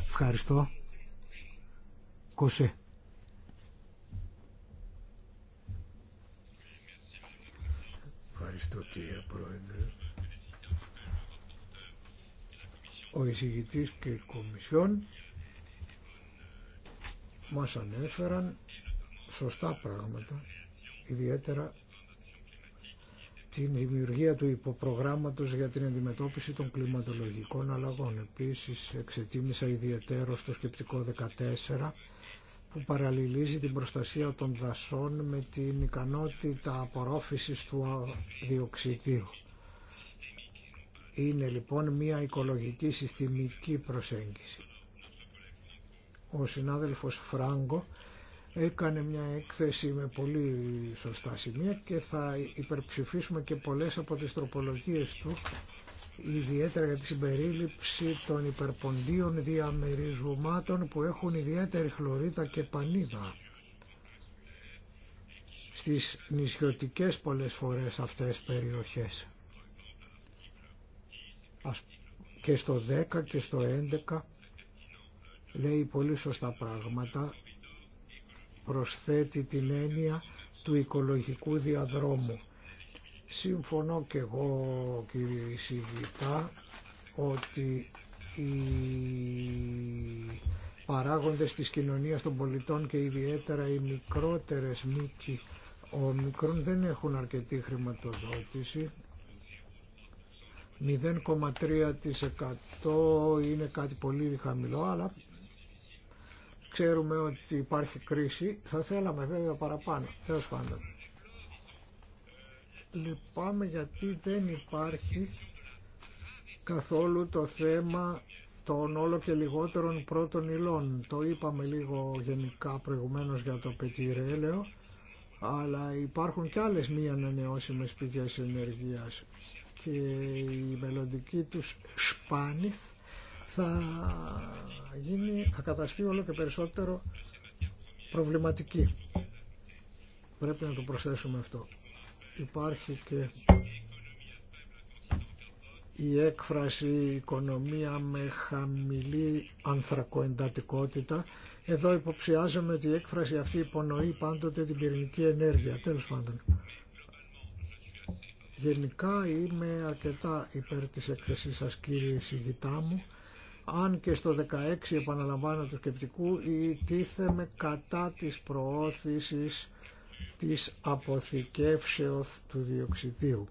Ευχαριστώ. Κωσέ. Ευχαριστώ κύριε Πρόεδρε. Ο εισηγητής και η Κομισιόν μας ανέφεραν σωστά πράγματα, ιδιαίτερα την δημιουργία του υποπρογράμματος για την αντιμετώπιση των κλιματολογικών αλλαγών. Επίσης εξετίμησα ιδιαίτερο στο σκεπτικό 14 που παραλληλίζει την προστασία των δασών με την ικανότητα απορρόφησης του διοξιδίου. Είναι λοιπόν μια οικολογική συστημική προσέγγιση. Ο συνάδελφος Φράγκο έκανε μια έκθεση με πολύ σωστά σημεία και θα υπερψηφίσουμε και πολλές από τις τροπολογίες του ιδιαίτερα για τη συμπερίληψη των υπερποντίων διαμερισμάτων που έχουν ιδιαίτερη χλωρίδα και πανίδα. Στις νησιωτικές πολλές φορές αυτές περιοχές. Και στο 10 και στο 11 λέει πολύ σωστά πράγματα. Προσθέτει την έννοια του οικολογικού διαδρόμου Συμφωνώ και εγώ κύριε Σιγητά ότι οι παράγοντες της κοινωνίας των πολιτών και ιδιαίτερα οι μικρότερες μήκη ο δεν έχουν αρκετή χρηματοδότηση 0,3% είναι κάτι πολύ χαμηλό αλλά ξέρουμε ότι υπάρχει κρίση θα θέλαμε βέβαια παραπάνω τέλος πάντων λυπάμαι γιατί δεν υπάρχει καθόλου το θέμα των όλο και λιγότερων πρώτων υλών. Το είπαμε λίγο γενικά προηγουμένως για το πετυρέλαιο, αλλά υπάρχουν και άλλες μη ανανεώσιμες πηγές ενεργείας και η μελλοντική τους σπάνιθ θα γίνει, θα όλο και περισσότερο προβληματική. Πρέπει να το προσθέσουμε αυτό υπάρχει και η έκφραση οικονομία με χαμηλή ανθρακοεντατικότητα. Εδώ υποψιάζομαι ότι η έκφραση αυτή υπονοεί πάντοτε την πυρηνική ενέργεια. Τέλος πάντων. Γενικά είμαι αρκετά υπέρ της έκθεσής σας κύριε συγητά μου. Αν και στο 16 επαναλαμβάνω του σκεπτικού, τίθεμαι κατά της προώθησης της αποθηκεύσεως του διοξιδίου.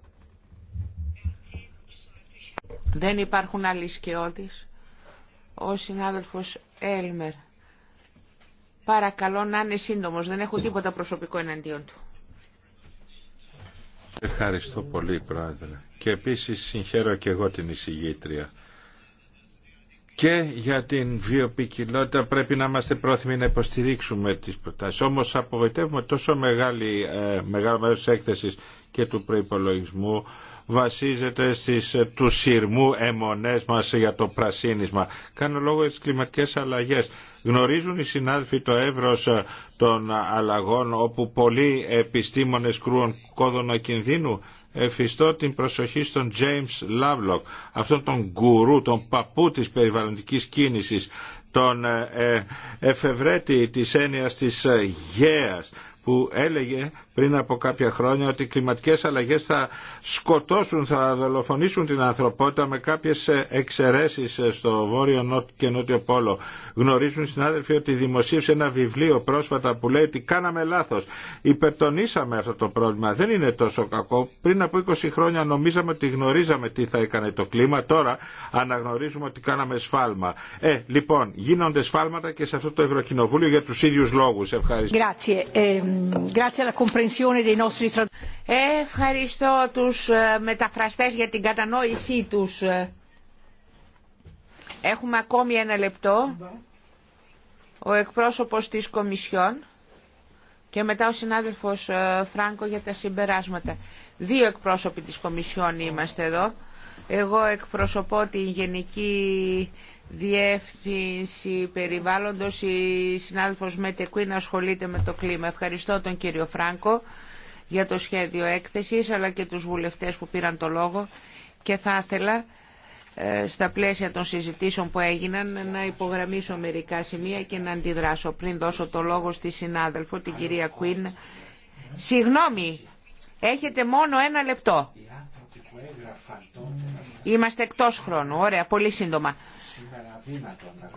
Δεν υπάρχουν άλλοι σκιώτες. Ο συνάδελφος Έλμερ. Παρακαλώ να είναι σύντομος. Δεν έχω τίποτα προσωπικό εναντίον του. Ευχαριστώ πολύ, Πρόεδρε. Και επίσης συγχαίρω και εγώ την εισηγήτρια και για την βιοπικιλότητα πρέπει να είμαστε πρόθυμοι να υποστηρίξουμε τις προτάσεις. Όμως απογοητεύουμε τόσο μεγάλη, ε, μεγάλο μέρος της έκθεσης και του προϋπολογισμού βασίζεται στις, ε, του σειρμού αιμονές μας για το πρασίνισμα. Κάνω λόγο για τις κλιματικές αλλαγές. Γνωρίζουν οι συνάδελφοι το εύρος ε, των αλλαγών όπου πολλοί επιστήμονες κρούν κόδωνα κινδύνου εφιστώ την προσοχή στον James Lovelock, αυτόν τον γκουρού, τον παππού της περιβαλλοντικής κίνησης, τον ε, ε, εφευρέτη της έννοιας της ε, γέας που έλεγε πριν από κάποια χρόνια ότι οι κλιματικές αλλαγές θα σκοτώσουν, θα δολοφονήσουν την ανθρωπότητα με κάποιες εξαιρέσεις στο Βόρειο και Νότιο Πόλο. Γνωρίζουν συνάδελφοι ότι δημοσίευσε ένα βιβλίο πρόσφατα που λέει ότι κάναμε λάθος. Υπερτονίσαμε αυτό το πρόβλημα. Δεν είναι τόσο κακό. Πριν από 20 χρόνια νομίζαμε ότι γνωρίζαμε τι θα έκανε το κλίμα. Τώρα αναγνωρίζουμε ότι κάναμε σφάλμα. Ε, λοιπόν, γίνονται σφάλματα και σε αυτό το Ευρωκοινοβούλιο για τους ίδιους λόγους. Ευχαριστώ. Grazie. Ε, Ευχαριστώ τους ε, μεταφραστές για την κατανόησή τους. Έχουμε ακόμη ένα λεπτό. Ο εκπρόσωπος της Κομισιόν και μετά ο συνάδελφος ε, Φράνκο για τα συμπεράσματα. Δύο εκπρόσωποι της Κομισιόν είμαστε εδώ. Εγώ εκπροσωπώ την Γενική Διεύθυνση Περιβάλλοντος, η συνάδελφος Μετεκουίν ασχολείται με το κλίμα. Ευχαριστώ τον κύριο Φράνκο για το σχέδιο έκθεσης, αλλά και τους βουλευτές που πήραν το λόγο και θα ήθελα ε, στα πλαίσια των συζητήσεων που έγιναν να υπογραμμίσω μερικά σημεία και να αντιδράσω πριν δώσω το λόγο στη συνάδελφο την κυρία Κουίν Συγγνώμη, έχετε μόνο ένα λεπτό Είμαστε εκτός χρόνου, ωραία, πολύ σύντομα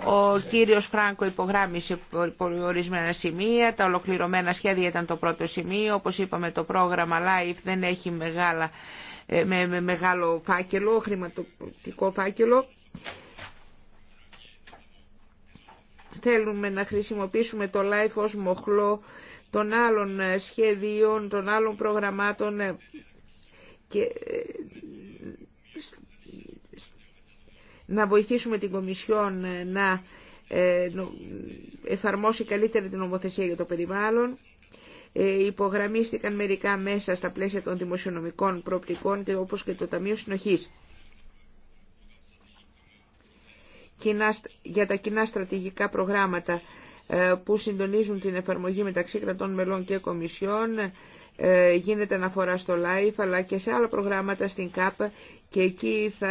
ο κύριος Φράγκο υπογράμμισε ορισμένα σημεία, τα ολοκληρωμένα σχέδια ήταν το πρώτο σημείο, όπως είπαμε το πρόγραμμα LIFE δεν έχει μεγάλα, ε, με μεγάλο φάκελο, χρηματοπτικό φάκελο. Θέλουμε να χρησιμοποιήσουμε το LIFE ως μοχλό των άλλων ε, σχεδίων, των άλλων προγραμμάτων ε, και να βοηθήσουμε την Κομισιόν ε, να ε, εφαρμόσει καλύτερα την νομοθεσία για το περιβάλλον. Ε, υπογραμμίστηκαν μερικά μέσα στα πλαίσια των δημοσιονομικών προοπτικών και όπως και το Ταμείο Συνοχής. για τα κοινά στρατηγικά προγράμματα που συντονίζουν την εφαρμογή μεταξύ κρατών μελών και κομισιών γίνεται αναφορά στο LIFE αλλά και σε άλλα προγράμματα στην ΚΑΠ και εκεί θα,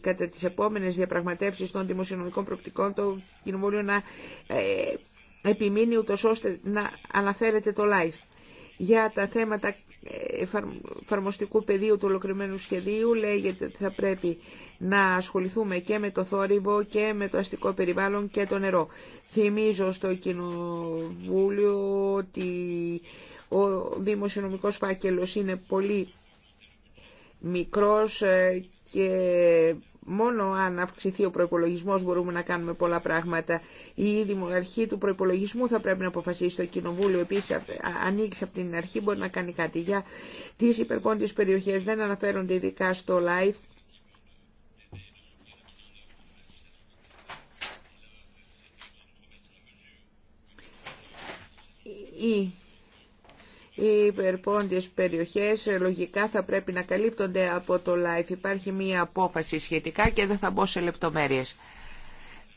κατά τις επόμενες διαπραγματεύσεις των δημοσιονομικών προπτικών το κοινοβούλιο να ε, επιμείνει ούτως ώστε να αναφέρεται το live. Για τα θέματα ε, εφαρμοστικού πεδίου του ολοκληρωμένου σχεδίου λέγεται ότι θα πρέπει να ασχοληθούμε και με το θόρυβο και με το αστικό περιβάλλον και το νερό. Θυμίζω στο Κοινοβούλιο ότι ο δημοσιονομικός φάκελος είναι πολύ μικρός ε, και μόνο αν αυξηθεί ο προπολογισμό μπορούμε να κάνουμε πολλά πράγματα. Η δημοαρχή του προπολογισμού θα πρέπει να αποφασίσει το Κοινοβούλιο. Επίση, ανοίξει από την αρχή, μπορεί να κάνει κάτι. Για τι υπερπόντιε περιοχέ δεν αναφέρονται ειδικά στο live. Η οι υπερπόντιες περιοχές ε, λογικά θα πρέπει να καλύπτονται από το LIFE. Υπάρχει μία απόφαση σχετικά και δεν θα μπω σε λεπτομέρειες.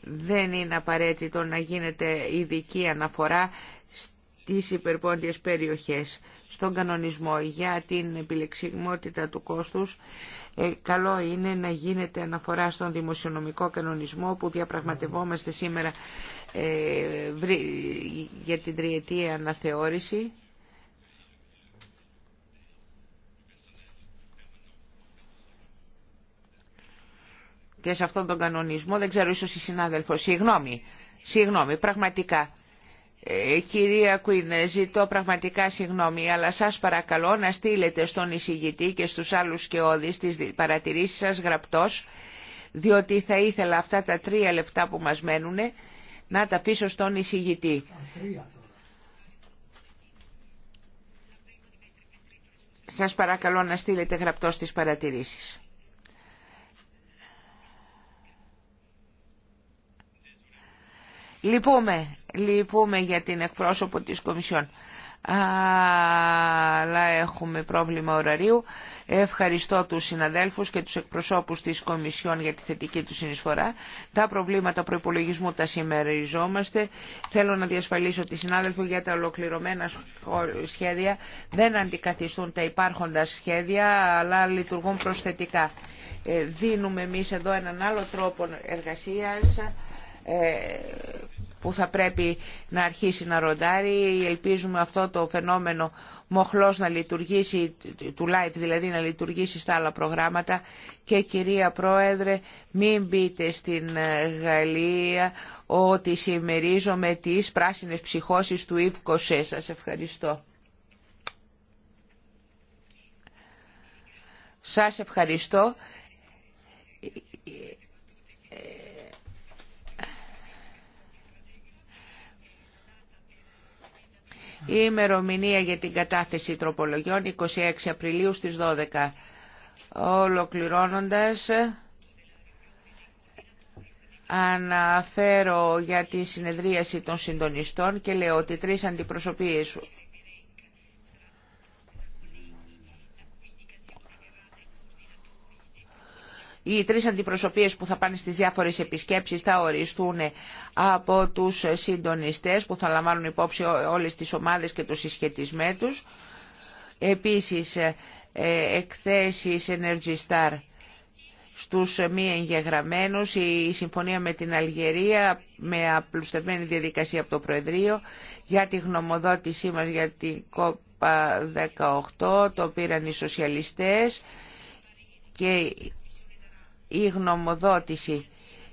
Δεν είναι απαραίτητο να γίνεται ειδική αναφορά στις υπερπόντιες περιοχές. Στον κανονισμό για την επιλεξιμότητα του κόστους ε, καλό είναι να γίνεται αναφορά στον δημοσιονομικό κανονισμό που διαπραγματευόμαστε σήμερα ε, για την τριετία αναθεώρηση και σε αυτόν τον κανονισμό, δεν ξέρω ίσως η συνάδελφο, συγγνώμη, συγγνώμη, πραγματικά. Ε, κυρία Κουίνε, ζητώ πραγματικά συγγνώμη, αλλά σας παρακαλώ να στείλετε στον εισηγητή και στους άλλους και όδης τις παρατηρήσεις σας γραπτός, διότι θα ήθελα αυτά τα τρία λεπτά που μας μένουν να τα πείσω στον εισηγητή. Σας παρακαλώ να στείλετε γραπτός τις παρατηρήσεις. Λυπούμε, λυπούμε για την εκπρόσωπο της Κομισιόν. Αλλά έχουμε πρόβλημα ωραρίου. Ευχαριστώ τους συναδέλφους και τους εκπροσώπους της Κομισιόν για τη θετική του συνεισφορά. Τα προβλήματα προϋπολογισμού τα σημεριζόμαστε. Θέλω να διασφαλίσω τη συνάδελφο για τα ολοκληρωμένα σχέδια. Δεν αντικαθιστούν τα υπάρχοντα σχέδια, αλλά λειτουργούν προσθετικά. Ε, δίνουμε εμείς εδώ έναν άλλο τρόπο εργασίας ε, που θα πρέπει να αρχίσει να ροντάρει. Ελπίζουμε αυτό το φαινόμενο μοχλός να λειτουργήσει, του live δηλαδή να λειτουργήσει στα άλλα προγράμματα. Και κυρία Πρόεδρε, μην μπείτε στην Γαλλία ότι συμμερίζομαι τις πράσινες ψυχώσεις του Ιβ Κοσέ. Σας ευχαριστώ. Σας ευχαριστώ. Η ημερομηνία για την κατάθεση τροπολογιών 26 Απριλίου στις 12. Ολοκληρώνοντας, αναφέρω για τη συνεδρίαση των συντονιστών και λέω ότι τρεις αντιπροσωπείες Οι τρεις αντιπροσωπείες που θα πάνε στις διάφορες επισκέψεις θα οριστούν από τους συντονιστές που θα λαμβάνουν υπόψη όλες τις ομάδες και το συσχετισμέ τους. Επίσης, ε, εκθέσεις Energy Star στους μη εγγεγραμμένους, η συμφωνία με την Αλγερία με απλουστευμένη διαδικασία από το Προεδρείο για τη γνωμοδότησή μας για την ΚΟΠΑ 18, το πήραν οι σοσιαλιστές και η γνωμοδότηση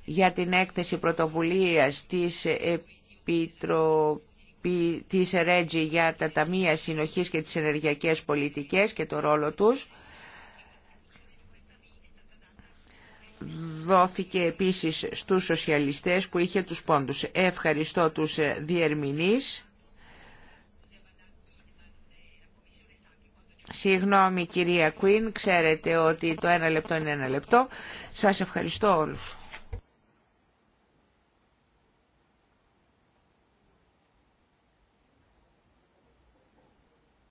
για την έκθεση πρωτοβουλίας της Επιτροπή της Ρέτζη για τα Ταμεία Συνοχής και τις Ενεργειακές Πολιτικές και το ρόλο τους. Δόθηκε επίσης στους σοσιαλιστές που είχε τους πόντους. Ευχαριστώ τους διερμηνείς. Συγγνώμη κυρία Κουίν, ξέρετε ότι το ένα λεπτό είναι ένα λεπτό. Σας ευχαριστώ όλους.